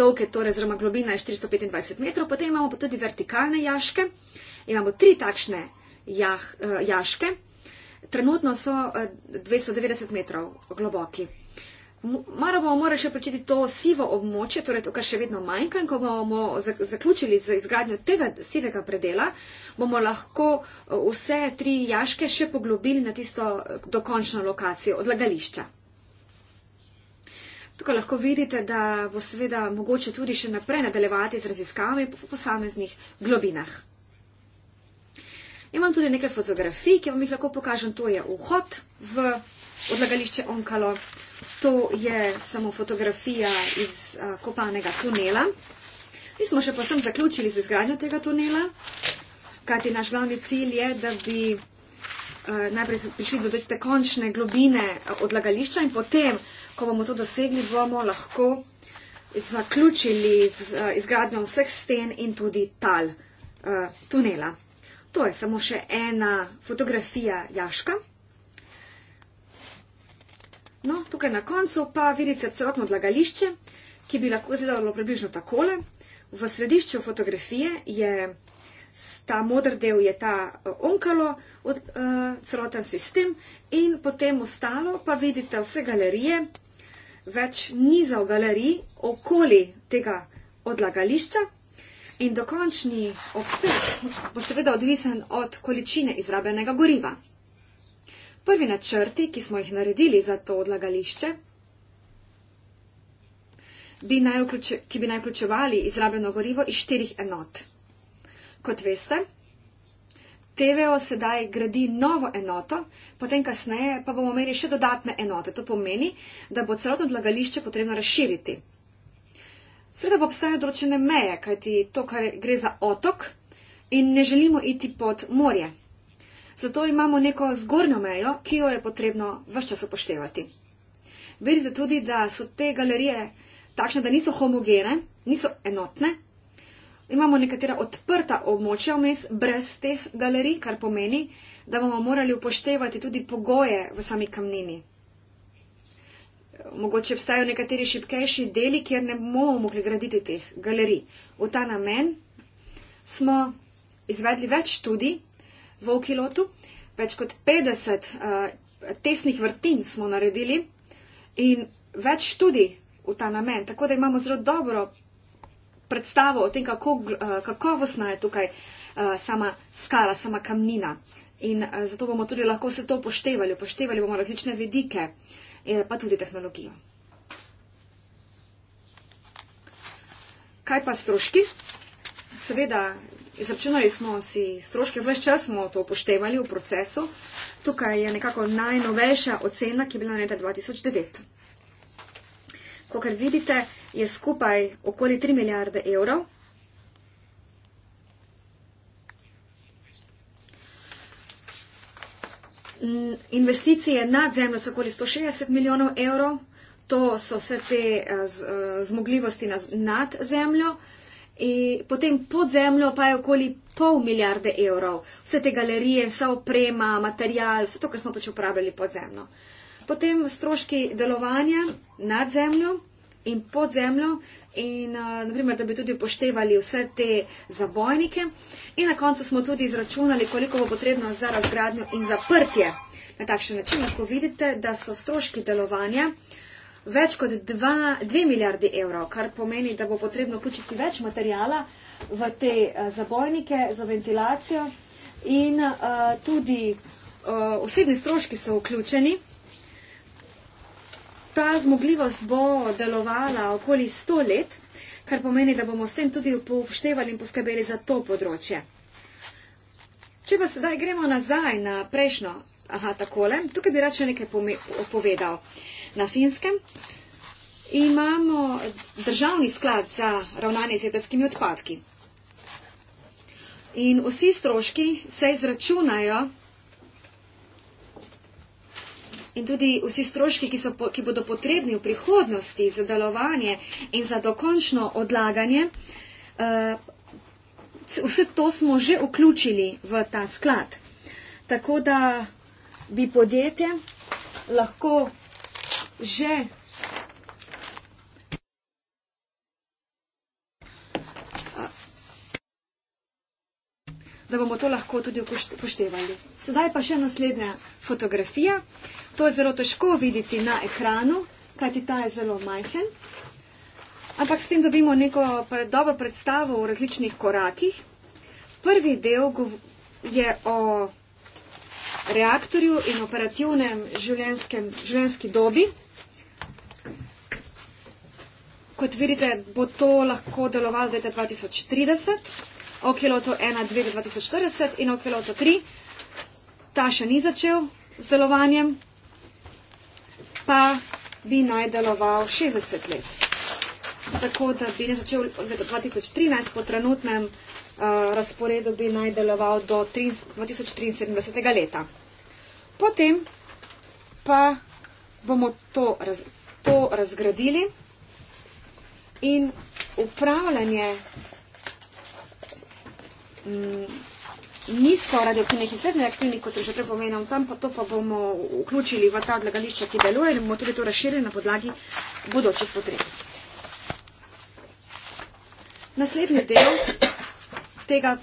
Dolg je torej, oziroma globina je 425 metrov. Potem imamo pa tudi vertikalne jaške. Imamo tri takšne jaške. Jah, Trenutno so 290 eh, metrov globoki. Mara bomo morali še početi to sivo območje, torej to, kar še vedno manjka in ko bomo zaključili z izgradnjo tega sivega predela, bomo lahko eh, vse tri jaške še poglobili na tisto eh, dokončno lokacijo odlagališča. Tukaj lahko vidite, da bo seveda mogoče tudi še naprej nadaljevati z raziskavami po posameznih globinah. Imam tudi nekaj fotografij, ki vam jih lahko pokažem. To je vhod v odlagališče Onkalo. To je samo fotografija iz a, kopanega tunela. Mi smo še posem zaključili z izgradnjo tega tunela, kajti naš glavni cilj je, da bi a, najprej prišli do tiste končne globine odlagališča in potem, ko bomo to dosegli, bomo lahko zaključili z a, izgradnjo vseh sten in tudi tal a, tunela. To je samo še ena fotografija jaška. No, tukaj na koncu pa vidite celotno odlagališče, ki bi lahko izgledalo približno takole. V središču fotografije je ta modr del, je ta eh, onkalo, od, uh, celoten sistem in potem ostalo pa vidite vse galerije, več nizov galerij okoli tega odlagališča. In dokončni obseg bo seveda odvisen od količine izrabljenega goriva. Prvi načrti, ki smo jih naredili za to odlagališče, bi ki bi naj vključevali izrabljeno gorivo iz štirih enot. Kot veste, TVO sedaj gradi novo enoto, potem kasneje pa bomo imeli še dodatne enote. To pomeni, da bo celotno odlagališče potrebno razširiti. Seveda pa obstajajo določene meje, kajti to, kar gre za otok in ne želimo iti pod morje. Zato imamo neko zgornjo mejo, ki jo je potrebno vse čas upoštevati. Vidite tudi, da so te galerije takšne, da niso homogene, niso enotne. Imamo nekatera odprta območja vmes brez teh galerij, kar pomeni, da bomo morali upoštevati tudi pogoje v sami kamnini mogoče obstajajo nekateri šipkejši deli, kjer ne bomo mogli graditi teh galerij. V ta namen smo izvedli več študij v Okilotu, več kot 50 uh, eh, tesnih vrtin smo naredili in več študij v ta namen, tako da imamo zelo dobro predstavo o tem, kako uh, kakovostna je tukaj uh, sama skala, sama kamnina. In zato bomo tudi lahko se to upoštevali, upoštevali bomo različne vedike. Uh, Eh, pa tudi tehnologijo. Kaj pa stroški? Seveda, izračunali smo si stroške, vse čas smo to upoštevali v procesu. Tukaj je nekako najnovejša ocena, ki je bila leta 2009. Kot vidite, je skupaj okoli 3 milijarde evrov investicije nad zemljo so okoli 160 milijonov evrov, to so vse te eh, eh, zmogljivosti nad zemljo. In potem pod zemljo pa je okoli pol milijarde evrov, vse te galerije, vsa oprema, material, vse to, kar smo pač uporabljali pod zemljo. Potem stroški delovanja nad zemljo in pod zemljo, in uh, eh, naprimer, da bi tudi upoštevali vse te zabojnike. In na koncu smo tudi izračunali, koliko bo potrebno za razgradnjo in zaprtje. Na takšen način lahko vidite, da so stroški delovanja več kot 2 milijardi evrov, kar pomeni, da bo potrebno vključiti več materijala v te uh, zabojnike za ventilacijo in uh, tudi uh, osebni stroški so vključeni ta zmogljivost bo delovala okoli 100 let, kar pomeni, da bomo s tem tudi upoštevali in poskrbeli za to področje. Če pa sedaj gremo nazaj na prejšnjo, aha, takole, tukaj bi rad še nekaj povedal. Na finskem imamo državni sklad za ravnanje z jedrskimi odpadki. In vsi stroški se izračunajo in tudi vsi stroški, ki, po, ki bodo potrebni v prihodnosti za delovanje in za dokončno odlaganje, uh, vse to smo že vključili v ta sklad. Tako da bi podjetje lahko že da bomo to lahko tudi upoštevali. Sedaj pa še naslednja fotografija. To je zelo težko videti na ekranu, kajti ta je zelo majhen. Ampak s tem dobimo neko pre, dobro predstavo v različnih korakih. Prvi del je o reaktorju in operativnem življenjski dobi. Kot vidite, bo to lahko delovalo do 2030. Okeloto 1, 2, 2040 in Okeloto 3. Ta še ni začel z delovanjem, pa bi naj deloval 60 let. Tako da bi ne začel od 2013, po trenutnem uh, razporedu bi naj deloval do 2073. leta. Potem pa bomo to, raz, to razgradili in upravljanje Mm, nizko radioaktivnih in srednjeaktivnih, kot že prepomenem tam, pa to pa bomo vključili v ta odlagališča, ki deluje in bomo tudi to razširili na podlagi bodočih potreb. Naslednji del tega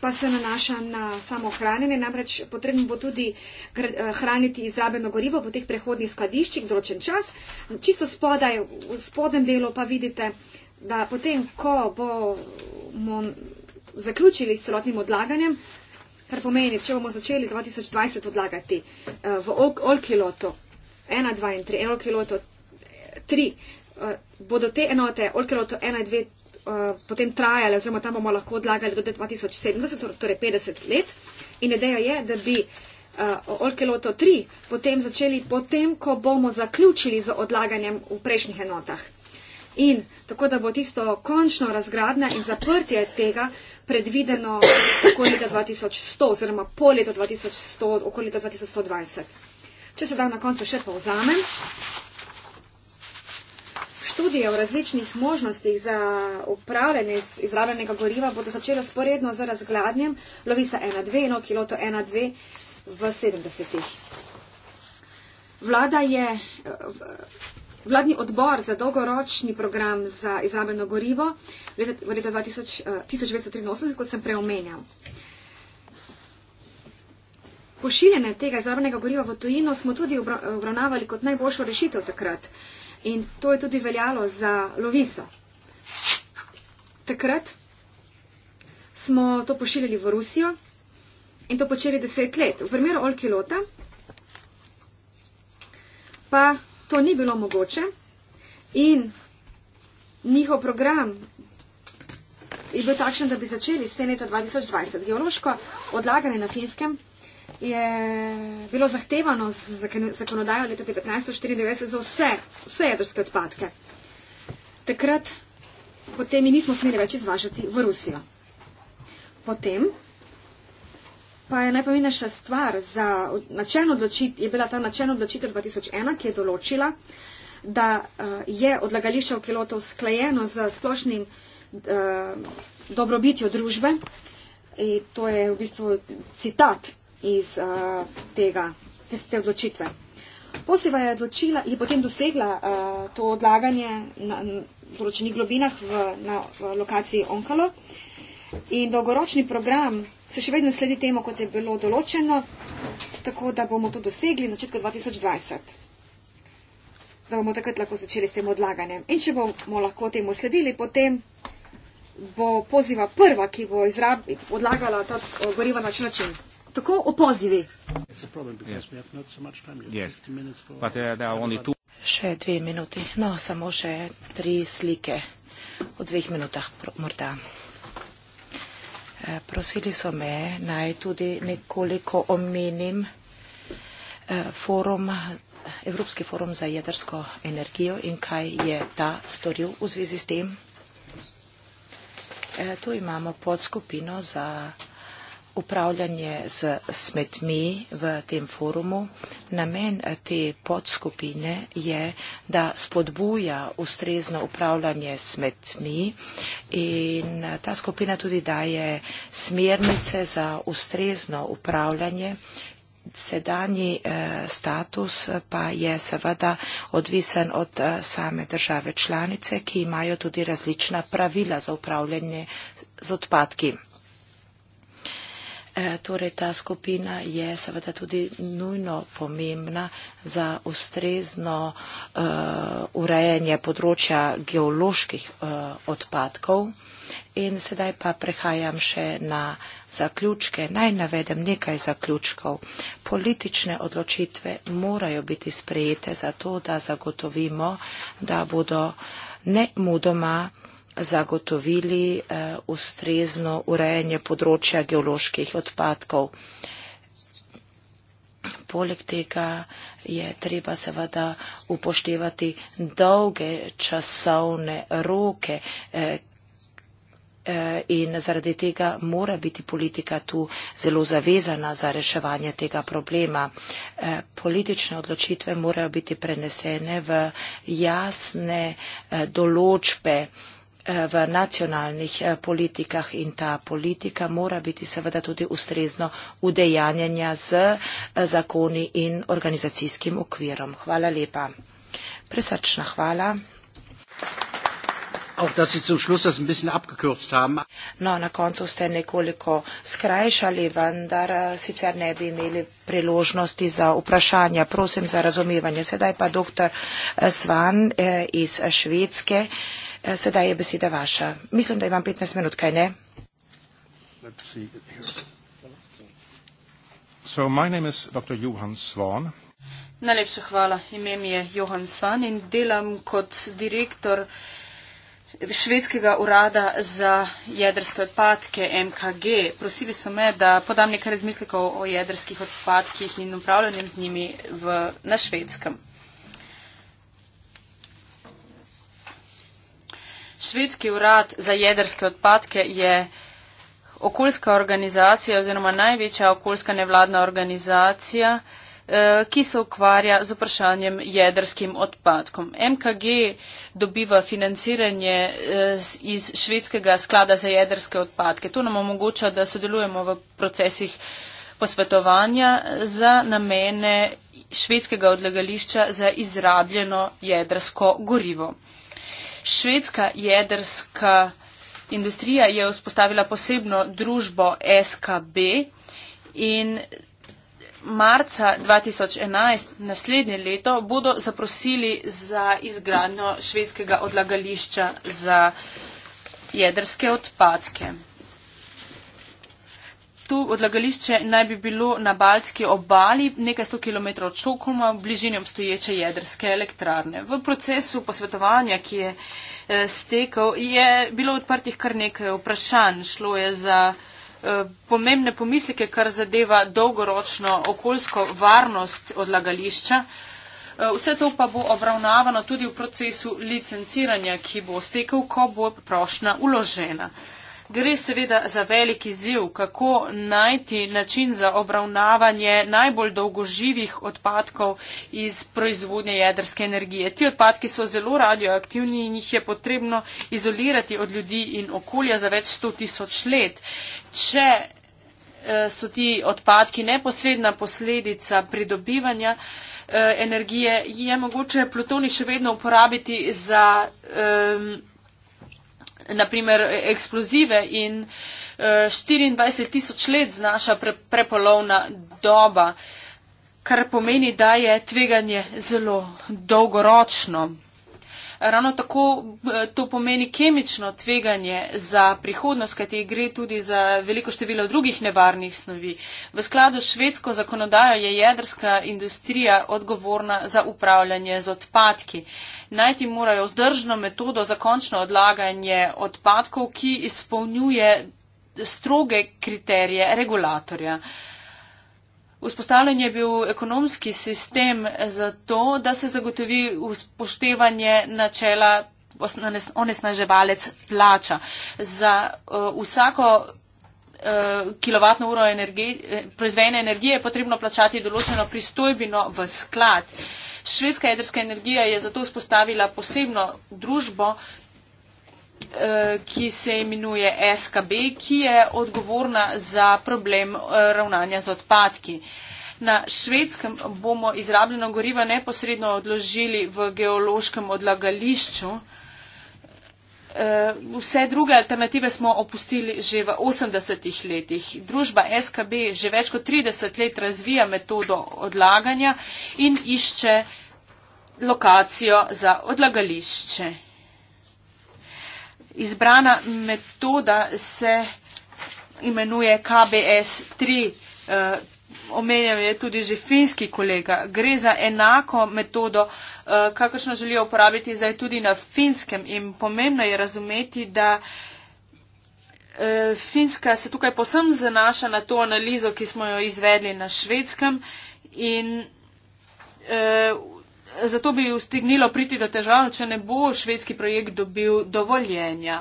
pa se nanaša na samo hranjenje, namreč potrebno bo tudi eh, hraniti izrabeno gorivo po teh prehodnih skladiščih določen čas. Čisto spodaj, v spodnem delu pa vidite, da da potem, ko bomo zaključili s celotnim odlaganjem, kar pomeni, če bomo začeli 2020 odlagati eh, v Olkiloto 1, 2 in 3, in Olkiloto 3, bodo te enote Olkiloto 1 in 2 potem trajale, oziroma tam bomo lahko odlagali do 2070, torej 50 let. In ideja je, da bi eh, Olkiloto 3 potem začeli potem, ko bomo zaključili z odlaganjem v prejšnjih enotah. In tako, da bo tisto končno razgradnja in zaprtje tega predvideno okoli leta 2100 oziroma po leta 2100, okoli leta 2120. Če se da na koncu še povzamem. Študije o različnih možnostih za upravljanje izrabljenega goriva bodo začele sporedno z razgladnjem Lovisa 1.2 in Okiloto 1.2 v 70-ih. Vlada je Vladni odbor za dolgoročni program za izrabljeno gorivo v leta 1983, eh, kot sem preomenjal. Pošiljene tega izrabljenega goriva v tujino smo tudi obravnavali kot najboljšo rešitev takrat in to je tudi veljalo za Loviso. Takrat smo to pošiljali v Rusijo in to počeli deset let. V primeru Olkilota pa to ni bilo mogoče in njihov program je bil takšen, da bi začeli s te leta 2020. Geološko odlaganje na Finskem je bilo zahtevano z zakonodajo leta 1994 za vse, vse jedrske odpadke. Takrat potem mi nismo smeli več izvažati v Rusijo. Potem pa je najpomembnejša stvar za načelno odločitev, je bila ta načelna odločitev 2001, ki je določila, da eh, je odlagališče v Kiloto sklajeno z splošnim eh, dobrobitjo družbe. In to je v bistvu citat iz eh, tega, iz te odločitve. Posiva je, odločila, je potem dosegla to odlaganje na določenih globinah v, na, v lokaciji Onkalo. In dolgoročni program se še vedno sledi temu, kot je bilo določeno, tako da bomo to dosegli na začetku 2020. Da bomo takrat lahko začeli s tem odlaganjem. In če bomo lahko temu sledili, potem bo poziva prva, ki bo izrab, odlagala ta goriva na način način. Tako o pozivi. Yes. But, uh, there are only two. Še dve minuti. No, samo še tri slike. O dveh minutah morda. Eh, prosili so me, naj tudi nekoliko omenim eh, forum, Evropski forum za jedrsko energijo in kaj je ta storil v zvezi s tem. Eh, tu imamo podskupino za upravljanje z smetmi v tem forumu. Namen eh, te podskupine je, da spodbuja ustrezno upravljanje smetmi in eh, ta skupina tudi daje smernice za ustrezno upravljanje. Sedanji eh, status pa je seveda odvisen od same države članice, ki imajo tudi različna pravila za upravljanje z odpadki. E, torej, ta skupina je seveda tudi nujno pomembna za ustrezno uh, urejanje področja geoloških uh, odpadkov. In sedaj pa prehajam še na zaključke. Naj navedem nekaj zaključkov. Politične odločitve morajo biti sprejete zato, da zagotovimo, da bodo ne mudoma zagotovili eh, ustrezno urejanje področja geoloških odpadkov. Poleg tega je treba seveda upoštevati dolge časovne roke eh, eh, in zaradi tega mora biti politika tu zelo zavezana za reševanje tega problema. Politične odločitve morajo biti prenesene v jasne določbe v nacionalnih eh, politikah in ta politika mora biti seveda tudi ustrezno udejanjenja z eh, zakoni in organizacijskim okvirom. Hvala lepa. Presrčna hvala. Auch, dass Sie zum Schluss das ein bisschen abgekürzt haben. No, na koncu ste nekoliko skrajšali, vendar eh, sicer ne bi imeli priložnosti za vprašanja. Prosim za razumevanje. Sedaj pa dr. Svan eh, iz Švedske. Eh, Eh, sedaj je beseda vaša. Mislim, da imam 15 minut, kaj ne? So, my name is Dr. Johan Svan. Najlepša hvala. Ime mi je Johan Svan in delam kot direktor švedskega urada za jedrske odpadke MKG. Prosili so me, da podam nekaj razmislekov o jedrskih odpadkih in upravljanjem z njimi v, na švedskem. Švedski urad za jedrske odpadke je okoljska organizacija oziroma največja okoljska nevladna organizacija, eh, ki se ukvarja z vprašanjem jedrskim odpadkom. MKG dobiva financiranje eh, iz Švedskega sklada za jedrske odpadke. To nam omogoča, da sodelujemo v procesih posvetovanja za namene švedskega odlagališča za izrabljeno jedrsko gorivo. Švedska jedrska industrija je vzpostavila posebno družbo SKB in marca 2011, naslednje leto, bodo zaprosili za izgradnjo švedskega odlagališča za jedrske odpadke. To odlagališče naj bi bilo na Balski obali, nekaj sto km od Šokoma, v bližini obstoječe jedrske elektrarne. V procesu posvetovanja, ki je eh, stekel, je bilo odprtih kar nekaj vprašanj. Šlo je za eh, pomembne pomislike, kar zadeva dolgoročno okoljsko varnost odlagališča. Eh, vse to pa bo obravnavano tudi v procesu licenciranja, ki bo stekel, ko bo prošna uložena. Gre seveda za veliki ziv, kako najti način za obravnavanje najbolj dolgoživih odpadkov iz proizvodnje jedrske energije. Ti odpadki so zelo radioaktivni in jih je potrebno izolirati od ljudi in okolja za več sto tisoč let. Če eh, so ti odpadki neposredna posledica pridobivanja eh, energije, je mogoče plutoni še vedno uporabiti za. Um, naprimer eksplozive in uh, eh, 24 tisoč let znaša pre, prepolovna doba, kar pomeni, da je tveganje zelo dolgoročno ravno tako eh, to pomeni kemično tveganje za prihodnost, kajti gre tudi za veliko število drugih nevarnih snovi. V skladu s švedsko zakonodajo je jedrska industrija odgovorna za upravljanje z odpadki. Najti morajo vzdržno metodo za končno odlaganje odpadkov, ki izpolnjuje stroge kriterije regulatorja. Uh, Vzpostavljen je bil ekonomski sistem za to, da se zagotovi upoštevanje načela onesnaževalec plača. Za uh, vsako uh, kilovatno uro energi eh, proizvene energije je potrebno plačati določeno pristojbino v sklad. Švedska jedrska energija je zato vzpostavila posebno družbo, Eh, ki se imenuje SKB, ki je odgovorna za problem eh, ravnanja z odpadki. Na švedskem bomo izrabljeno goriva neposredno odložili v geološkem odlagališču. Eh, vse druge alternative smo opustili že v 80-ih letih. Družba SKB že več kot 30 let razvija metodo odlaganja in išče lokacijo za odlagališče. Izbrana metoda se imenuje KBS3. Eh, Omenjam je tudi že finski kolega. Gre za enako metodo, eh, kakršno želijo uporabiti zdaj tudi na finskem. In pomembno je razumeti, da eh, Finska se tukaj posem zanaša na to analizo, ki smo jo izvedli na švedskem. In zato bi ustignilo priti do težav, če ne bo švedski projekt dobil dovoljenja.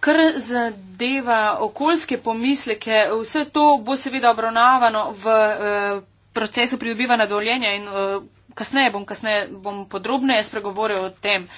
Kar zadeva okoljske pomisleke, vse to bo seveda obravnavano v eh, procesu pridobivanja dovoljenja in eh, kasneje bom, kasneje bom podrobneje spregovoril o tem.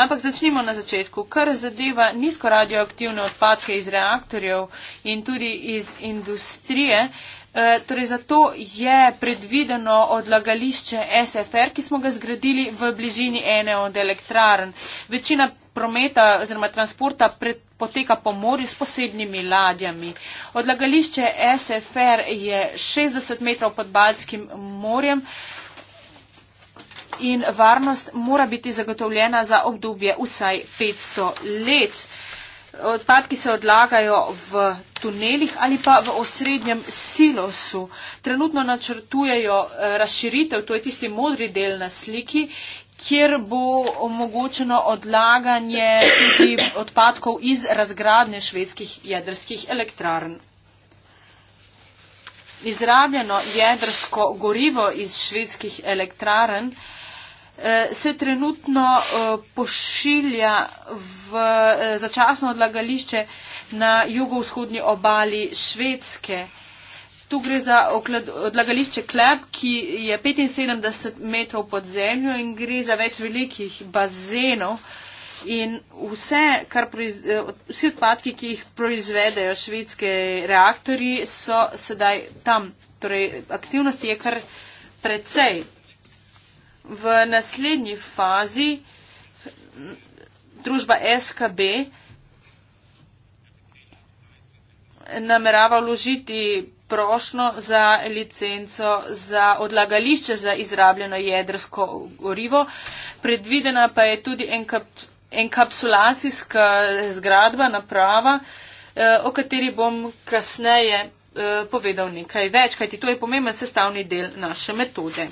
Ampak začnimo na začetku. Kar zadeva nizko radioaktivne odpadke iz reaktorjev in tudi iz industrije, E, torej zato je predvideno odlagališče SFR, ki smo ga zgradili v bližini ene od elektrarn. Večina prometa oziroma transporta pred, poteka po morju s posebnimi ladjami. Odlagališče SFR je 60 metrov pod Baltskim morjem. In varnost mora biti zagotovljena za obdobje vsaj 500 let odpadki se odlagajo v tunelih ali pa v osrednjem silosu. Trenutno načrtujejo eh, razširitev, to je tisti modri del na sliki, kjer bo omogočeno odlaganje tudi odpadkov iz razgradnje švedskih jedrskih elektrarn. Izrabljeno jedrsko gorivo iz švedskih elektrarn eh, se trenutno eh, pošilja v eh, začasno odlagališče na jugovzhodnji obali Švedske. Tu gre za odlagališče Kleb, ki je 75 metrov pod zemljo in gre za več velikih bazenov. In vse, kar eh, vsi odpadki, ki jih proizvedejo švedske reaktori, so sedaj tam. Torej, aktivnosti je kar precej v naslednji fazi družba SKB namerava vložiti prošno za licenco za odlagališče za izrabljeno jedrsko gorivo. Predvidena pa je tudi enkap, enkapsulacijska zgradba, naprava, eh, o kateri bom kasneje eh, povedal nekaj več, kajti to je pomemben sestavni del naše metode.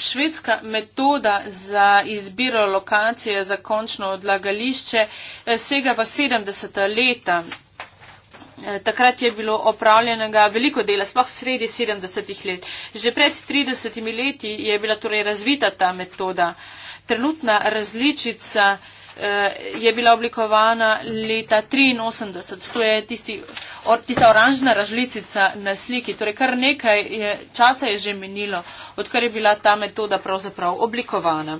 švedska metoda za izbiro lokacije za končno odlagališče eh, sega v 70. leta. Eh, takrat je bilo opravljenega veliko dela, sploh sredi 70-ih let. Že pred 30 leti je bila torej razvita ta metoda. Trenutna različica Eh, je bila oblikovana leta 83. To je tisti, or, tista oranžna ražlicica na sliki. Torej, kar nekaj je, časa je že minilo, odkar je bila ta metoda pravzaprav oblikovana.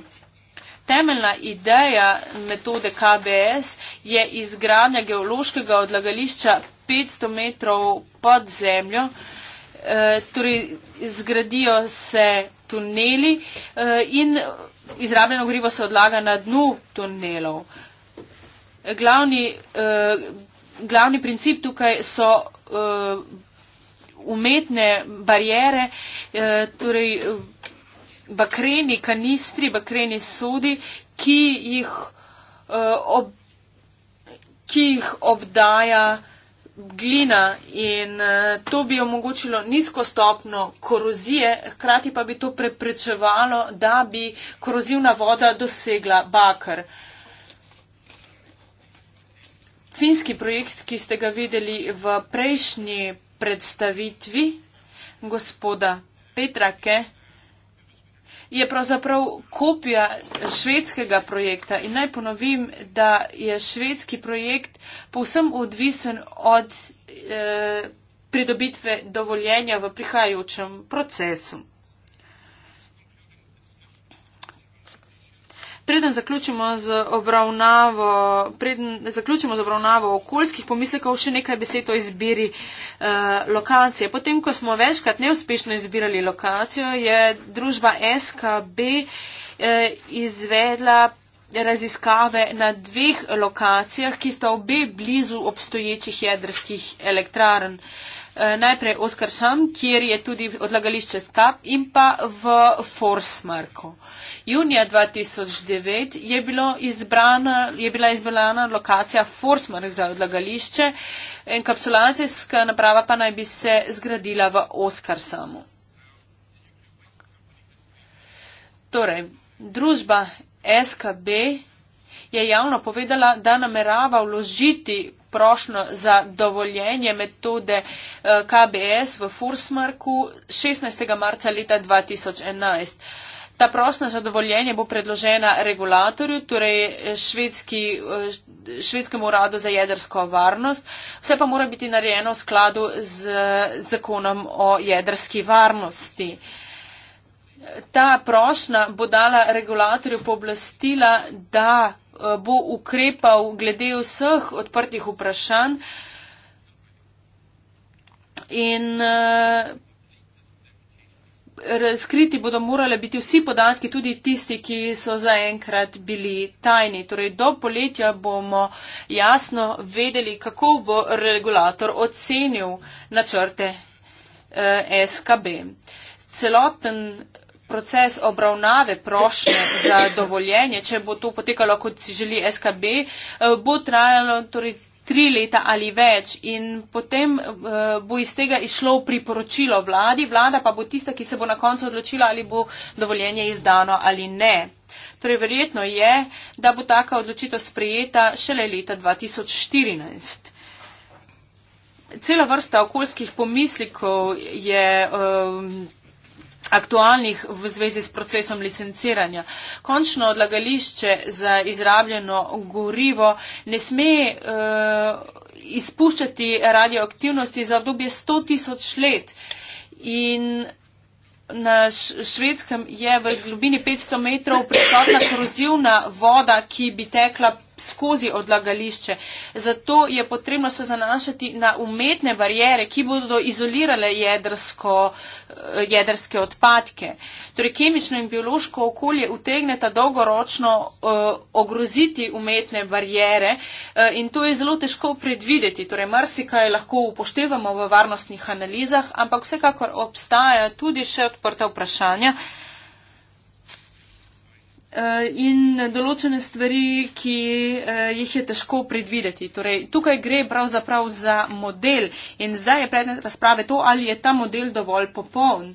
Temeljna ideja metode KBS je izgradnja geološkega odlagališča 500 metrov pod zemljo. E, torej, zgradijo se tuneli e, in izrabljeno gorivo se odlaga na dnu tunelov. Glavni, uh, glavni princip tukaj so uh, umetne barijere, uh, eh, torej uh, bakreni kanistri, bakreni sodi, ki jih, uh, ob, ki jih obdaja uh, glina in eh, to bi omogočilo nizko stopno korozije, hkrati pa bi to preprečevalo, da bi korozivna voda dosegla bakar. Finski projekt, ki ste ga videli v prejšnji predstavitvi gospoda Petrake, je pravzaprav kopija švedskega projekta. In naj ponovim, da je švedski projekt povsem odvisen od eh, pridobitve dovoljenja v prihajajočem procesu. preden zaključimo z obravnavo, preden zaključimo z obravnavo okoljskih pomislekov, še nekaj besed o izbiri eh, lokacije. Potem, ko smo večkrat neuspešno izbirali lokacijo, je družba SKB eh, izvedla raziskave na dveh lokacijah, ki sta obe blizu obstoječih jedrskih elektrarn. Eh, Eh, najprej Oskaršan, kjer je tudi odlagališče Skap in pa v Forsmarku. Junija 2009 je, bilo izbrana, je bila izbrana lokacija Forsmark za odlagališče, enkapsulacijska naprava pa naj bi se zgradila v Oskarsamu. Torej, družba SKB je javno povedala, da namerava vložiti prošlo za dovoljenje metode eh, KBS v Fursmarku 16. marca leta 2011. Ta prosna za dovoljenje bo predložena regulatorju, torej eh, švedski, eh, švedskemu uradu za jedrsko varnost. Vse pa mora biti narejeno v skladu z zakonom o jedrski varnosti. Ta prošna bo dala regulatorju pooblastila, da Eh, bo ukrepal glede vseh odprtih vprašanj. In eh, razkriti bodo morale biti vsi podatki, tudi tisti, ki so zaenkrat bili tajni. Torej, do poletja bomo jasno vedeli, kako bo regulator ocenil načrte eh, SKB. Celoten proces obravnave prošnje za dovoljenje, če bo to potekalo, kot si želi SKB, eh, bo trajalo torej tri leta ali več in potem eh, bo iz tega išlo priporočilo vladi, vlada pa bo tista, ki se bo na koncu odločila, ali bo dovoljenje izdano ali ne. Torej, verjetno je, da bo taka odločitev sprejeta šele leta 2014. Cela vrsta okoljskih pomislikov je um, aktualnih v zvezi s procesom licenciranja. Končno odlagališče za izrabljeno gorivo ne sme uh, izpuščati radioaktivnosti za obdobje 100 tisoč let in na švedskem je v globini 500 metrov prisotna korozivna voda, ki bi tekla skozi odlagališče. Zato je potrebno se zanašati na umetne barijere, ki bodo izolirale jedrsko, eh, jedrske odpadke. Torej, kemično in biološko okolje utegneta dolgoročno uh, ogroziti umetne barijere uh, eh, in to je zelo težko predvideti. Torej, marsikaj lahko upoštevamo v varnostnih analizah, ampak vsekakor obstaja tudi še odprta vprašanja. Uh, Eh, in določene stvari, ki eh, jih je težko predvideti. Torej, tukaj gre pravzaprav za model in zdaj je predmet razprave to, ali je ta model dovolj popoln.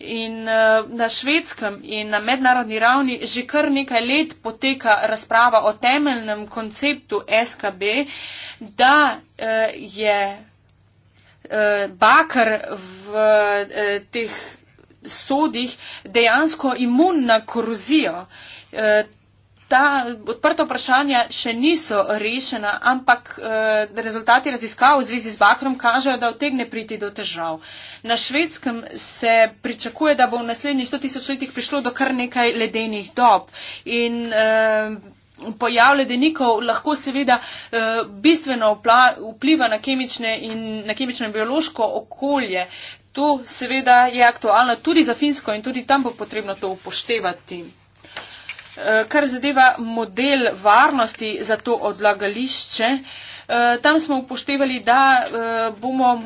In eh, na švedskem in na mednarodni ravni že kar nekaj let poteka razprava o temeljnem konceptu SKB, da je bakar v teh sodih dejansko imun na korozijo. E, ta odprta vprašanja še niso rešena, ampak eh, rezultati raziskav v zvezi z bakrom kažejo, da otegne priti do težav. Na švedskem se pričakuje, da bo v naslednjih 100 tisoč letih prišlo do kar nekaj ledenih dob. In, eh, Pojav ledenikov lahko seveda e, bistveno vpliva na, in, na kemično in biološko okolje, To seveda je aktualno tudi za Finsko in tudi tam bo potrebno to upoštevati. Eh, kar zadeva model varnosti za to odlagališče, Eh, tam smo upoštevali, da eh, bomo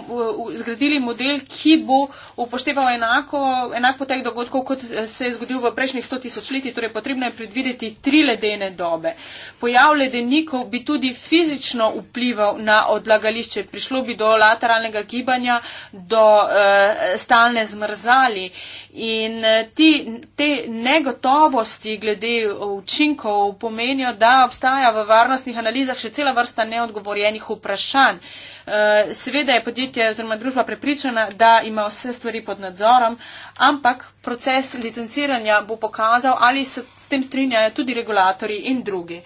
zgradili model, ki bo upošteval enako, enak potek dogodkov, kot eh, se je zgodil v prejšnjih 100 tisoč letih, torej potrebno je predvideti tri ledene dobe. Pojav ledenikov bi tudi fizično vplival na odlagališče, prišlo bi do lateralnega gibanja, do stalne zmrzali in ti, te negotovosti glede učinkov pomenijo, da obstaja v varnostnih analizah še cela vrsta neodgovornosti odgovorjenih vprašanj. Eh, seveda je podjetje oziroma družba prepričana, da ima vse stvari pod nadzorom, ampak proces licenciranja bo pokazal, ali se s tem strinjajo tudi regulatori in drugi.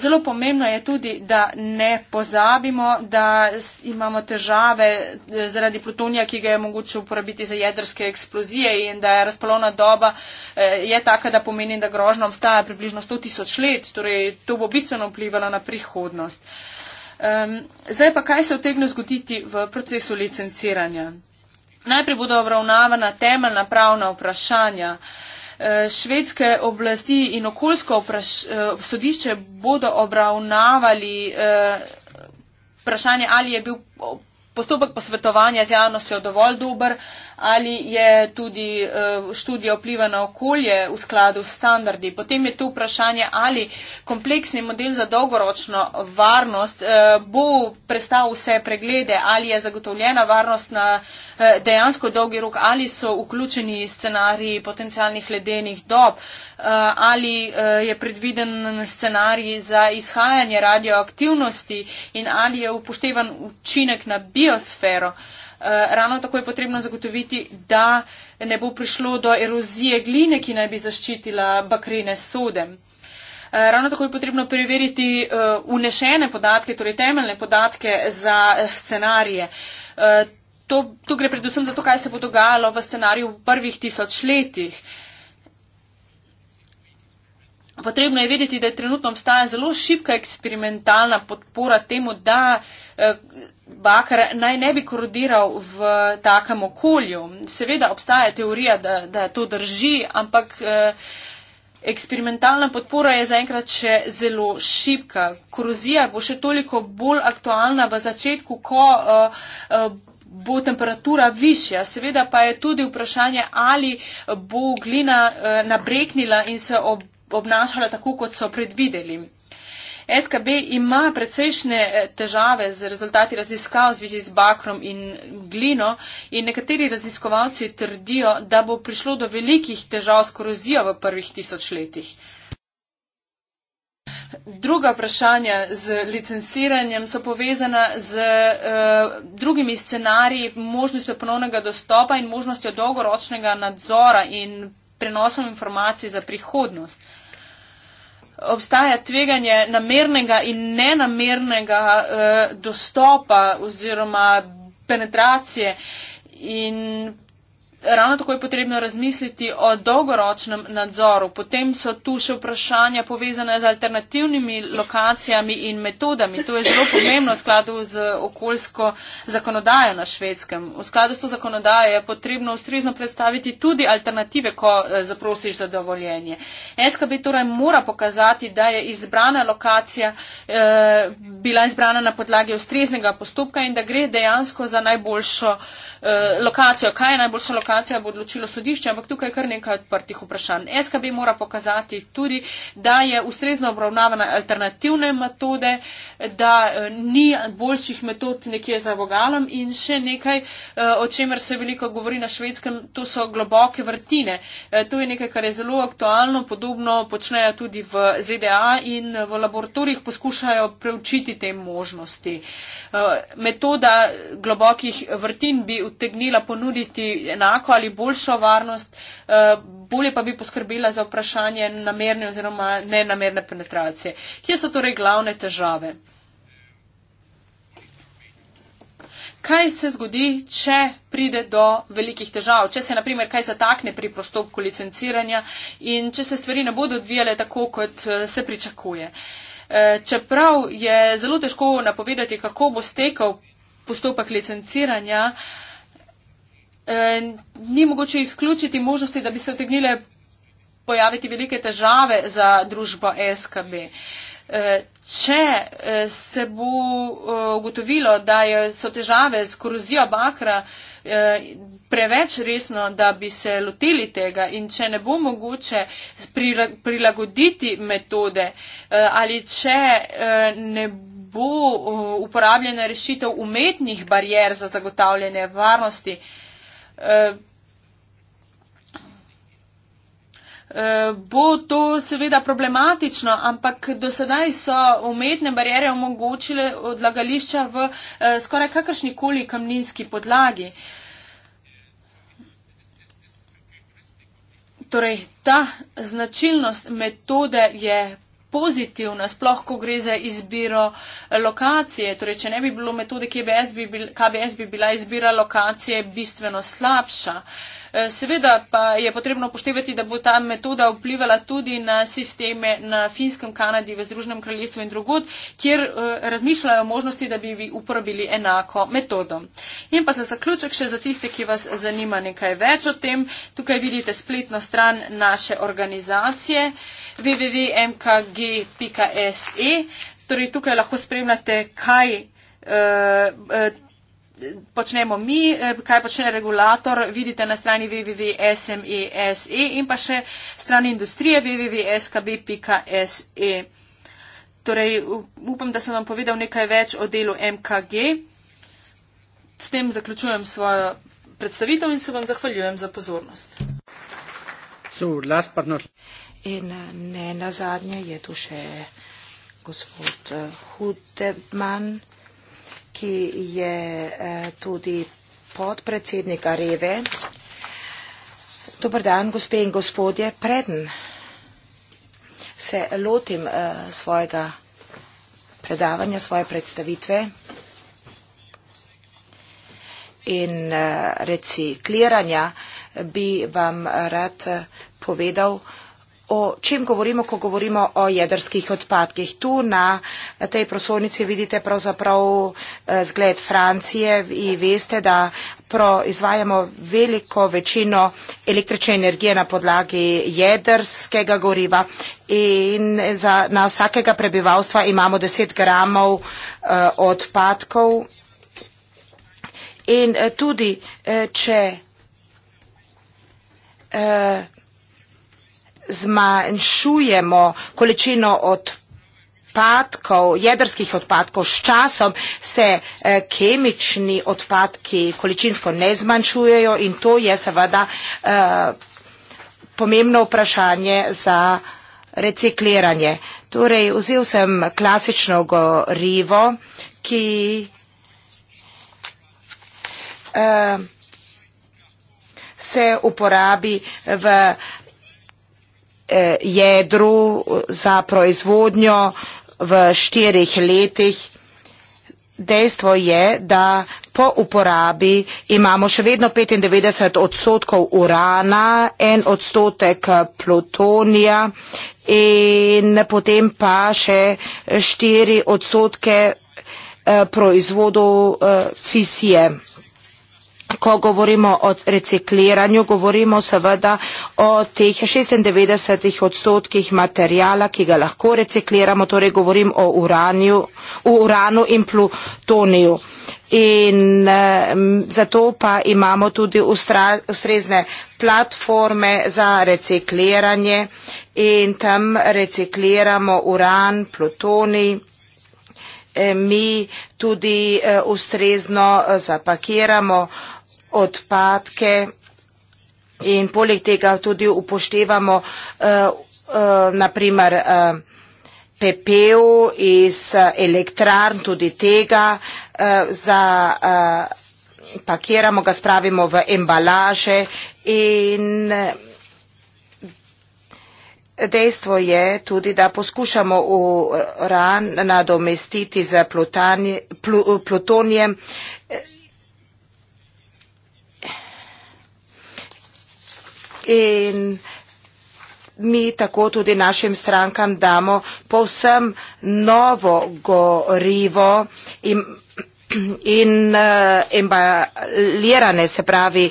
Zelo pomembno je tudi, da ne pozabimo, da imamo težave eh, zaradi plutonija, ki ga je mogoče uporabiti za jedrske eksplozije in da je razpolovna doba eh, je taka, da pomeni, da grožno obstaja približno 100 tisoč let, torej to bo bistveno vplivalo na prihodnost. Uh, Um, zdaj pa kaj se vtegne zgoditi v procesu licenciranja? Najprej bodo obravnavana temeljna pravna vprašanja. Švedske oblasti in okoljsko sodišče bodo obravnavali vprašanje, ali je bil postopek posvetovanja z javnostjo dovolj dober, ali je tudi eh, študija vpliva na okolje v skladu s standardi. Potem je tu vprašanje, ali kompleksni model za dolgoročno varnost eh, bo prestal vse preglede, ali je zagotovljena varnost na eh, dejansko dolgi rok, ali so vključeni scenariji potencialnih ledenih dob, ali je predviden scenarij za izhajanje radioaktivnosti in ali je upoštevan učinek na biosfero. Eh, ravno tako je potrebno zagotoviti, da ne bo prišlo do erozije gline, ki naj bi zaščitila bakrine sodem. Eh, ravno tako je potrebno preveriti unešene eh, podatke, torej temeljne podatke za scenarije. To, to gre predvsem za to, kaj se bo dogajalo v scenariju v prvih tisoč letih. Uh, Potrebno je vedeti, da je trenutno obstaja zelo šipka eksperimentalna podpora temu, da eh, bakar naj ne bi korodiral v takem okolju. Seveda obstaja teorija, da, da to drži, ampak eh, eksperimentalna podpora je zaenkrat še zelo šipka. Korozija bo še toliko bolj aktualna v začetku, ko eh, bo temperatura višja. Seveda pa je tudi vprašanje, ali bo glina nabreknila in se ob obnašala tako, kot so predvideli. SKB ima precejšne eh, težave z rezultati raziskav v zvezi z bakrom in glino in nekateri raziskovalci trdijo, da bo prišlo do velikih težav s korozijo v prvih tisoč letih. Druga vprašanja z licenciranjem so povezana z eh, drugimi scenariji, možnostjo ponovnega dostopa in možnostjo dolgoročnega nadzora in prenosom informacij za prihodnost obstaja tveganje namernega in nenamernega uh, dostopa oziroma penetracije in ravno tako je potrebno razmisliti o dolgoročnem nadzoru. Potem so tu še vprašanja povezane z alternativnimi lokacijami in metodami. To je zelo pomembno v skladu z okoljsko zakonodajo na švedskem. V skladu s to zakonodajo je potrebno ustrezno predstaviti tudi alternative, ko eh, zaprosiš za dovoljenje. SKB torej mora pokazati, da je izbrana lokacija eh, bila izbrana na podlagi ustreznega postopka in da gre dejansko za najboljšo eh, lokacijo. Kaj je najboljša lokacija? kvalifikacija bo odločilo sodišče, ampak tukaj je kar nekaj odprtih vprašanj. SKB mora pokazati tudi, da je ustrezno obravnavana alternativne metode, da eh, ni boljših metod nekje za vogalom in še nekaj, eh, o čemer se veliko govori na švedskem, to so globoke vrtine. Eh, to je nekaj, kar je zelo aktualno, podobno počnejo tudi v ZDA in v laboratorijih poskušajo preučiti te možnosti. Metoda globokih vrtin bi utegnila ponuditi enako enako ali boljšo varnost, eh, bolje pa bi poskrbela za vprašanje namerne oziroma nenamerne penetracije. Kje so torej glavne težave? Kaj se zgodi, če pride do velikih težav, če se naprimer kaj zatakne pri postopku licenciranja in če se stvari ne bodo odvijale tako, kot eh, se pričakuje? Eh, čeprav je zelo težko napovedati, kako bo stekel postopek licenciranja, uh, E, ni mogoče izključiti možnosti, da bi se otegnile pojaviti velike težave za družbo SKB. E, če e, se bo ugotovilo, da so težave z korozijo bakra preveč resno, da bi se lotili tega in če ne bo mogoče prilagoditi metode ali če ne bo uporabljena rešitev umetnih barjer za zagotavljanje varnosti, bo to seveda problematično, ampak do sedaj so umetne barijere omogočile odlagališča v eh, skoraj kakršnikoli kamninski podlagi. Torej, ta značilnost metode je pozitivna, sploh ko gre za izbiro eh, lokacije. Torej, če ne bi bilo metode KBS, bi bil, KBS bi bila izbira lokacije bistveno slabša. Uh, Eh, seveda pa je potrebno upoštevati, da bo ta metoda vplivala tudi na sisteme na finskem Kanadi, v Združenem kraljestvu in drugod, kjer eh, razmišljajo o možnosti, da bi vi uporabili enako metodo. In pa za zaključek še za tiste, ki vas zanima nekaj več o tem, tukaj vidite spletno stran naše organizacije www.mkg.se, torej tukaj lahko spremljate, kaj. Uh, uh, počnemo mi, eh, kaj počne regulator, vidite na strani www.sme.se e in pa še strani industrije www.skb.se. Torej, upam, da sem vam povedal nekaj več o delu MKG. S tem zaključujem svojo predstavitev in se vam zahvaljujem za pozornost. So, in eh, ne na zadnje je tu še gospod eh, Hudeman. Uh, ki je eh, tudi podpredsednik Areve. Dobar dan, gospe in gospodje. Preden se lotim eh, svojega predavanja, svoje predstavitve in eh, recikliranja, bi vam rad povedal, o čem govorimo, ko govorimo o jedrskih odpadkih. Tu na tej prosovnici vidite pravzaprav eh, zgled Francije in veste, da proizvajamo veliko večino električne energije na podlagi jedrskega goriva in za, na vsakega prebivalstva imamo 10 gramov eh, odpadkov. In eh, tudi, eh, če eh, zmanjšujemo količino odpadkov, jedrskih odpadkov, s časom se eh, kemični odpadki količinsko ne zmanjšujejo in to je seveda eh, pomembno vprašanje za recikliranje. Torej, vzel sem klasično gorivo, ki eh, se uporabi v različnih Eh, jedru za proizvodnjo v štirih letih. Dejstvo je, da po uporabi imamo še vedno 95 odstotkov urana, en odstotek plutonija in potem pa še štiri odstotke eh, proizvodov eh, fisije. Ko govorimo o recikliranju, govorimo seveda o teh 96 odstotkih materijala, ki ga lahko recikliramo, torej govorim o uranju, v uranu in plutoniju. In eh, zato pa imamo tudi ustra, ustrezne platforme za recikliranje in tam recikliramo uran, plutoni, eh, mi tudi eh, ustrezno e, zapakiramo odpadke in poleg tega tudi upoštevamo eh, eh, naprimer eh, pepev iz elektrarn, tudi tega zapakiramo, ga spravimo v embalaže in dejstvo je tudi, da poskušamo uran nadomestiti z plutonijem, in mi tako tudi našim strankam damo povsem novo gorivo in in eh, embalirane, se pravi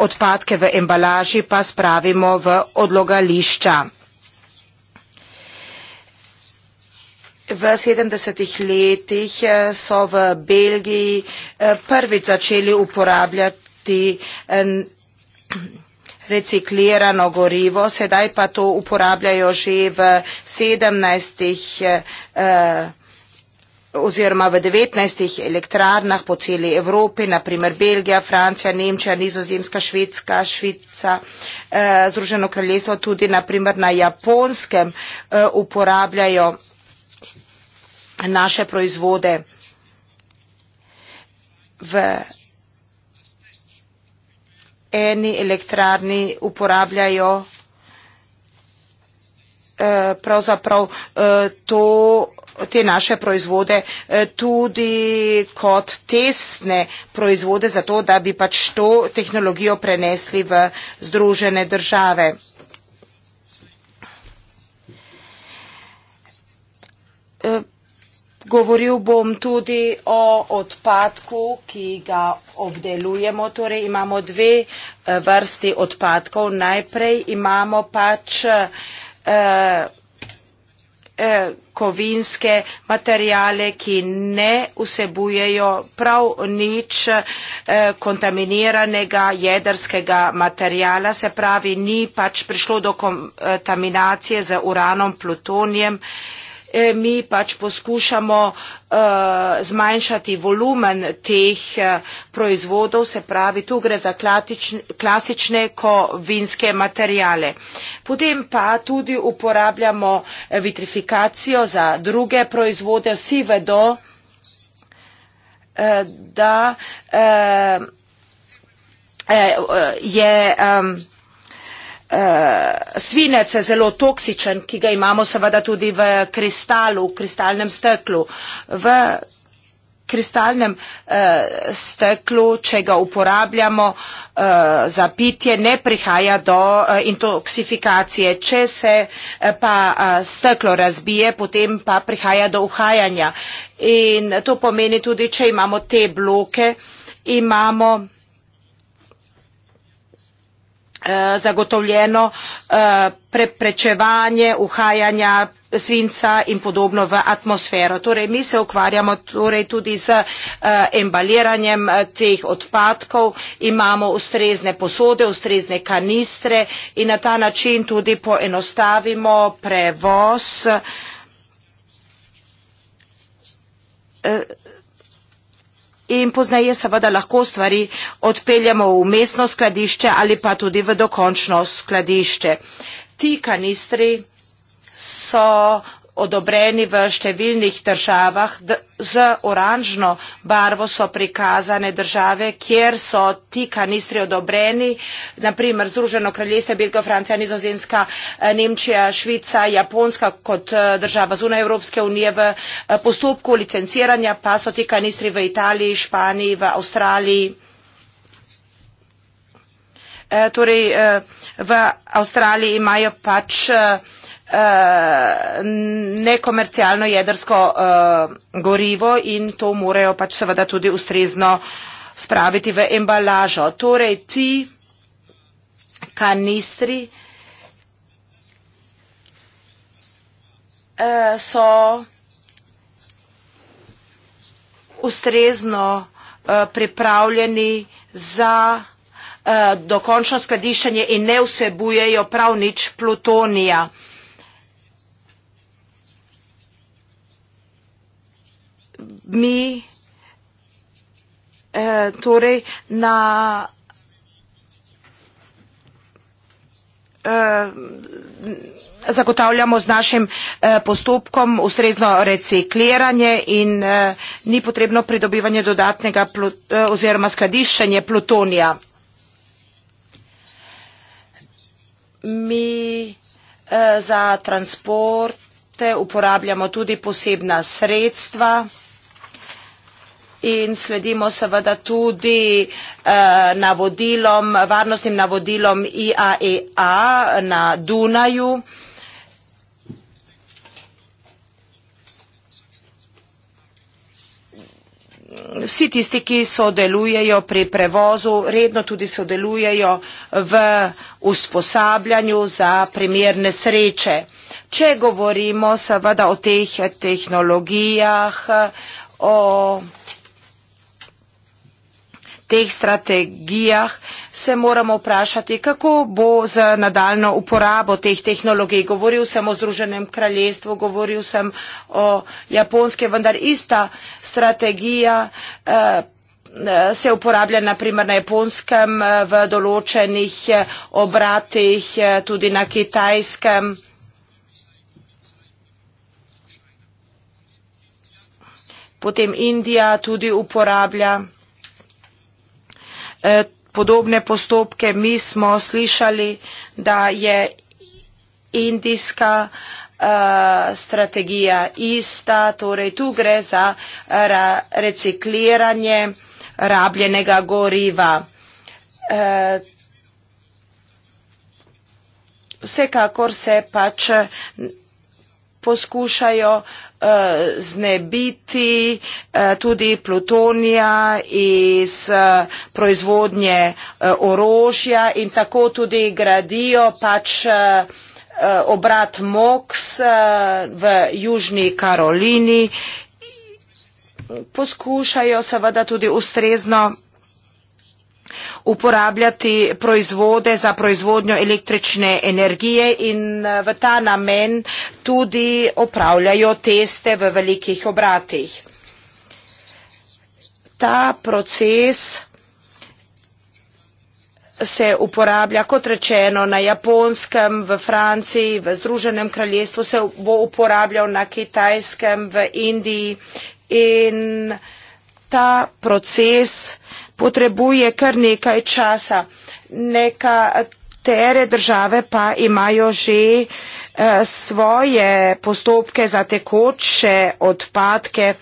odpadke v embalaži, pa spravimo v odlogališča. V 70-ih letih eh, so v Belgiji eh, prvič začeli uporabljati reciklirano gorivo, sedaj pa to uporabljajo že v 17 eh, oziroma v 19 elektrarnah po celi Evropi, naprimer Belgija, Francija, Nemčija, Nizozemska, Švedska, Švica, eh, Združeno kraljestvo, tudi naprimer na japonskem eh, uporabljajo naše proizvode v eni elektrarni uporabljajo eh, pravzaprav eh, to, te naše proizvode eh, tudi kot testne proizvode za to, da bi pač to tehnologijo prenesli v združene države. Uh, Govoril bom tudi o odpadku, ki ga obdelujemo. Torej imamo dve eh, vrsti odpadkov. Najprej imamo pač eh, eh, kovinske materijale, ki ne vsebujejo prav nič kontaminiranega jedrskega materijala, se pravi, ni pač prišlo do kontaminacije z uranom, plutonijem, Eh, mi pač poskušamo eh, zmanjšati volumen teh eh, proizvodov, se pravi, tu gre za klasične kovinske materijale. Potem pa tudi uporabljamo vitrifikacijo za druge proizvode. Vsi vedo, da je vitrifikacija, Eh, svinec je zelo toksičen, ki ga imamo seveda tudi v kristalu, v kristalnem steklu. V kristalnem eh, steklu, če ga uporabljamo eh, za pitje, ne prihaja do eh, intoksifikacije. Če se eh, pa eh, steklo razbije, potem pa prihaja do uhajanja. In to pomeni tudi, če imamo te bloke, imamo Eh, zagotovljeno eh, preprečevanje uhajanja svinca in podobno v atmosfero. Torej, mi se ukvarjamo torej tudi z uh, embaliranjem teh odpadkov, imamo ustrezne posode, ustrezne kanistre in na ta način tudi poenostavimo prevoz. Uh, in pozneje seveda lahko stvari odpeljamo v mestno skladišče ali pa tudi v dokončno skladišče. Ti kanistri so odobreni v številnih državah. Z oranžno barvo so prikazane države, kjer so ti kanistri odobreni, naprimer Združeno kraljestvo, Belgija, Francija, Nizozemska, eh, Nemčija, Švica, Japonska kot eh, država zunaj Evropske unije. V eh, postopku licenciranja pa so ti kanistri v Italiji, Španiji, v Avstraliji. Torej, v Avstraliji imajo pač Eh, nekomercialno jedrsko uh, gorivo in to morajo pač seveda tudi ustrezno spraviti v embalažo. Torej, ti kanistri uh, so ustrezno uh, pripravljeni za uh, dokončno skladiščenje in ne vsebujejo prav nič plutonija. mi eh, torej na eh, zagotavljamo z našim eh, postopkom ustrezno recikliranje in eh, ni potrebno pridobivanje dodatnega oziroma skladiščenje plutonija. Mi za transporte uporabljamo tudi posebna sredstva in sledimo seveda tudi eh, navodilom, varnostnim navodilom IAEA e na Dunaju. Vsi tisti, ki sodelujejo pri prevozu, redno tudi sodelujejo v usposabljanju za primerne sreče. Če govorimo seveda o teh tehnologijah, o teh strategijah se moramo vprašati, kako bo z nadaljno uporabo teh tehnologij. Govoril sem o Združenem kraljestvu, govoril sem o Japonske, vendar ista strategija eh, se uporablja naprimer na Japonskem, eh, v določenih eh, obratih, tudi na Kitajskem. Potem Indija tudi uporablja. Eh, podobne postopke. Mi smo slišali, da je indijska eh, strategija ista, torej tu gre za eh, recikliranje rabljenega goriva. Vsekakor se pač poskušajo uh, znebiti uh, tudi plutonija iz uh, proizvodnje uh, orožja in tako tudi gradijo pač uh, obrat MOX uh, v Južni Karolini. Poskušajo seveda tudi ustrezno uporabljati proizvode za proizvodnjo električne energije in eh, v ta namen tudi opravljajo teste v velikih obratih. Ta proces se uporablja, kot rečeno, na Japonskem, v Franciji, v Združenem kraljestvu, se bo uporabljal na Kitajskem, v Indiji in ta proces se uporablja, potrebuje kar nekaj časa. Nekatere države pa imajo že eh, svoje postopke za tekoče odpadke,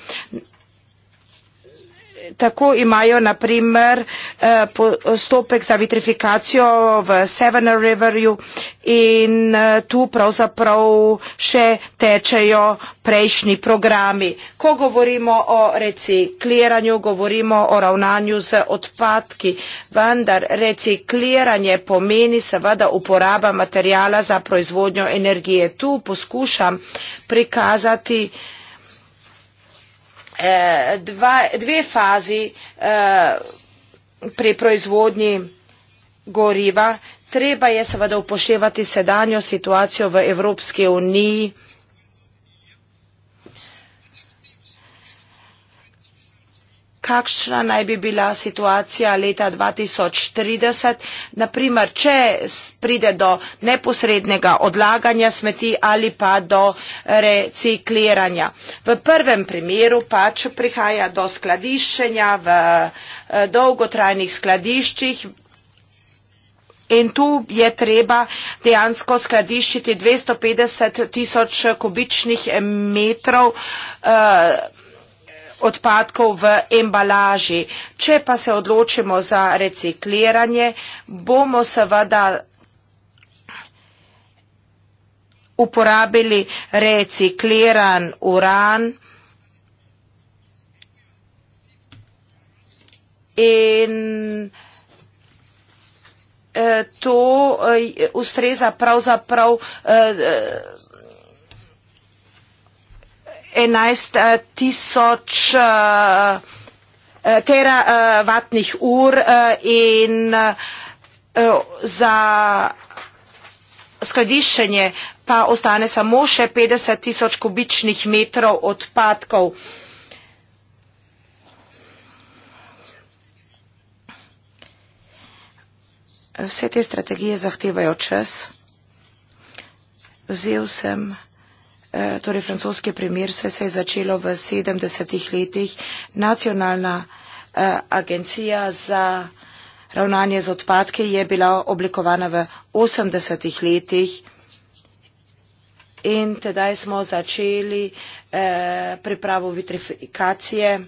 tako imajo na primer eh, postopek za vitrifikacijo v Seven Riverju in eh, tu pravzaprav še tečejo prejšnji programi. Ko govorimo o recikliranju, govorimo o ravnanju z odpadki, vendar recikliranje pomeni seveda uporaba materijala za proizvodnjo energije. Tu poskušam prikazati, Eh, dva, dve fazi eh, pri proizvodnji goriva. Treba je seveda upoštevati sedanjo situacijo v Evropski uniji. kakšna naj bi bila situacija leta 2030, naprimer, če pride do neposrednega odlaganja smeti ali pa do recikliranja. V prvem primeru pač prihaja do skladiščenja v eh, dolgotrajnih skladiščih. In tu je treba dejansko skladiščiti 250 tisoč kubičnih metrov uh, odpadkov v embalaži. Če pa se odločimo za recikliranje, bomo seveda uporabili recikliran uran in eh, to eh, ustreza pravzaprav. Prav, eh, 11 eh, tisoč eh, eh, teravatnih ur in za skladiščenje pa ostane samo še 50 tisoč kubičnih metrov odpadkov. Vse te strategije zahtevajo čas. Vzel sem Eh, torej francoski primer, vse se je začelo v 70-ih letih, nacionalna eh, agencija za ravnanje z odpadke je bila oblikovana v 80-ih letih in tedaj smo začeli eh, pripravo vitrifikacije.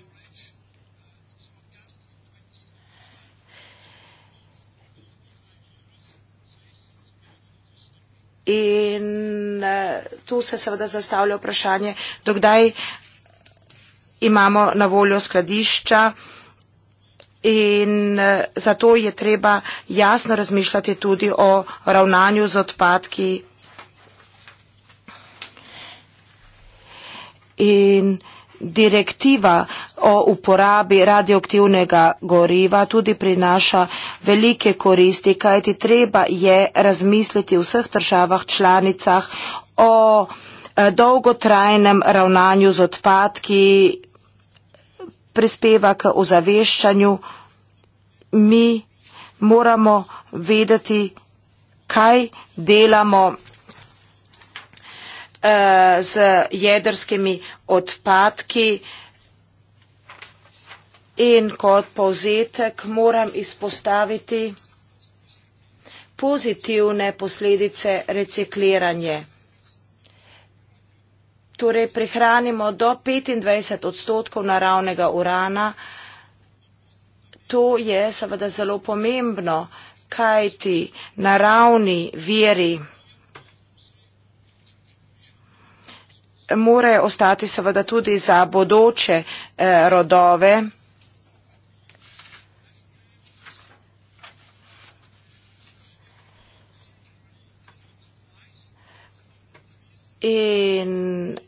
In uh, tu se seveda zastavlja vprašanje, dokdaj imamo na voljo skladišča. In uh, zato je treba jasno razmišljati tudi o ravnanju z odpadki. In uh, direktiva o uporabi radioaktivnega goriva tudi prinaša velike koristi, kajti treba je razmisliti v vseh državah članicah o eh, dolgotrajnem ravnanju z odpadki, prispeva k ozaveščanju. Mi moramo vedeti, kaj delamo Eh, z jedrskimi odpadki. In kot povzetek moram izpostaviti pozitivne posledice recikliranje. Torej, prihranimo do 25 odstotkov naravnega urana. To je seveda zelo pomembno, kajti naravni veri more ostati seveda tudi za bodoče eh, rodove. In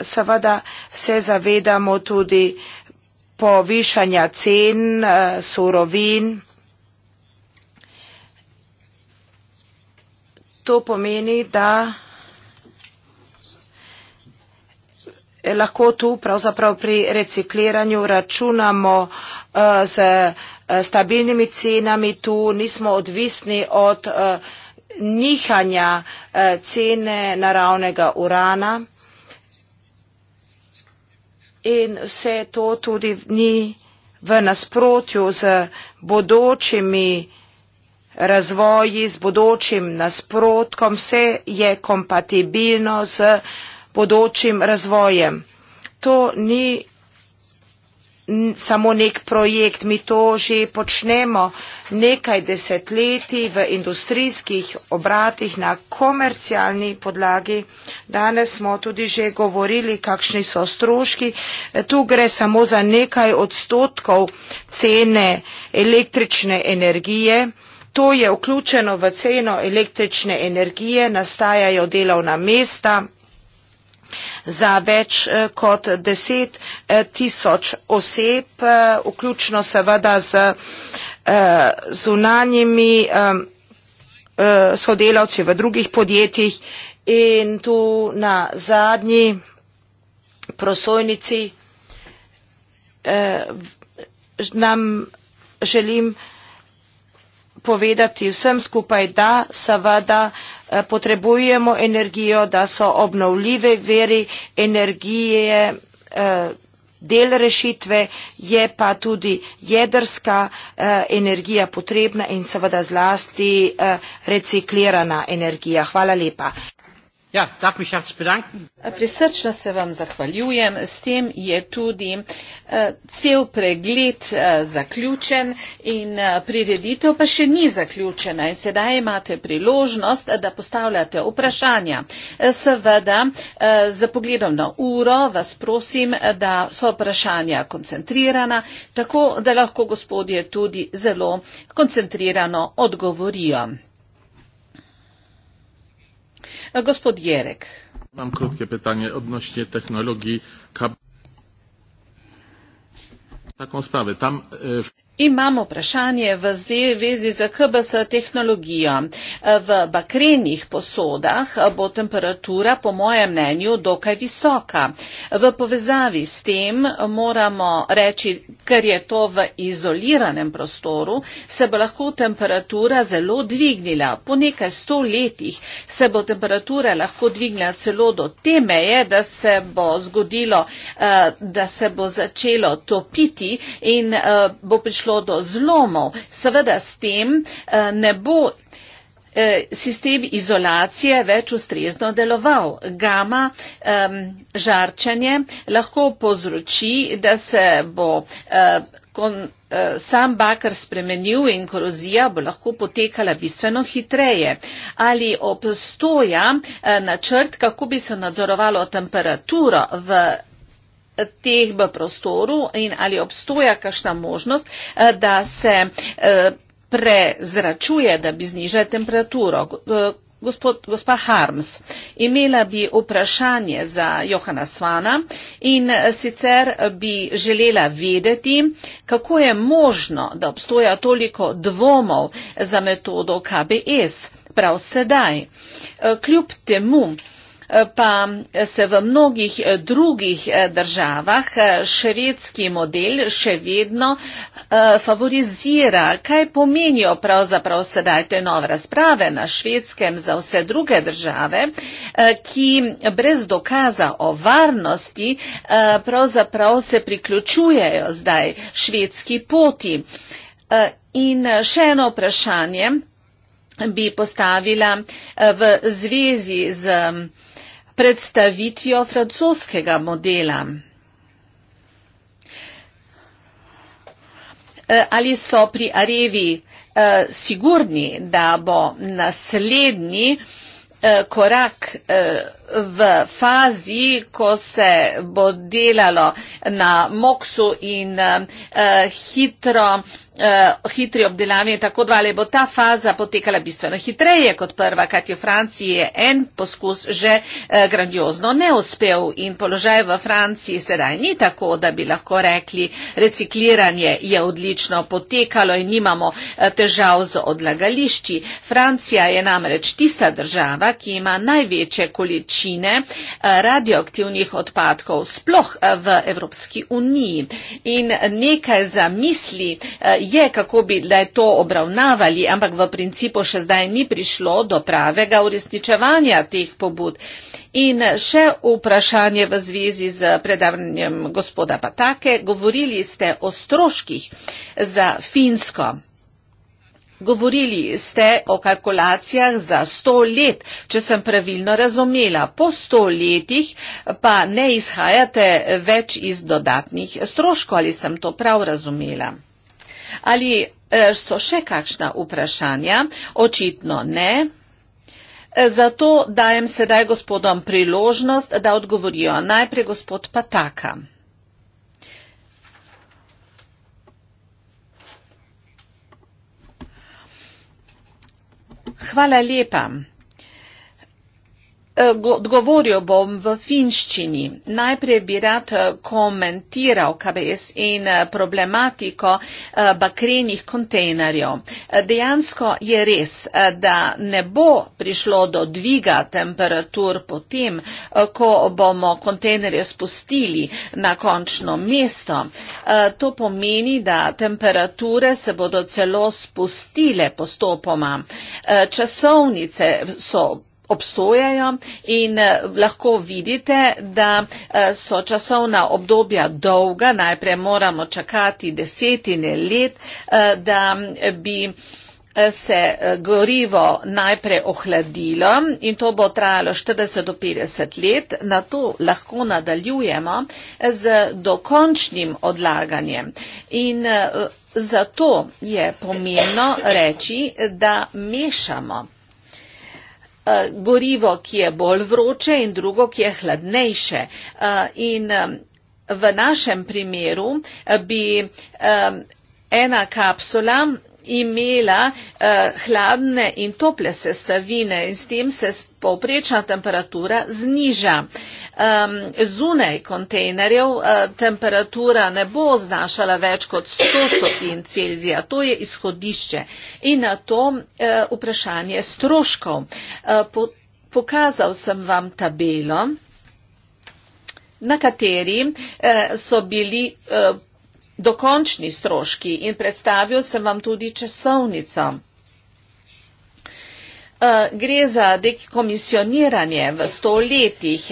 seveda se zavedamo tudi povišanja cen eh, surovin. To pomeni, da Eh, lahko tu pravzaprav pri recikliranju računamo uh, z uh, stabilnimi cenami, tu nismo odvisni od uh, nihanja uh, cene naravnega urana in vse to tudi ni v nasprotju z bodočimi razvoji, z bodočim nasprotkom, vse je kompatibilno z uh, bodočim razvojem. To ni samo nek projekt, mi to že počnemo nekaj desetletij v industrijskih obratih na komercialni podlagi. Danes smo tudi že govorili, kakšni so stroški. Tu gre samo za nekaj odstotkov cene električne energije. To je vključeno v ceno električne energije, nastajajo delovna mesta, za več eh, kot deset eh, tisoč oseb, eh, vključno seveda z zunanjimi sodelavci v drugih podjetjih in tu na zadnji prosojnici nam želim povedati vsem skupaj, da seveda vsega, Eh, potrebujemo energijo, da so obnovljive veri energije eh, del rešitve, je pa tudi jedrska eh, energija potrebna in seveda zlasti reciklirana energija. Hvala lepa. Ja, darf mich herzlich bedanken. Prisrčno se vam zahvaljujem. S tem je tudi eh, cel pregled eh, zaključen in eh, prireditev pa še ni zaključena in sedaj imate priložnost, da postavljate vprašanja. Seveda, za pogledom na uro vas prosim, da so vprašanja koncentrirana, tako da lahko gospodje tudi zelo koncentrirano odgovorijo. E, gospod Jerek. Mam krótkie pytanie odnośnie technologii. Taką sprawę. Tam. Y e, Imamo vprašanje v zvezi z KBS tehnologijo. V bakrenih posodah bo temperatura, po mojem mnenju, dokaj visoka. V povezavi s tem moramo reči, ker je to v izoliranem prostoru, se bo lahko temperatura zelo dvignila. Po nekaj sto letih se bo temperatura lahko dvignila celo do te meje, da se bo zgodilo, eh, da se bo začelo topiti in eh, bo prišlo prišlo do zlomov. Seveda s tem eh, ne bo eh, sistem izolacije več ustrezno deloval. Gama žarčanje lahko povzroči, da se bo eh, sam bakar spremenil in korozija bo lahko potekala bistveno hitreje. Ali obstoja načrt, kako bi se nadzorovalo temperaturo v teh v prostoru in ali obstoja kakšna možnost, eh, da se eh, prezračuje, da bi znižali temperaturo. Eh, gospod, gospa Harms, imela bi vprašanje za Johana Svana in sicer bi želela vedeti, kako je možno, da obstoja toliko dvomov za metodo KBS prav sedaj. Kljub temu, pa se v mnogih eh, drugih eh, državah eh, švedski model še vedno favorizira. Kaj pomenijo pravzaprav sedaj te nove razprave na švedskem za vse druge države, ki brez dokaza o varnosti pravzaprav se priključujejo zdaj švedski poti. In še eno vprašanje bi postavila v zvezi z predstavitvijo francoskega modela. E, ali so pri Arevi e, sigurni, da bo naslednji e, korak v fazi, ko se bo delalo na moksu in uh, hitro, uh, hitri obdelavi in tako dalje, bo ta faza potekala bistveno hitreje kot prva, kajti v Franciji je en poskus že uh, grandiozno neuspel in položaj v Franciji sedaj ni tako, da bi lahko rekli, recikliranje je odlično potekalo in nimamo uh, težav z odlagališči. Francija je namreč tista država, ki ima največje količine trečine eh, radioaktivnih odpadkov sploh eh, v Evropski uniji. In nekaj za misli eh, je, kako bi le to obravnavali, ampak v principu še zdaj ni prišlo do pravega uresničevanja teh pobud. In še vprašanje v zvezi z predavanjem gospoda Patake. Govorili ste o stroških za Finsko. Govorili ste o kalkulacijah za 100 let, če sem pravilno razumela. Po 100 letih pa ne izhajate več iz dodatnih stroškov, ali sem to prav razumela. Ali eh, so še kakšna vprašanja? Očitno ne. Eh, zato dajem sedaj gospodom priložnost, da odgovorijo najprej gospod Pataka. Hvala lepa. Eh, odgovoril bom v finščini. Najprej bi rad eh, komentiral KBS in eh, problematiko bakrenih kontejnerjev. Dejansko je res, da ne bo prišlo do dviga temperatur potem, ko bomo kontejnerje spustili na končno mesto. To pomeni, da temperature se bodo celo spustile postopoma. Časovnice so obstojajo in eh, lahko vidite, da eh, so časovna obdobja dolga, najprej moramo čakati desetine let, eh, da bi se gorivo najprej ohladilo in to bo trajalo 40 do 50 let, na to lahko nadaljujemo z dokončnim odlaganjem. In zato je pomembno reči, da mešamo Eh, gorivo, ki je bolj vroče in drugo, ki je hladnejše. Eh, in eh, v našem primeru bi ena kapsula imela eh, hladne in tople sestavine in s tem se povprečna temperatura zniža. Um, zunaj kontejnerjev eh, temperatura ne bo znašala več kot 100 stopinj Celzija. To je izhodišče. In na to eh, vprašanje stroškov. Eh, po, pokazal sem vam tabelo, na kateri eh, so bili. Eh, dokončni stroški in predstavil sem vam tudi časovnico. Eh, gre za dekomisioniranje v sto letih.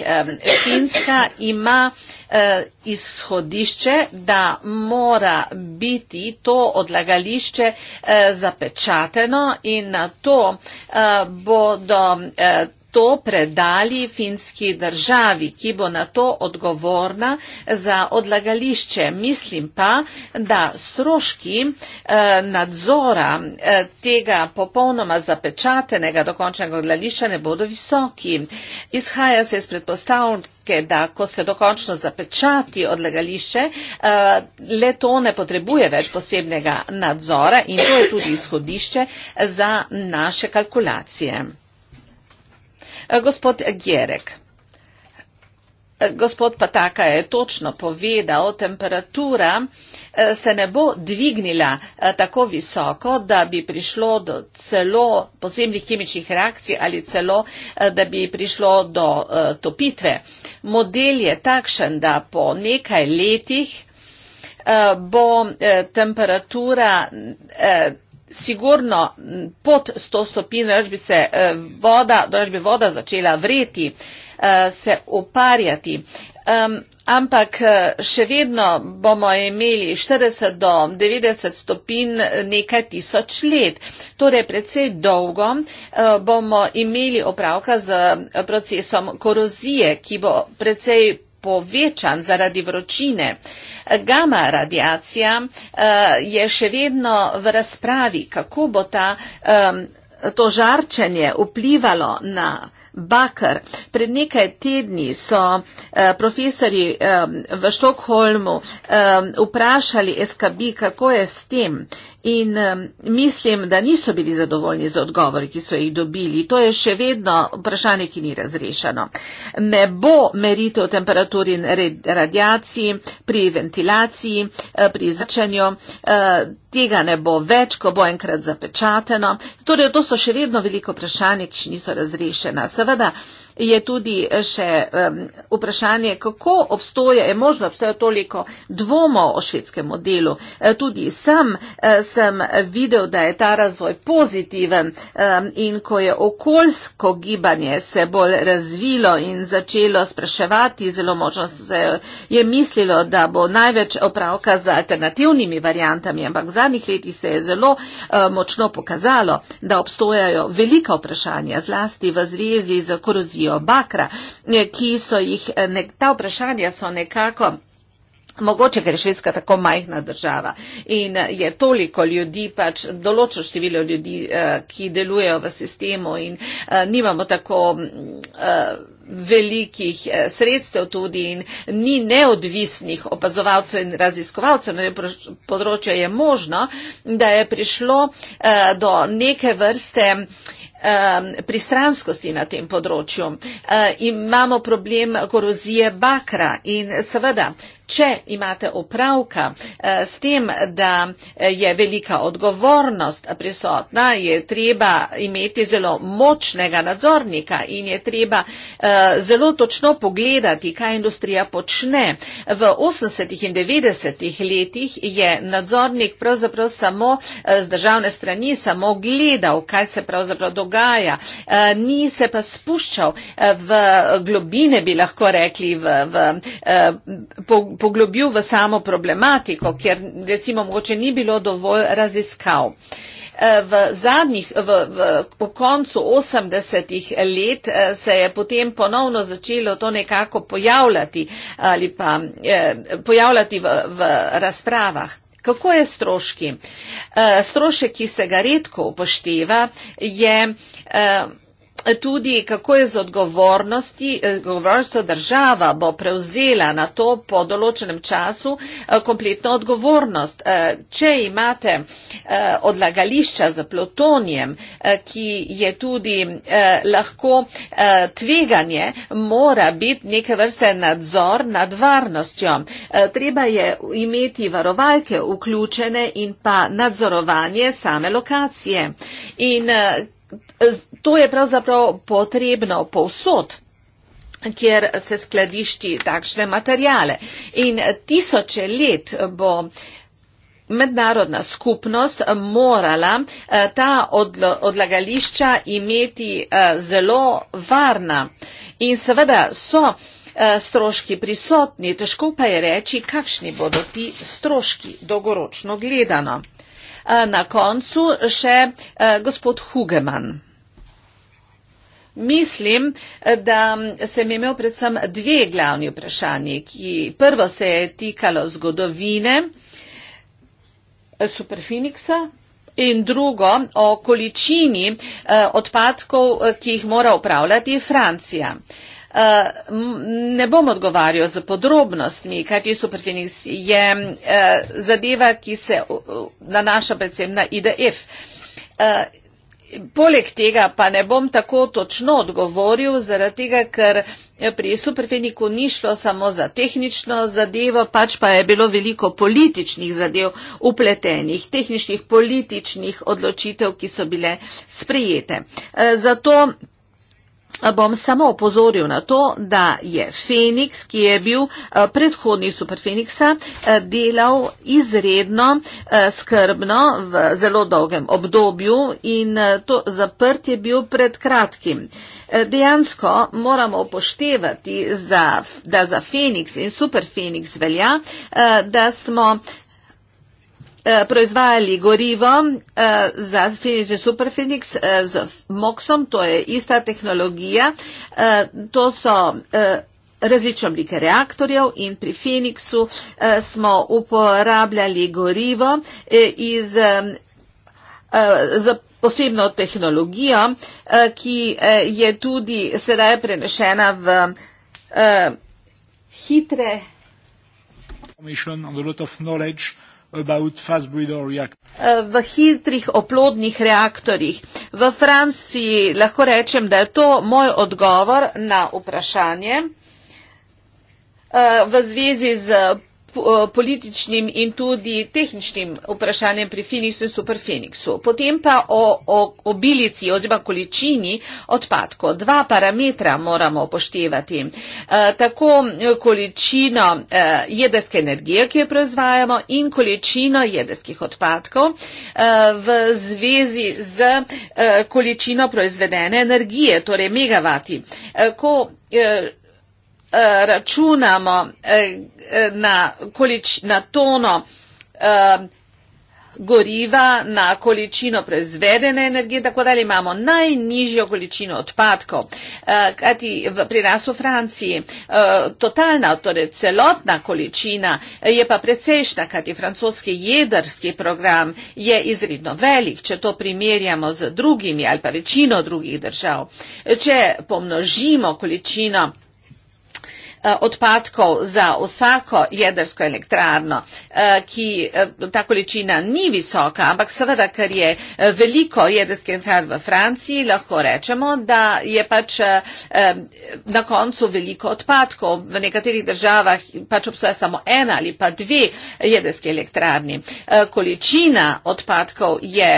Finska ima eh, izhodišče, da mora biti to odlagališče eh, zapečateno in na to bodo to predali finski državi, ki bo na to odgovorna za odlagališče. Mislim pa, da stroški eh, nadzora eh, tega popolnoma zapečatenega dokončnega odlagališča ne bodo visoki. Izhaja se iz predpostavke, da ko se dokončno zapečati odlagališče, eh, le to ne potrebuje več posebnega nadzora in to je tudi izhodišče za naše kalkulacije. Eh, gospod Gjerek. Eh, gospod Pataka je točno povedal, temperatura eh, se ne bo dvignila tako visoko, da bi prišlo do celo posebnih kemičnih reakcij ali celo, da bi prišlo do topitve. Model je takšen, da po nekaj letih bo temperatura sigurno pod 100 stopinj, da bi se e, voda, bi voda začela vreti, e, se oparjati. Um, ampak e, še vedno bomo imeli 40 do 90 stopinj nekaj tisoč let. Torej, predvsej dolgo uh, bomo imeli opravka z procesom korozije, ki bo predvsej povečan zaradi vročine. Gama radiacija eh, je še vedno v razpravi, kako bo ta, to žarčenje vplivalo na Bakr. Pred nekaj tedni so eh, profesori v Štokholmu vprašali SKB, kako je s tem. In um, mislim, da niso bili zadovoljni z odgovori, ki so jih dobili. To je še vedno vprašanje, ki ni razrešeno. Ne bo meritev temperatur in radijaciji pri ventilaciji, eh, pri začanju. Eh, tega ne bo več, ko bo enkrat zapečateno. Torej, to so še vedno veliko vprašanje, ki še niso razrešena. Seveda, je tudi eh, še um, vprašanje, kako obstoje, je možno obstoje toliko dvomov o švedskem modelu. Eh, tudi sam eh, sem videl, da je ta razvoj pozitiven um, in ko je okoljsko gibanje se bolj razvilo in začelo spraševati, zelo močno se je mislilo, da bo največ opravka z alternativnimi variantami, ampak v zadnjih letih se je zelo uh, močno pokazalo, da obstojajo velika vprašanja, zlasti v zvezi z korozijo Alijo Bakra, eh, ki so jih, eh, nek, ta vprašanja so nekako. Mogoče, ker je Švedska tako majhna država in eh, je toliko ljudi, pač določo število ljudi, ki delujejo v sistemu in nimamo tako mm, velikih sredstev tudi in ni neodvisnih opazovalcev in raziskovalcev na tem področju, je možno, da je prišlo do neke vrste Um, pristranskosti na tem področju. Uh, imamo problem korozije bakra in seveda, če imate opravka uh, s tem, da uh, je velika odgovornost prisotna, je treba imeti zelo močnega nadzornika in je treba zelo točno pogledati, kaj industrija počne. V 80. in 90. letih je nadzornik pravzaprav samo z državne strani samo gledal, kaj se pravzaprav dogaja dogaja, eh, ni se pa spuščal eh, v globine, bi lahko rekli, v, v, eh, poglobil v samo problematiko, ker recimo mogoče ni bilo dovolj raziskav. V zadnjih, v, v, po koncu 80-ih let se je potem ponovno začelo to nekako pojavljati ali pa eh, pojavljati v, v razpravah. Kako je stroški? Eh, strošek, ki se ga redko upošteva, je eh, tudi, kako je z odgovornosti, eh, odgovornostjo država bo prevzela na to po določenem času eh, kompletno odgovornost. Eh, če imate odlagališča za plutonijem, ki je tudi lahko tveganje, mora biti neke vrste nadzor nad varnostjo. Treba je imeti varovalke vključene in pa nadzorovanje same lokacije. In to je pravzaprav potrebno povsod kjer se skladišči takšne materijale. In tisoče let bo mednarodna skupnost morala eh, ta odlagališča imeti eh, zelo varna. In seveda so eh, stroški prisotni, težko pa je reči, kakšni bodo ti stroški dolgoročno gledano na koncu še gospod Hugeman. Mislim, da sem imel predvsem dve glavni vprašanji, ki prvo se je tikalo zgodovine Superfinixa in drugo o količini odpadkov, ki jih mora upravljati Francija. Eh, ne bom odgovarjal z podrobnostmi, kajti superfinis je eh, zadeva, ki se nanaša predvsem na IDF. Eh, poleg tega pa ne bom tako točno odgovoril, zaradi tega, ker pri superfiniku ni šlo samo za tehnično zadevo, pač pa je bilo veliko političnih zadev upletenih, tehničnih političnih odločitev, ki so bile sprejete. Zato bom samo opozoril na to, da je Feniks, ki je bil eh, predhodni super Feniksa, eh, delal izredno eh, skrbno v zelo dolgem obdobju in to zaprt je bil pred kratkim. Dejansko moramo upoštevati, da za Feniks in super Feniks velja, da smo Eh, proizvajali gorivo uh, za Phoenix in Super Phoenix uh, z MOX-om, to je ista tehnologija. Uh, to so uh, različne oblike reaktorjev in pri Phoenixu uh, smo uporabljali gorivo uh, iz. Uh, posebno tehnologijo, ki je tudi sedaj prenešena v uh, hitre. Eh, v hitrih oplodnih reaktorjih. V Franciji lahko rečem, da je to moj odgovor na vprašanje eh, v zvezi z Eh, političnim in tudi tehničnim vprašanjem pri Phoenixu in Super Phoenixu. Potem pa o, o obilici oziroma količini odpadkov. Dva parametra moramo upoštevati. E, tako eh, količino e, jedrske energije, ki jo proizvajamo in količino jedrskih odpadkov e, v zvezi z e, količino proizvedene energije, torej megavati. E, ko, e, Eh, računamo eh, eh, na, količ, na tono goriva, na količino proizvedene energije, tako da imamo najnižjo količino odpadkov. Kajti pri nas v Franciji totalna, torej celotna količina je pa precejšna, kajti francoski jedrski program je izredno velik, če to primerjamo z drugimi ali pa večino drugih držav. Če pomnožimo količino Eh, odpadkov za vsako jedrsko elektrarno, eh, ki eh, ta količina ni visoka, ampak seveda, ker je veliko jedrskih elektrarn v Franciji, lahko rečemo, da je pač na koncu veliko odpadkov. V nekaterih državah pač obstaja samo ena ali pa dve jedrske elektrarni. Količina odpadkov je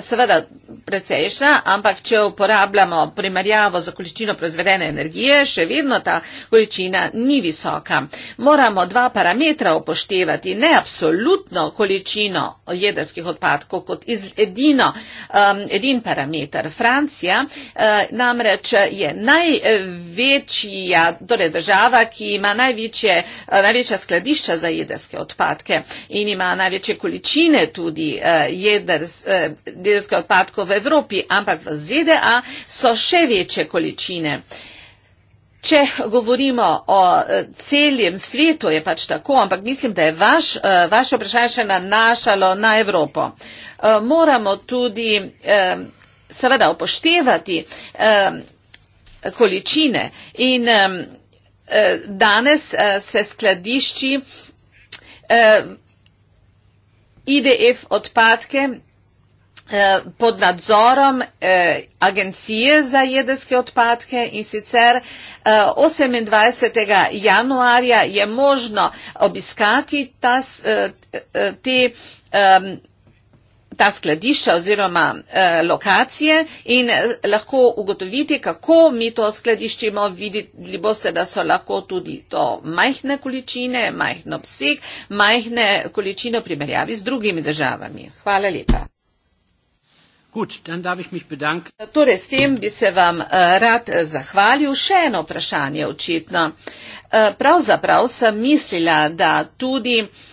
seveda precejšna, ampak če uporabljamo primerjavo za količino proizvedene energije, še vedno ta količina količina ni visoka. Moramo dva parametra upoštevati, ne absolutno količino jedrskih odpadkov kot edino, um, edin parameter. Francija uh, namreč je največja torej država, ki ima največje, uh, največja skladišča za jedrske odpadke in ima največje količine tudi uh, jedrs, uh, jedrskih odpadkov v Evropi, ampak v ZDA so še večje količine. Če govorimo o e, celjem svetu, je pač tako, ampak mislim, da je vaš, e, vaše vprašanje še nanašalo na Evropo. E, moramo tudi seveda upoštevati količine in danes se skladišči IDF odpadke Eh, pod nadzorom eh, Agencije za jedrske odpadke in sicer 28. Eh, januarja je možno obiskati ta, te, ta skladišča oziroma lokacije in lahko ugotoviti, kako mi to skladiščimo. Videli boste, da so lahko tudi to majhne količine, majhno obseg, majhne količine v primerjavi z drugimi državami. Hvala lepa. Gut, dann darf ich mich bedanken. Torej, s tem bi se vam uh, rad eh, zahvalil. Še eno vprašanje očitno. Uh, pravzaprav sem mislila, da tudi uh,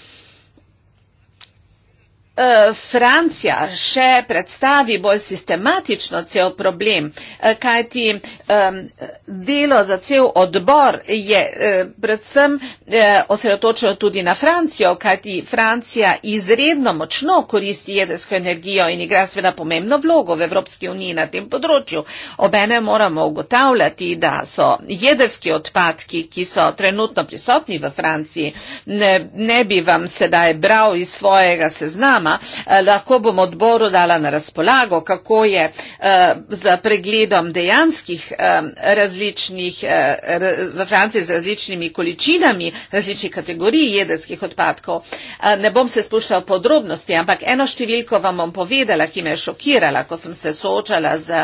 Eh, Francija še predstavi bolj sistematično cel problem, eh, kajti delo za cel odbor je eh, predvsem osredotočeno tudi na Francijo, kajti Francija izredno močno koristi jedrsko energijo in igra sveda pomembno vlogo v Evropski uniji na tem področju. Obene moramo ugotavljati, da so jedrski odpadki, ki so trenutno prisotni v Franciji, ne, ne bi vam sedaj bral iz svojega seznama, vama eh, lahko bom odboru dala na razpolago, kako je eh, z pregledom dejanskih eh, različnih, v Franciji z različnimi količinami različnih kategorij jedrskih odpadkov. Ne bom se spuščal podrobnosti, ampak eno številko vam bom povedala, ki me je šokirala, ko sem se soočala z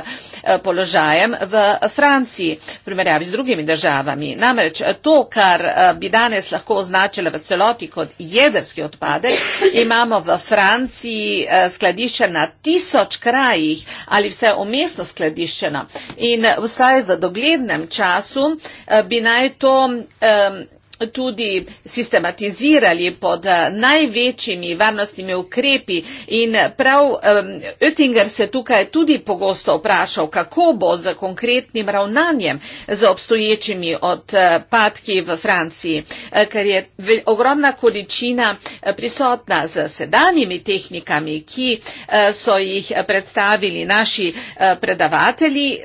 položajem v Franciji, v primerjavi z drugimi državami. Namreč to, kar bi danes lahko označila v celoti kot jedrski odpadek, imamo v Franciji Britanci eh, skladišče na tisoč krajih ali vse omestno skladiščeno. In vsaj v doglednem času eh, bi naj to. Um, tudi sistematizirali pod eh, največjimi varnostnimi ukrepi in prav Oettinger se tukaj tudi pogosto vprašal, kako bo z konkretnim ravnanjem z obstoječimi odpadki v Franciji, eh, ker je ogromna količina eh, prisotna z sedanjimi tehnikami, ki so jih predstavili naši predavatelji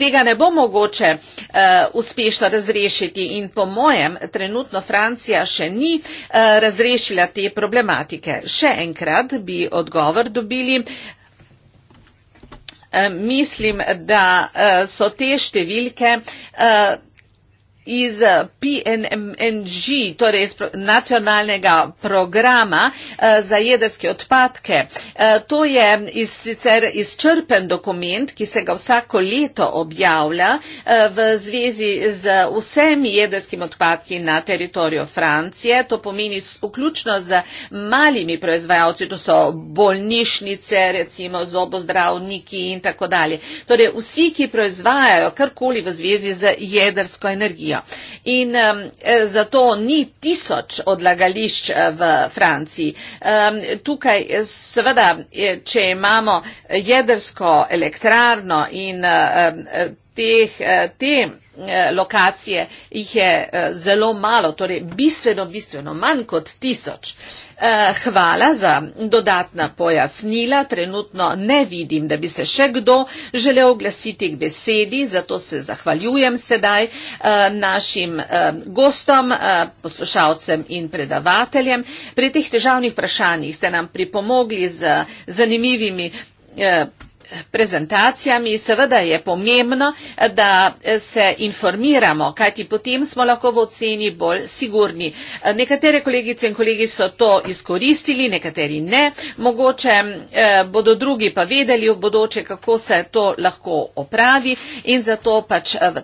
tega ne bo mogoče uh, uspešno razrešiti in po mojem trenutno Francija še ni uh, razrešila te problematike. Še enkrat bi odgovor dobili. Eh, mislim, da so te številke iz PNNG, torej iz nacionalnega programa eh, za jedrske odpadke. Eh, to je iz, sicer izčrpen dokument, ki se ga vsako leto objavlja eh, v zvezi z vsemi jedrskimi odpadki na teritoriju Francije. To pomeni vključno z malimi proizvajalci, to so bolnišnice, recimo zobozdravniki in tako dalje. Torej vsi, ki proizvajajo karkoli v zvezi z jedrsko energijo. In um, zato ni tisoč odlagališč e, v Franciji. Um, tukaj e, seveda, če imamo jedrsko elektrarno in um, teh, te lokacije, jih je zelo malo, torej bistveno, bistveno manj kot tisoč. Um, Eh, hvala za dodatna pojasnila. Trenutno ne vidim, da bi se še kdo želel oglasiti k besedi, zato se zahvaljujem sedaj eh, našim eh, gostom, poslušalcem in predavateljem. Pri teh težavnih vprašanjih ste nam pripomogli z zanimivimi prezentacijami, seveda je pomembno, da se informiramo, kajti potem smo lahko v oceni bolj sigurni. Nekatere kolegice in kolegi so to izkoristili, nekateri ne. Mogoče eh, bodo drugi pa vedeli v bodoče, kako se to lahko opravi in zato pač eh, v